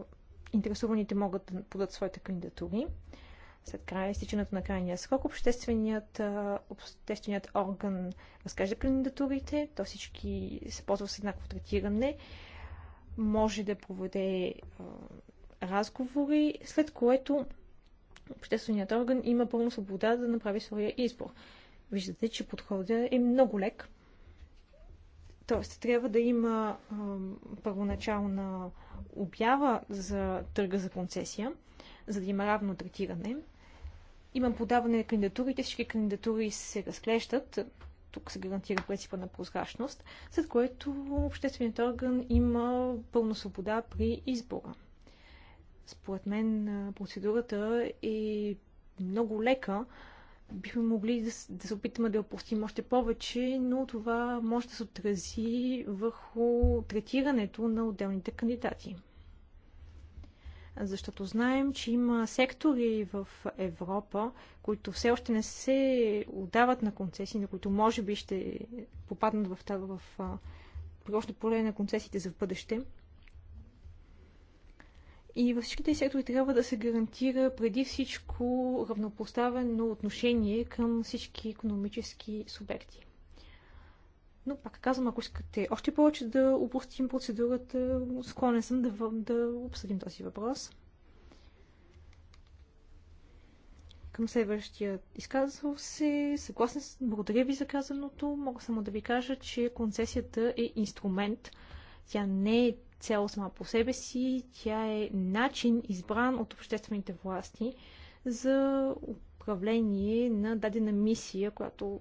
интересуваните могат да подадат своите кандидатури след края изтичането на крайния срок, общественият, общественият орган разкаже кандидатурите, то всички се ползва с еднакво третиране, може да проведе а, разговори, след което общественият орган има пълна свобода да направи своя избор. Виждате, че подходът е много лек. Тоест, трябва да има а, първоначална обява за търга за концесия, за да има равно третиране. Имам подаване на кандидатурите, всички кандидатури се разглеждат. Тук се гарантира принципа на прозрачност, след което общественият орган има пълна свобода при избора. Според мен процедурата е много лека, бихме могли да, да се опитаме да опустим още повече, но това може да се отрази върху третирането на отделните кандидати защото знаем, че има сектори в Европа, които все още не се отдават на концесии, на които може би ще попаднат в, в, в приложно поле на концесиите за в бъдеще. И във всичките сектори трябва да се гарантира преди всичко равнопоставено отношение към всички економически субекти. Но пак казвам, ако искате още повече да опустим процедурата, склонен съм да, да обсъдим този въпрос. Към следващия изказал се, съгласен, благодаря ви за казаното. Мога само да ви кажа, че концесията е инструмент. Тя не е цел сама по себе си, тя е начин избран от обществените власти за управление на дадена мисия, която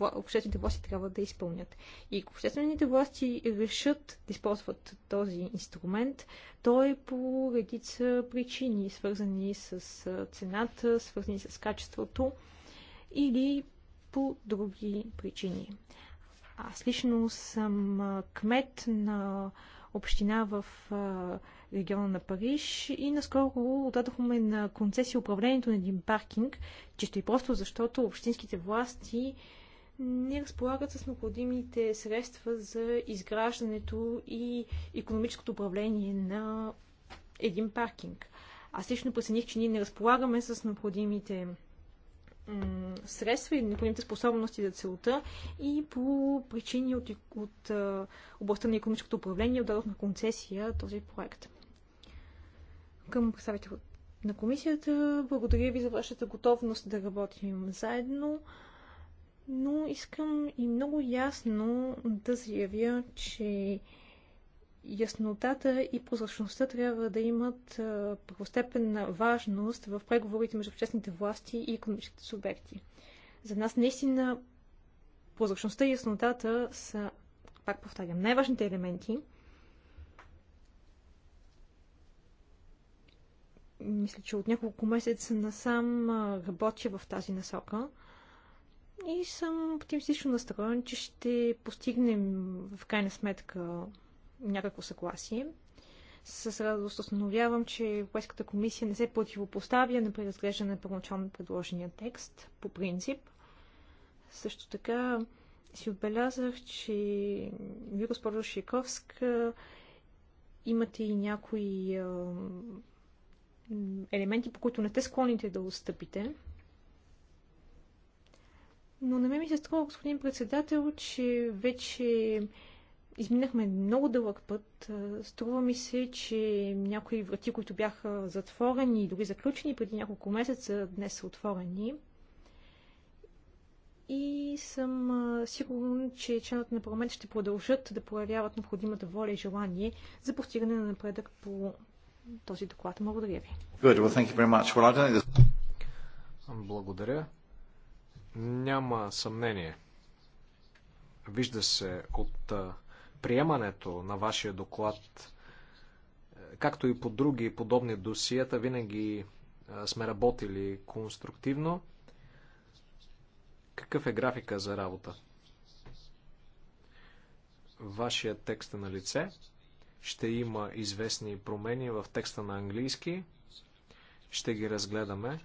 обществените власти трябва да изпълнят. И ако обществените власти решат да използват този инструмент, то е по редица причини, свързани с цената, свързани с качеството или по други причини. Аз лично съм кмет на община в региона на Париж и наскоро отдадохме на концесия управлението на един паркинг, чисто и просто защото общинските власти не разполагат с необходимите средства за изграждането и економическото управление на един паркинг. Аз лично прецених, че ние не разполагаме с необходимите средства и необходимите способности за целта и по причини от, от областта на економическото управление отдадох на концесия този проект. Към представител на комисията, благодаря ви за вашата готовност да работим заедно но искам и много ясно да заявя, че яснотата и прозрачността трябва да имат първостепенна важност в преговорите между обществените власти и економическите субекти. За нас наистина прозрачността и яснотата са, пак повтарям, най-важните елементи. Мисля, че от няколко месеца насам работя в тази насока – и съм оптимистично настроен, че ще постигнем в крайна сметка някакво съгласие. С радост установявам, че Европейската комисия не се противопоставя на преразглеждане на първоначално предложения текст по принцип. Също така си отбелязах, че вие, госпожо Шиковска, имате и някои елементи, по които не те склоните да отстъпите. Но на мен ми се струва, господин председател, че вече изминахме много дълъг път. Струва ми се, че някои врати, които бяха затворени и дори заключени преди няколко месеца, днес са отворени. И съм сигурен, че членовете на парламент ще продължат да проявяват необходимата воля и желание за постигане на напредък по този доклад. Благодаря ви. Благодаря. Няма съмнение. Вижда се от приемането на вашия доклад, е, както и по други подобни досиета, винаги е, сме работили конструктивно. Какъв е графика за работа? Вашия текст е на лице. Ще има известни промени в текста на английски. Ще ги разгледаме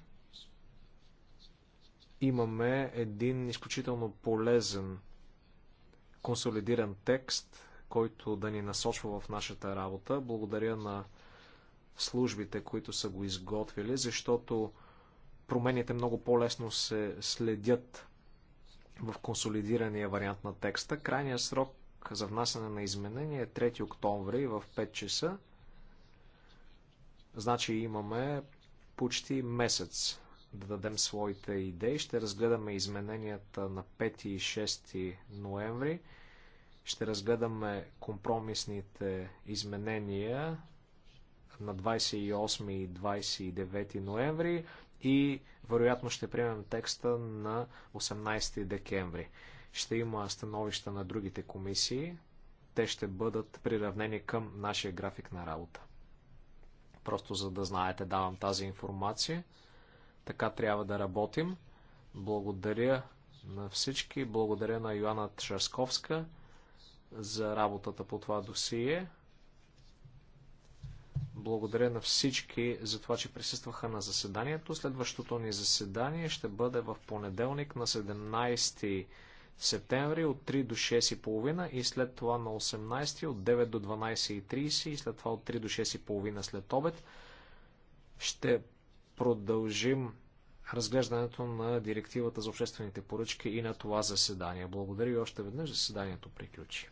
имаме един изключително полезен консолидиран текст, който да ни насочва в нашата работа. Благодаря на службите, които са го изготвили, защото промените много по-лесно се следят в консолидирания вариант на текста. Крайният срок за внасяне на изменения е 3 октомври в 5 часа. Значи имаме почти месец да дадем своите идеи. Ще разгледаме измененията на 5 и 6 ноември. Ще разгледаме компромисните изменения на 28 и 29 ноември и вероятно ще приемем текста на 18 декември. Ще има становища на другите комисии. Те ще бъдат приравнени към нашия график на работа. Просто за да знаете, давам тази информация. Така трябва да работим. Благодаря на всички. Благодаря на Йоанна Тшарсковска за работата по това досие. Благодаря на всички за това, че присъстваха на заседанието. Следващото ни заседание ще бъде в понеделник на 17 септември от 3 до 6.30 и след това на 18 от 9 до 12.30 и след това от 3 до 6.30 след обед. Ще продължим разглеждането на директивата за обществените поръчки и на това заседание. Благодаря ви още веднъж. Заседанието приключи.